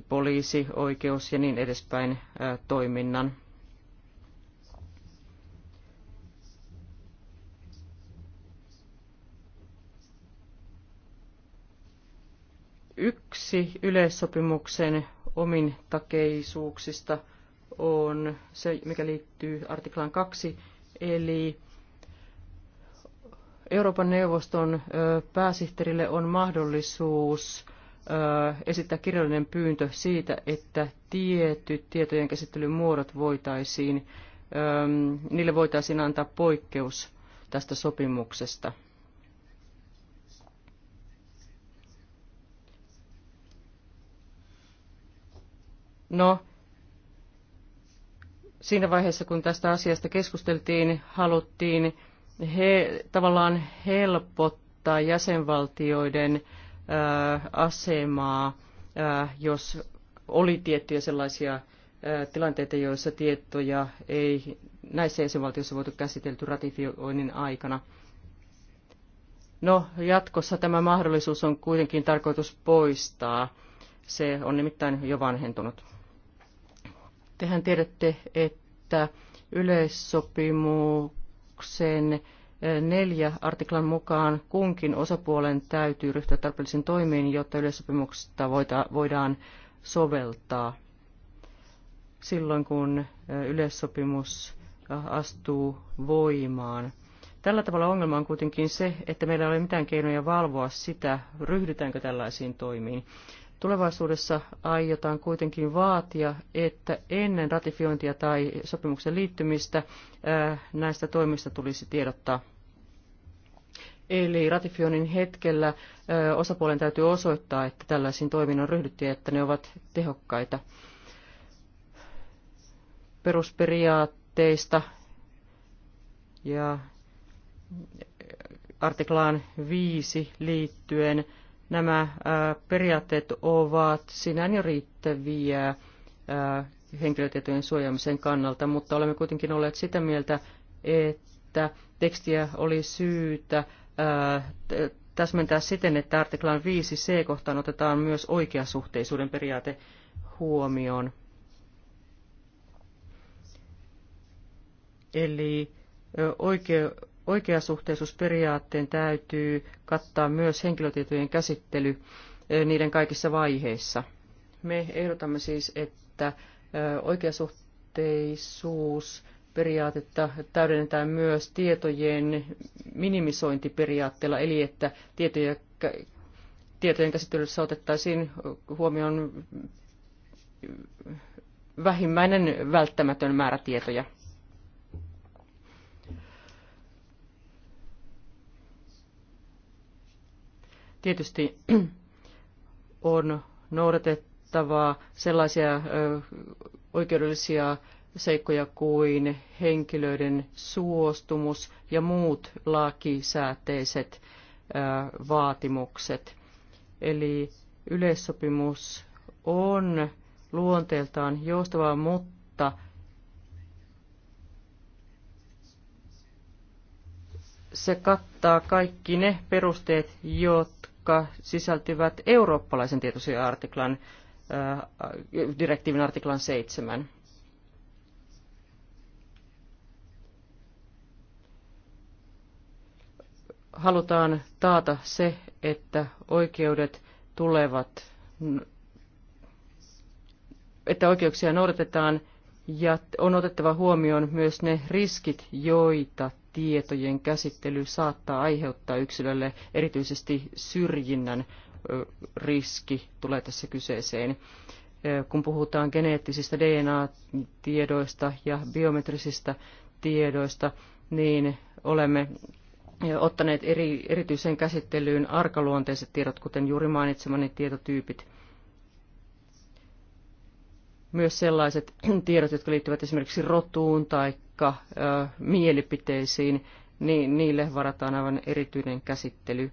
poliisi, oikeus ja niin edespäin toiminnan. Yksi yleissopimuksen omin takeisuuksista on se, mikä liittyy artiklaan 2, eli Euroopan neuvoston pääsihteerille on mahdollisuus esittää kirjallinen pyyntö siitä, että tietyt tietojen käsittelyn muodot voitaisiin, niille voitaisiin antaa poikkeus tästä sopimuksesta. No, siinä vaiheessa kun tästä asiasta keskusteltiin, haluttiin he, tavallaan helpottaa jäsenvaltioiden ö, asemaa, ö, jos oli tiettyjä sellaisia ö, tilanteita, joissa tietoja ei näissä jäsenvaltioissa voitu käsitelty ratifioinnin aikana. No, jatkossa tämä mahdollisuus on kuitenkin tarkoitus poistaa. Se on nimittäin jo vanhentunut. Tehän tiedätte, että yleissopimuksen eh, neljä artiklan mukaan kunkin osapuolen täytyy ryhtyä tarpeellisiin toimiin, jotta yleissopimuksesta voidaan soveltaa silloin, kun eh, yleissopimus eh, astuu voimaan. Tällä tavalla ongelma on kuitenkin se, että meillä ei ole mitään keinoja valvoa sitä, ryhdytäänkö tällaisiin toimiin. Tulevaisuudessa aiotaan kuitenkin vaatia, että ennen ratifiointia tai sopimuksen liittymistä näistä toimista tulisi tiedottaa. Eli ratifioinnin hetkellä osapuolen täytyy osoittaa, että tällaisiin toimiin on ryhdytty ja että ne ovat tehokkaita. Perusperiaatteista ja artiklaan 5 liittyen nämä äh, periaatteet ovat sinään jo riittäviä äh, henkilötietojen suojaamisen kannalta, mutta olemme kuitenkin olleet sitä mieltä, että tekstiä oli syytä äh, täsmentää siten, että artiklan 5c kohtaan otetaan myös oikeasuhteisuuden periaate huomioon. Eli oikea, Oikeasuhteisuusperiaatteen täytyy kattaa myös henkilötietojen käsittely niiden kaikissa vaiheissa. Me ehdotamme siis, että oikeasuhteisuus periaatetta täydennetään myös tietojen minimisointiperiaatteella, eli että tietoja, tietojen käsittelyssä otettaisiin huomioon vähimmäinen välttämätön määrä tietoja. Tietysti on noudatettava sellaisia oikeudellisia seikkoja kuin henkilöiden suostumus ja muut lakisääteiset vaatimukset. Eli yleissopimus on luonteeltaan joustava, mutta se kattaa kaikki ne perusteet, jotka jotka sisältyvät eurooppalaisen tietosuoja-artiklan, äh, direktiivin artiklan 7. Halutaan taata se, että oikeudet tulevat, että oikeuksia noudatetaan ja on otettava huomioon myös ne riskit, joita tietojen käsittely saattaa aiheuttaa yksilölle erityisesti syrjinnän riski tulee tässä kyseeseen. Kun puhutaan geneettisistä DNA-tiedoista ja biometrisistä tiedoista, niin olemme ottaneet eri, erityiseen käsittelyyn arkaluonteiset tiedot, kuten juuri mainitsemani tietotyypit myös sellaiset tiedot, jotka liittyvät esimerkiksi rotuun tai mielipiteisiin, niin niille varataan aivan erityinen käsittely.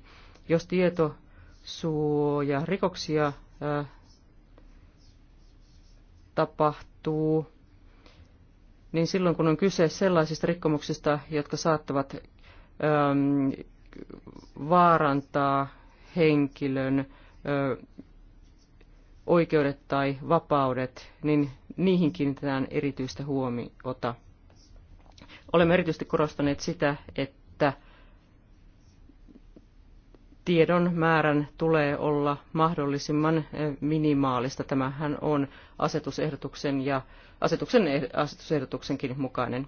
Jos tietosuoja rikoksia tapahtuu, niin silloin kun on kyse sellaisista rikkomuksista, jotka saattavat vaarantaa henkilön oikeudet tai vapaudet, niin niihin kiinnitetään erityistä huomiota. Olemme erityisesti korostaneet sitä, että tiedon määrän tulee olla mahdollisimman eh, minimaalista. Tämähän on asetusehdotuksen ja asetuksen, eh, asetusehdotuksenkin mukainen.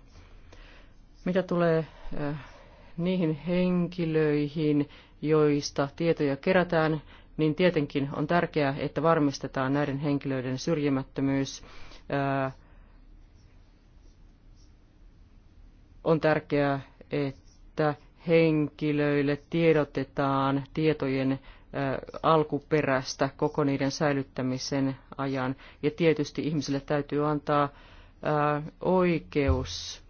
Mitä tulee eh, niihin henkilöihin, joista tietoja kerätään, niin tietenkin on tärkeää, että varmistetaan näiden henkilöiden syrjimättömyys. On tärkeää, että henkilöille tiedotetaan tietojen alkuperästä koko niiden säilyttämisen ajan. Ja tietysti ihmisille täytyy antaa oikeus.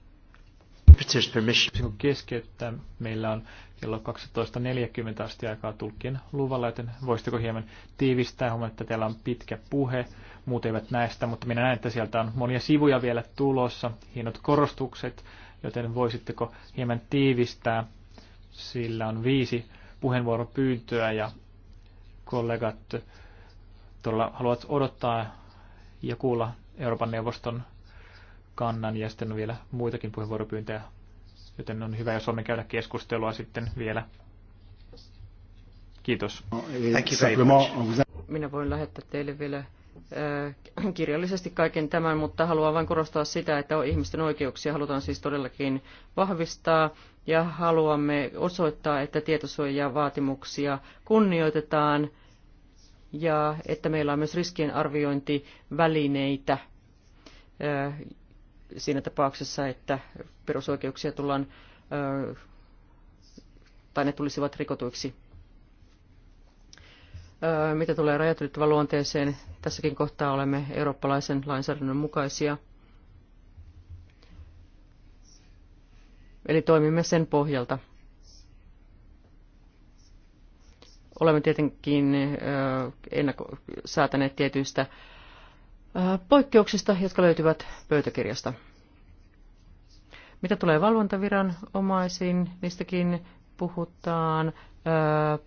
Keskeyttää. Meillä on kello 12.40 asti aikaa tulkien luvalla, joten voisitteko hieman tiivistää, huomaan, että teillä on pitkä puhe, muut eivät näistä, mutta minä näen, että sieltä on monia sivuja vielä tulossa, hienot korostukset, joten voisitteko hieman tiivistää, sillä on viisi puheenvuoropyyntöä ja kollegat todella haluavat odottaa ja kuulla Euroopan neuvoston kannan ja sitten on vielä muitakin puheenvuoropyyntöjä Joten on hyvä, jos voimme käydä keskustelua sitten vielä. Kiitos. Minä voin lähettää teille vielä äh, kirjallisesti kaiken tämän, mutta haluan vain korostaa sitä, että ihmisten oikeuksia halutaan siis todellakin vahvistaa ja haluamme osoittaa, että vaatimuksia kunnioitetaan ja että meillä on myös riskien arviointivälineitä, äh, siinä tapauksessa, että perusoikeuksia tullaan tai ne tulisivat rikotuiksi. Mitä tulee rajatylittävän luonteeseen, tässäkin kohtaa olemme eurooppalaisen lainsäädännön mukaisia. Eli toimimme sen pohjalta. Olemme tietenkin ennakko- säätäneet tietyistä Äh, poikkeuksista, jotka löytyvät pöytäkirjasta. Mitä tulee valvontaviranomaisiin, niistäkin puhutaan äh,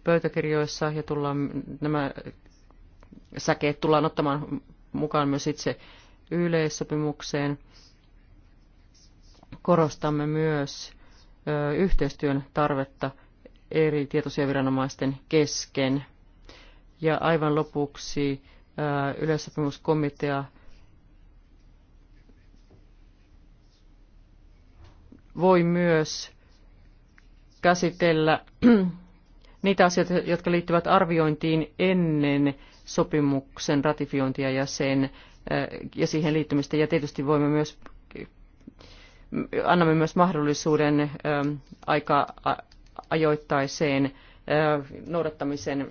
pöytäkirjoissa ja tullaan, nämä säkeet tullaan ottamaan mukaan myös itse yleissopimukseen. Korostamme myös äh, yhteistyön tarvetta eri tietoisia viranomaisten kesken. Ja aivan lopuksi yleissopimuskomitea voi myös käsitellä niitä asioita, jotka liittyvät arviointiin ennen sopimuksen ratifiointia ja, sen, ja siihen liittymistä. Ja tietysti voimme myös, annamme myös mahdollisuuden aika ajoittaiseen noudattamisen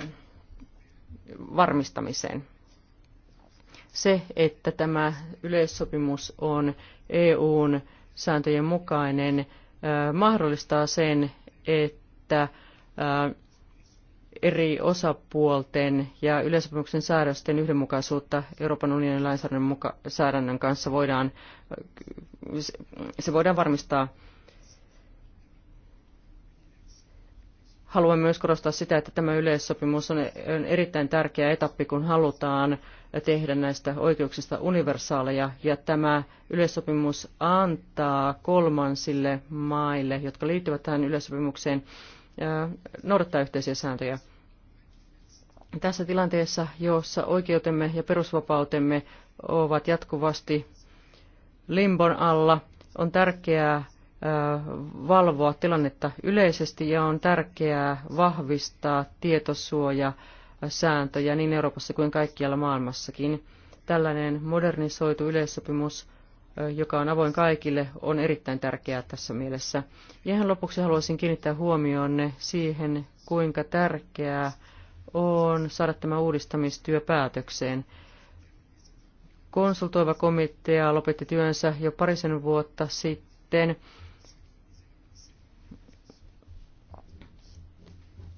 varmistamiseen. Se, että tämä yleissopimus on EUn sääntöjen mukainen, mahdollistaa sen, että eri osapuolten ja yleisopimuksen säädösten yhdenmukaisuutta Euroopan unionin lainsäädännön muka- säädännön kanssa voidaan, se voidaan varmistaa. Haluan myös korostaa sitä, että tämä yleissopimus on erittäin tärkeä etappi, kun halutaan tehdä näistä oikeuksista universaaleja, ja tämä yleissopimus antaa kolmansille maille, jotka liittyvät tähän yleissopimukseen, noudattaa yhteisiä sääntöjä. Tässä tilanteessa, jossa oikeutemme ja perusvapautemme ovat jatkuvasti limbon alla, on tärkeää valvoa tilannetta yleisesti ja on tärkeää vahvistaa tietosuoja sääntöjä niin Euroopassa kuin kaikkialla maailmassakin. Tällainen modernisoitu yleissopimus, joka on avoin kaikille, on erittäin tärkeää tässä mielessä. Ja ihan lopuksi haluaisin kiinnittää huomionne siihen, kuinka tärkeää on saada tämä uudistamistyö päätökseen. Konsultoiva komitea lopetti työnsä jo parisen vuotta sitten.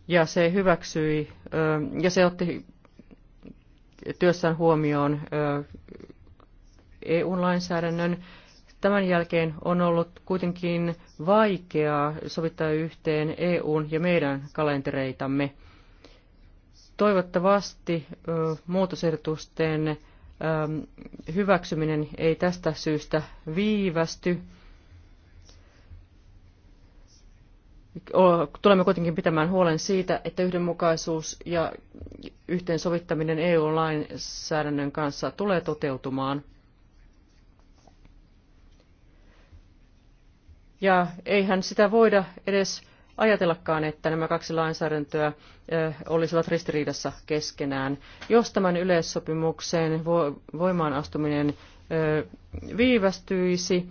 ja se hyväksyi ja se otti työssään huomioon EU-lainsäädännön. Tämän jälkeen on ollut kuitenkin vaikeaa sovittaa yhteen EUn ja meidän kalentereitamme. Toivottavasti muutosehdotusten hyväksyminen ei tästä syystä viivästy tulemme kuitenkin pitämään huolen siitä, että yhdenmukaisuus ja yhteensovittaminen EU-lainsäädännön kanssa tulee toteutumaan. Ja eihän sitä voida edes ajatellakaan, että nämä kaksi lainsäädäntöä olisivat ristiriidassa keskenään. Jos tämän yleissopimuksen voimaan astuminen viivästyisi,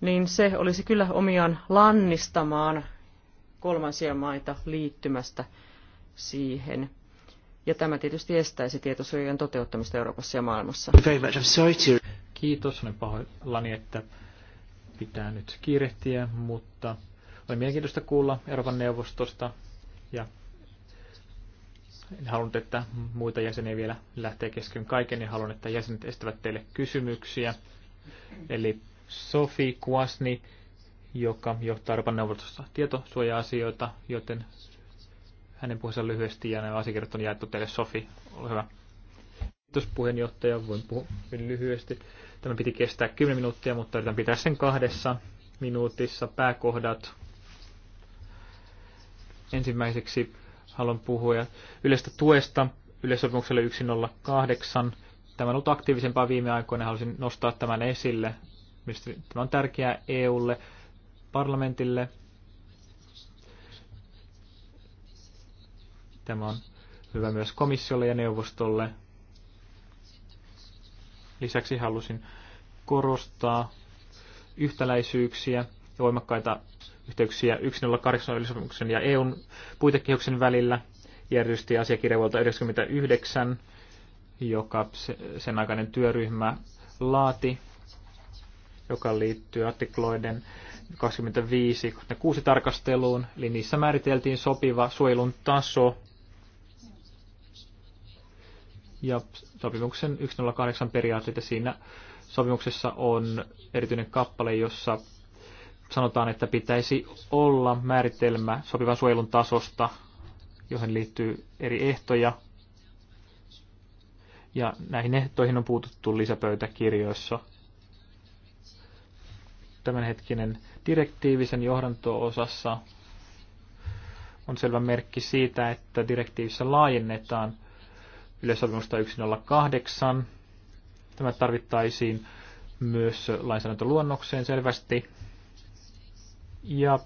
niin se olisi kyllä omiaan lannistamaan kolmansia maita liittymästä siihen. Ja tämä tietysti estäisi tietosuojan toteuttamista Euroopassa ja maailmassa. Kiitos, olen pahoillani, että pitää nyt kiirehtiä, mutta oli mielenkiintoista kuulla Euroopan neuvostosta ja en halunnut, että muita jäseniä vielä lähtee kesken kaiken ja haluan, että jäsenet estävät teille kysymyksiä. Eli Sofi Kuasni, joka johtaa Euroopan neuvostossa tietosuoja-asioita, joten hänen puheensa lyhyesti ja nämä asiakirjat on jaettu teille. Sofi, ole hyvä. Kiitos puheenjohtaja, voin puhua hyvin lyhyesti. Tämä piti kestää 10 minuuttia, mutta yritän pitää sen kahdessa minuutissa pääkohdat. Ensimmäiseksi haluan puhua yleistä tuesta yleissopimukselle 108. Tämä on ollut aktiivisempaa viime aikoina, halusin nostaa tämän esille. Mielestäni tämä on tärkeää EUlle, parlamentille. Tämä on hyvä myös komissiolle ja neuvostolle. Lisäksi halusin korostaa yhtäläisyyksiä ja voimakkaita yhteyksiä 108 ylisopimuksen ja EUn puitekehyksen välillä järjesti asiakirja vuolta 1999, joka sen aikainen työryhmä laati joka liittyy artikloiden 25 26 tarkasteluun, eli niissä määriteltiin sopiva suojelun taso. Ja sopimuksen 108 periaatteita siinä sopimuksessa on erityinen kappale, jossa sanotaan, että pitäisi olla määritelmä sopivan suojelun tasosta, johon liittyy eri ehtoja. Ja näihin ehtoihin on puututtu lisäpöytäkirjoissa tämänhetkinen direktiivisen johdanto-osassa on selvä merkki siitä, että direktiivissä laajennetaan yleissopimusta 108. Tämä tarvittaisiin myös lainsäädäntöluonnokseen selvästi. Ja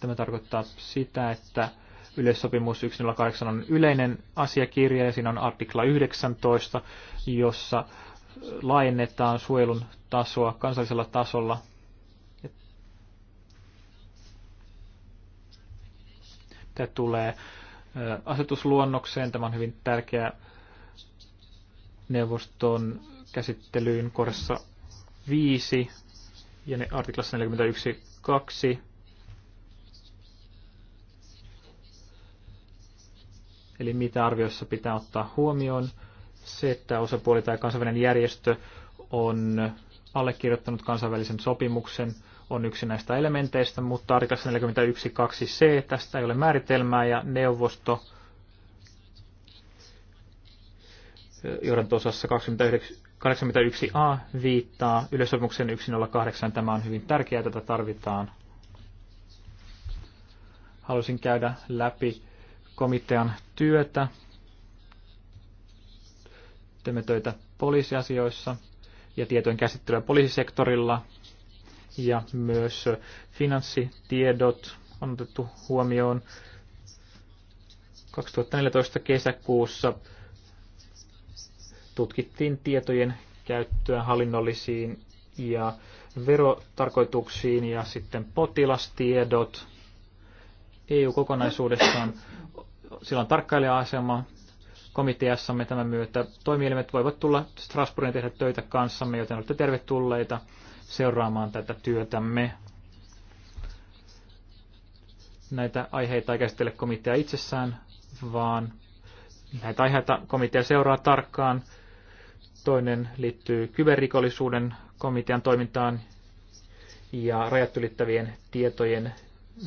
tämä tarkoittaa sitä, että yleissopimus 108 on yleinen asiakirja ja siinä on artikla 19, jossa laajennetaan suojelun tasoa kansallisella tasolla. Tämä tulee asetusluonnokseen. Tämä on hyvin tärkeä neuvoston käsittelyyn korissa 5 ja ne artiklassa 41.2. Eli mitä arvioissa pitää ottaa huomioon se, että osapuoli tai kansainvälinen järjestö on allekirjoittanut kansainvälisen sopimuksen, on yksi näistä elementeistä, mutta artikassa 41.2c tästä ei ole määritelmää ja neuvosto eh, johdantosassa 81a viittaa yleissopimuksen 108. Tämä on hyvin tärkeää, tätä tarvitaan. Haluaisin käydä läpi komitean työtä Teemme töitä poliisiasioissa ja tietojen käsittelyä poliisisektorilla ja myös finanssitiedot on otettu huomioon 2014 kesäkuussa tutkittiin tietojen käyttöä hallinnollisiin ja verotarkoituksiin ja sitten potilastiedot. EU kokonaisuudessaan, sillä on tarkkailija-asema komiteassamme tämän myötä. Toimielimet voivat tulla Strasbourgin tehdä töitä kanssamme, joten olette tervetulleita seuraamaan tätä työtämme. Näitä aiheita ei käsittele komitea itsessään, vaan näitä aiheita komitea seuraa tarkkaan. Toinen liittyy kyberrikollisuuden komitean toimintaan ja rajat ylittävien tietojen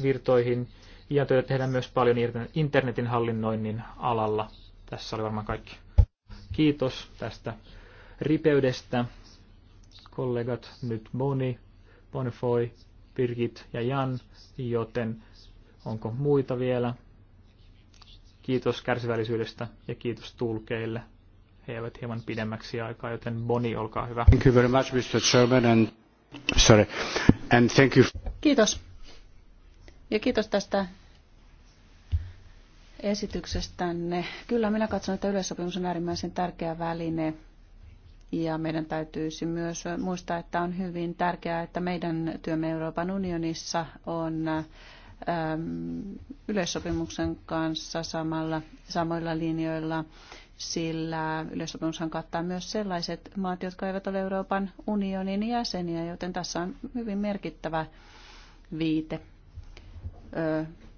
virtoihin. Ja töitä tehdään myös paljon internetin hallinnoinnin alalla. Tässä oli varmaan kaikki. Kiitos tästä ripeydestä. Kollegat, nyt Boni, Bonifoy, Birgit ja Jan, joten onko muita vielä? Kiitos kärsivällisyydestä ja kiitos tulkeille. He eivät hieman pidemmäksi aikaa, joten Boni, olkaa hyvä. Thank you very much, Mr. Chairman, and, sorry, and thank you. Kiitos. Ja kiitos tästä esityksestänne. Kyllä minä katson, että yleissopimus on äärimmäisen tärkeä väline ja meidän täytyisi myös muistaa, että on hyvin tärkeää, että meidän työmme Euroopan unionissa on ähm, yleissopimuksen kanssa samalla, samoilla linjoilla, sillä yleissopimushan kattaa myös sellaiset maat, jotka eivät ole Euroopan unionin jäseniä, joten tässä on hyvin merkittävä viite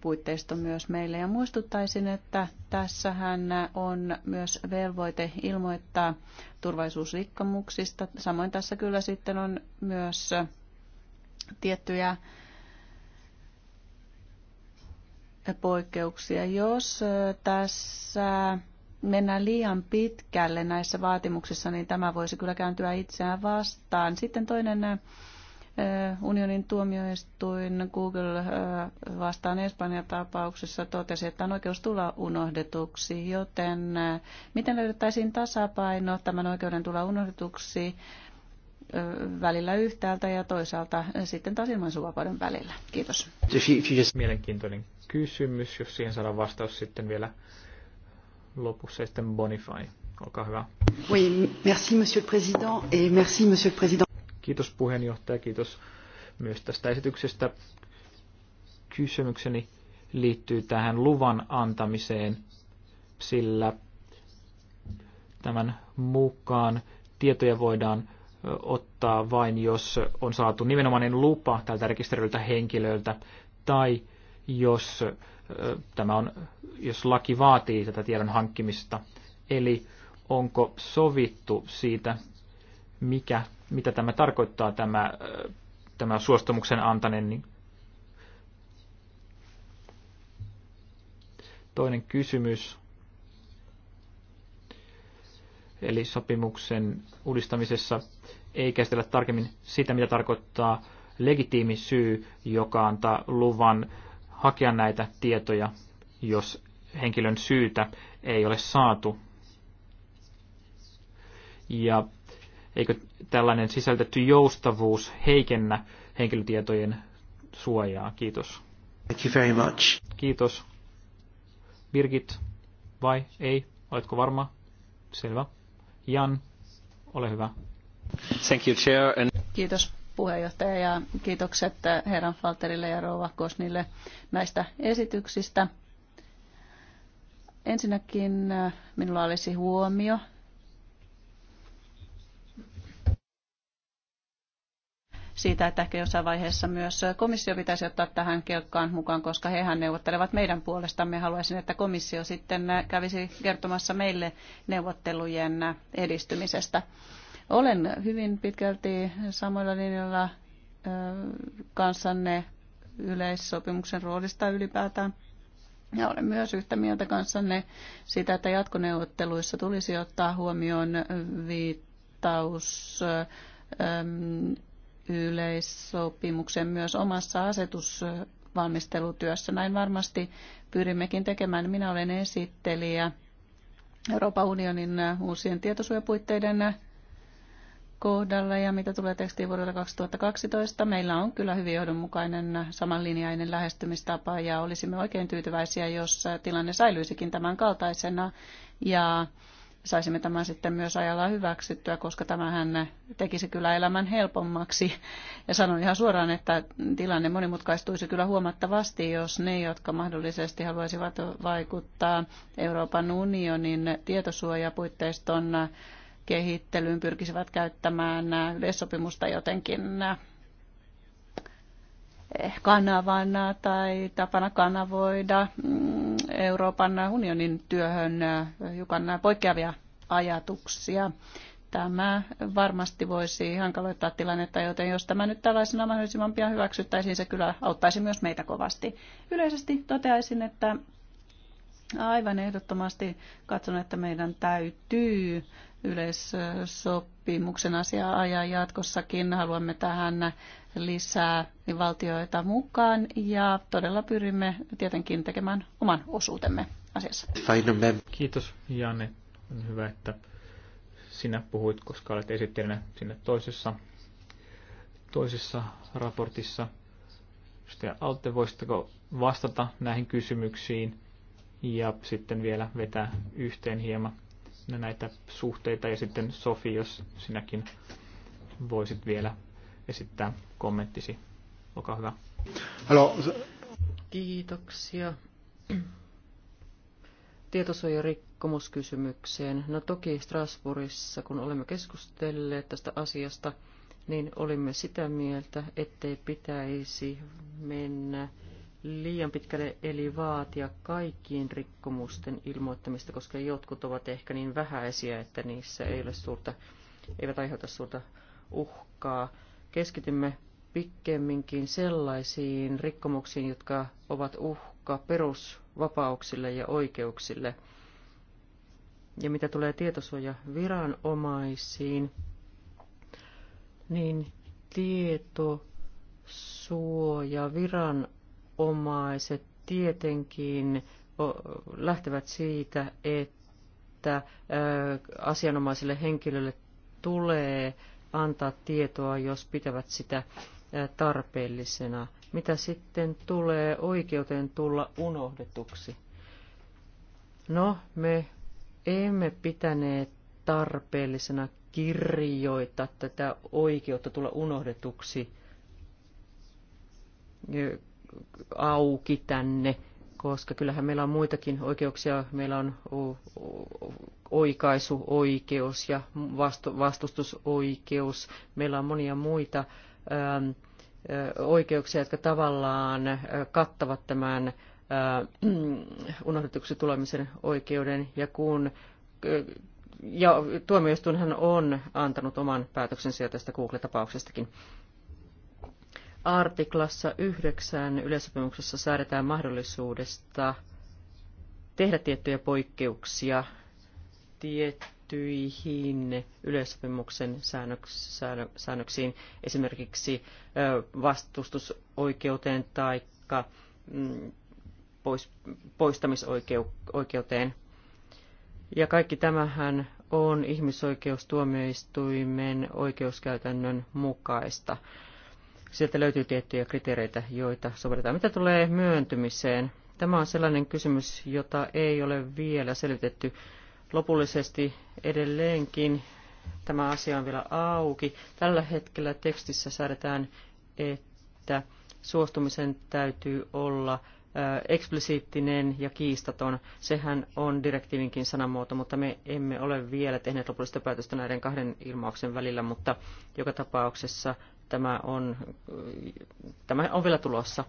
puitteisto myös meille. Ja muistuttaisin, että tässähän on myös velvoite ilmoittaa turvallisuusrikkomuksista. Samoin tässä kyllä sitten on myös tiettyjä poikkeuksia. Jos tässä mennään liian pitkälle näissä vaatimuksissa, niin tämä voisi kyllä kääntyä itseään vastaan. Sitten toinen unionin tuomioistuin Google vastaan Espanjan tapauksessa totesi, että on oikeus tulla unohdetuksi, joten miten löydettäisiin tasapaino tämän oikeuden tulla unohdetuksi välillä yhtäältä ja toisaalta sitten taas ilmaisuvapauden välillä. Kiitos. Mielenkiintoinen kysymys, jos siihen saadaan vastaus sitten vielä lopussa sitten Bonify. Olkaa hyvä. Oui, merci monsieur le président et merci monsieur le président. Kiitos puheenjohtaja, kiitos myös tästä esityksestä. Kysymykseni liittyy tähän luvan antamiseen, sillä tämän mukaan tietoja voidaan ottaa vain, jos on saatu nimenomainen lupa tältä rekisteröiltä henkilöltä, tai jos, tämä on, jos laki vaatii tätä tiedon hankkimista. Eli onko sovittu siitä, mikä mitä tämä tarkoittaa, tämä, tämä suostumuksen antanen. Niin toinen kysymys. Eli sopimuksen uudistamisessa ei käsitellä tarkemmin sitä, mitä tarkoittaa legitiimi syy, joka antaa luvan hakea näitä tietoja, jos henkilön syytä ei ole saatu. Ja eikö tällainen sisältetty joustavuus heikennä henkilötietojen suojaa? Kiitos. Thank you very much. Kiitos. Birgit, vai ei? Oletko varma? Selvä. Jan, ole hyvä. Thank you, Chair. And... Kiitos puheenjohtaja ja kiitokset eh, herran Falterille ja rouva Kosnille näistä esityksistä. Ensinnäkin eh, minulla olisi huomio siitä, että ehkä jossain vaiheessa myös komissio pitäisi ottaa tähän kelkkaan mukaan, koska hehän neuvottelevat meidän puolestamme. Haluaisin, että komissio sitten kävisi kertomassa meille neuvottelujen edistymisestä. Olen hyvin pitkälti samoilla linjoilla kanssanne yleissopimuksen roolista ylipäätään. Ja olen myös yhtä mieltä kanssanne sitä, että jatkoneuvotteluissa tulisi ottaa huomioon viittaus yleissopimuksen myös omassa asetusvalmistelutyössä. Näin varmasti pyrimmekin tekemään. Minä olen esittelijä Euroopan unionin uusien tietosuojapuitteiden kohdalla ja mitä tulee tekstiin vuodelta 2012, meillä on kyllä hyvin johdonmukainen samanlinjainen lähestymistapa ja olisimme oikein tyytyväisiä, jos tilanne säilyisikin tämän kaltaisena ja saisimme tämän sitten myös ajalla hyväksyttyä, koska tämähän tekisi kyllä elämän helpommaksi. Ja sanon ihan suoraan, että tilanne monimutkaistuisi kyllä huomattavasti, jos ne, jotka mahdollisesti haluaisivat vaikuttaa Euroopan unionin tietosuojapuitteiston kehittelyyn, pyrkisivät käyttämään yleissopimusta jotenkin Eh, kanavana tai tapana kanavoida mm, Euroopan unionin työhön eh, hiukan poikkeavia ajatuksia. Tämä varmasti voisi hankaloittaa tilannetta, joten jos tämä nyt tällaisena mahdollisimman pian hyväksyttäisiin, se kyllä auttaisi myös meitä kovasti. Yleisesti toteaisin, että Aivan ehdottomasti katson, että meidän täytyy yleissopimuksen asiaa ajaa jatkossakin. Haluamme tähän lisää valtioita mukaan ja todella pyrimme tietenkin tekemään oman osuutemme asiassa. Kiitos Janne. On hyvä, että sinä puhuit, koska olet esittelijänä sinne toisessa, toisessa raportissa. Sitten Alte, voisitteko vastata näihin kysymyksiin? ja sitten vielä vetää yhteen hieman näitä suhteita. Ja sitten Sofi, jos sinäkin voisit vielä esittää kommenttisi. Olkaa hyvä. Hello. Kiitoksia. Tietosuojarikkomuskysymykseen. No toki Strasbourgissa, kun olemme keskustelleet tästä asiasta, niin olimme sitä mieltä, ettei pitäisi mennä liian pitkälle eli vaatia kaikkien rikkomusten ilmoittamista, koska jotkut ovat ehkä niin vähäisiä, että niissä ei ole suurta, eivät aiheuta suurta uhkaa. Keskitymme pikemminkin sellaisiin rikkomuksiin, jotka ovat uhka perusvapauksille ja oikeuksille. Ja mitä tulee tietosuoja viranomaisiin, niin tietosuoja viranomaisiin viranomaiset tietenkin lähtevät siitä, että asianomaiselle henkilölle tulee antaa tietoa, jos pitävät sitä tarpeellisena. Mitä sitten tulee oikeuteen tulla unohdetuksi? No, me emme pitäneet tarpeellisena kirjoita tätä oikeutta tulla unohdetuksi auki tänne, koska kyllähän meillä on muitakin oikeuksia. Meillä on oikaisuoikeus ja vastustusoikeus. Meillä on monia muita ähm, oikeuksia, jotka tavallaan kattavat tämän äh, unohdetuksi tulemisen oikeuden. Ja kun ja tuomioistuinhan on antanut oman päätöksensä jo tästä Google-tapauksestakin. Artiklassa 9 yleisopimuksessa säädetään mahdollisuudesta tehdä tiettyjä poikkeuksia tiettyihin yleissopimuksen säännöksiin, esimerkiksi vastustusoikeuteen tai mm, poistamisoikeuteen. Ja kaikki tämähän on ihmisoikeustuomioistuimen oikeuskäytännön mukaista sieltä löytyy tiettyjä kriteereitä, joita sovelletaan. Mitä tulee myöntymiseen? Tämä on sellainen kysymys, jota ei ole vielä selvitetty lopullisesti edelleenkin. Tämä asia on vielä auki. Tällä hetkellä tekstissä säädetään, että suostumisen täytyy olla eksplisiittinen ja kiistaton. Sehän on direktiivinkin sanamuoto, mutta me emme ole vielä tehneet lopullista päätöstä näiden kahden ilmauksen välillä, mutta joka tapauksessa tämä on, tämä on vielä tulossa.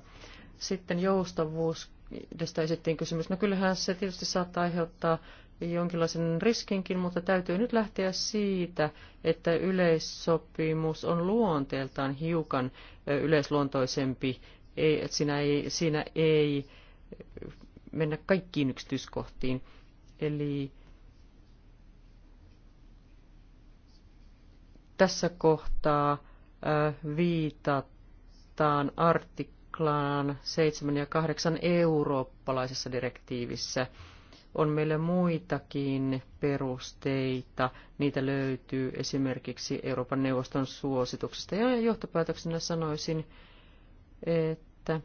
Sitten joustavuus, tästä esittiin kysymys. No kyllähän se tietysti saattaa aiheuttaa jonkinlaisen riskinkin, mutta täytyy nyt lähteä siitä, että yleissopimus on luonteeltaan hiukan yleisluontoisempi. Ei, että siinä, ei, siinä ei mennä kaikkiin yksityiskohtiin. Eli tässä kohtaa viitataan artiklaan 7 ja 8 eurooppalaisessa direktiivissä. On meillä muitakin perusteita. Niitä löytyy esimerkiksi Euroopan neuvoston suosituksista. Ja johtopäätöksenä sanoisin, että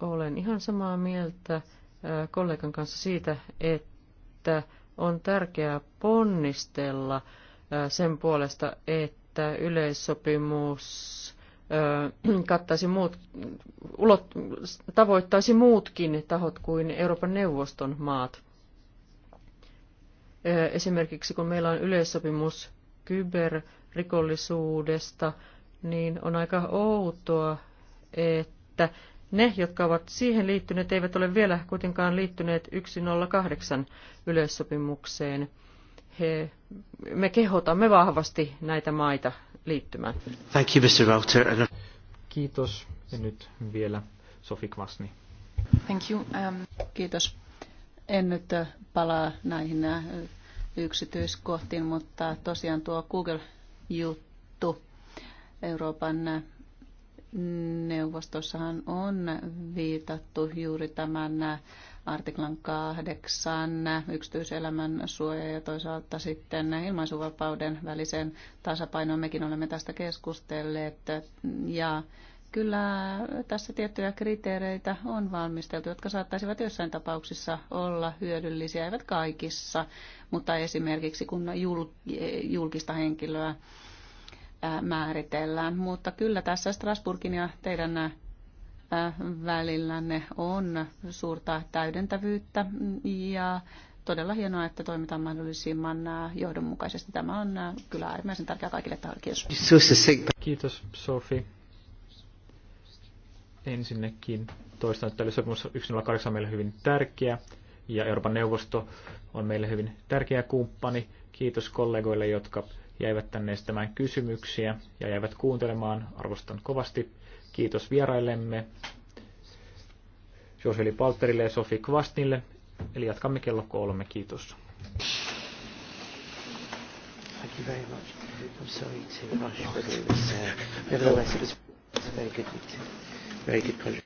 olen ihan samaa mieltä kollegan kanssa siitä, että on tärkeää ponnistella sen puolesta, että että yleissopimus kattaisi muut, ulot, tavoittaisi muutkin tahot kuin Euroopan neuvoston maat. Esimerkiksi kun meillä on yleissopimus kyberrikollisuudesta, niin on aika outoa, että ne, jotka ovat siihen liittyneet, eivät ole vielä kuitenkaan liittyneet 108 yleissopimukseen – he, me kehotamme vahvasti näitä maita liittymään. Thank you, Mr. Rauter. Uh, kiitos. Ja nyt vielä Sofi Kvasni. Thank you. Um, kiitos. En nyt uh, palaa näihin uh, yksityiskohtiin, mutta tosiaan tuo Google-juttu Euroopan neuvostossahan on viitattu juuri tämän artiklan kahdeksan yksityiselämän suoja ja toisaalta sitten ilmaisuvapauden välisen tasapainoon. Mekin olemme tästä keskustelleet ja kyllä tässä tiettyjä kriteereitä on valmisteltu, jotka saattaisivat jossain tapauksissa olla hyödyllisiä, eivät kaikissa, mutta esimerkiksi kun julkista henkilöä määritellään. Mutta kyllä tässä Strasburgin ja teidän välillä ne on suurta täydentävyyttä ja todella hienoa, että toimitaan mahdollisimman johdonmukaisesti. Tämä on kyllä äärimmäisen tärkeää kaikille tahoille. Kiitos. Kiitos Sofi. Ensinnäkin toistan, että sopimus 108 on meille hyvin tärkeä ja Euroopan neuvosto on meille hyvin tärkeä kumppani. Kiitos kollegoille, jotka jäivät tänne estämään kysymyksiä ja jäivät kuuntelemaan. Arvostan kovasti Kiitos vieraillemme Joseli Palterille ja Sofi Kvastnille. Eli jatkamme kello kolme. Kiitos. Thank you very much. I'm sorry to rush, but it was, uh, nevertheless, it was a very good meeting. Very good project.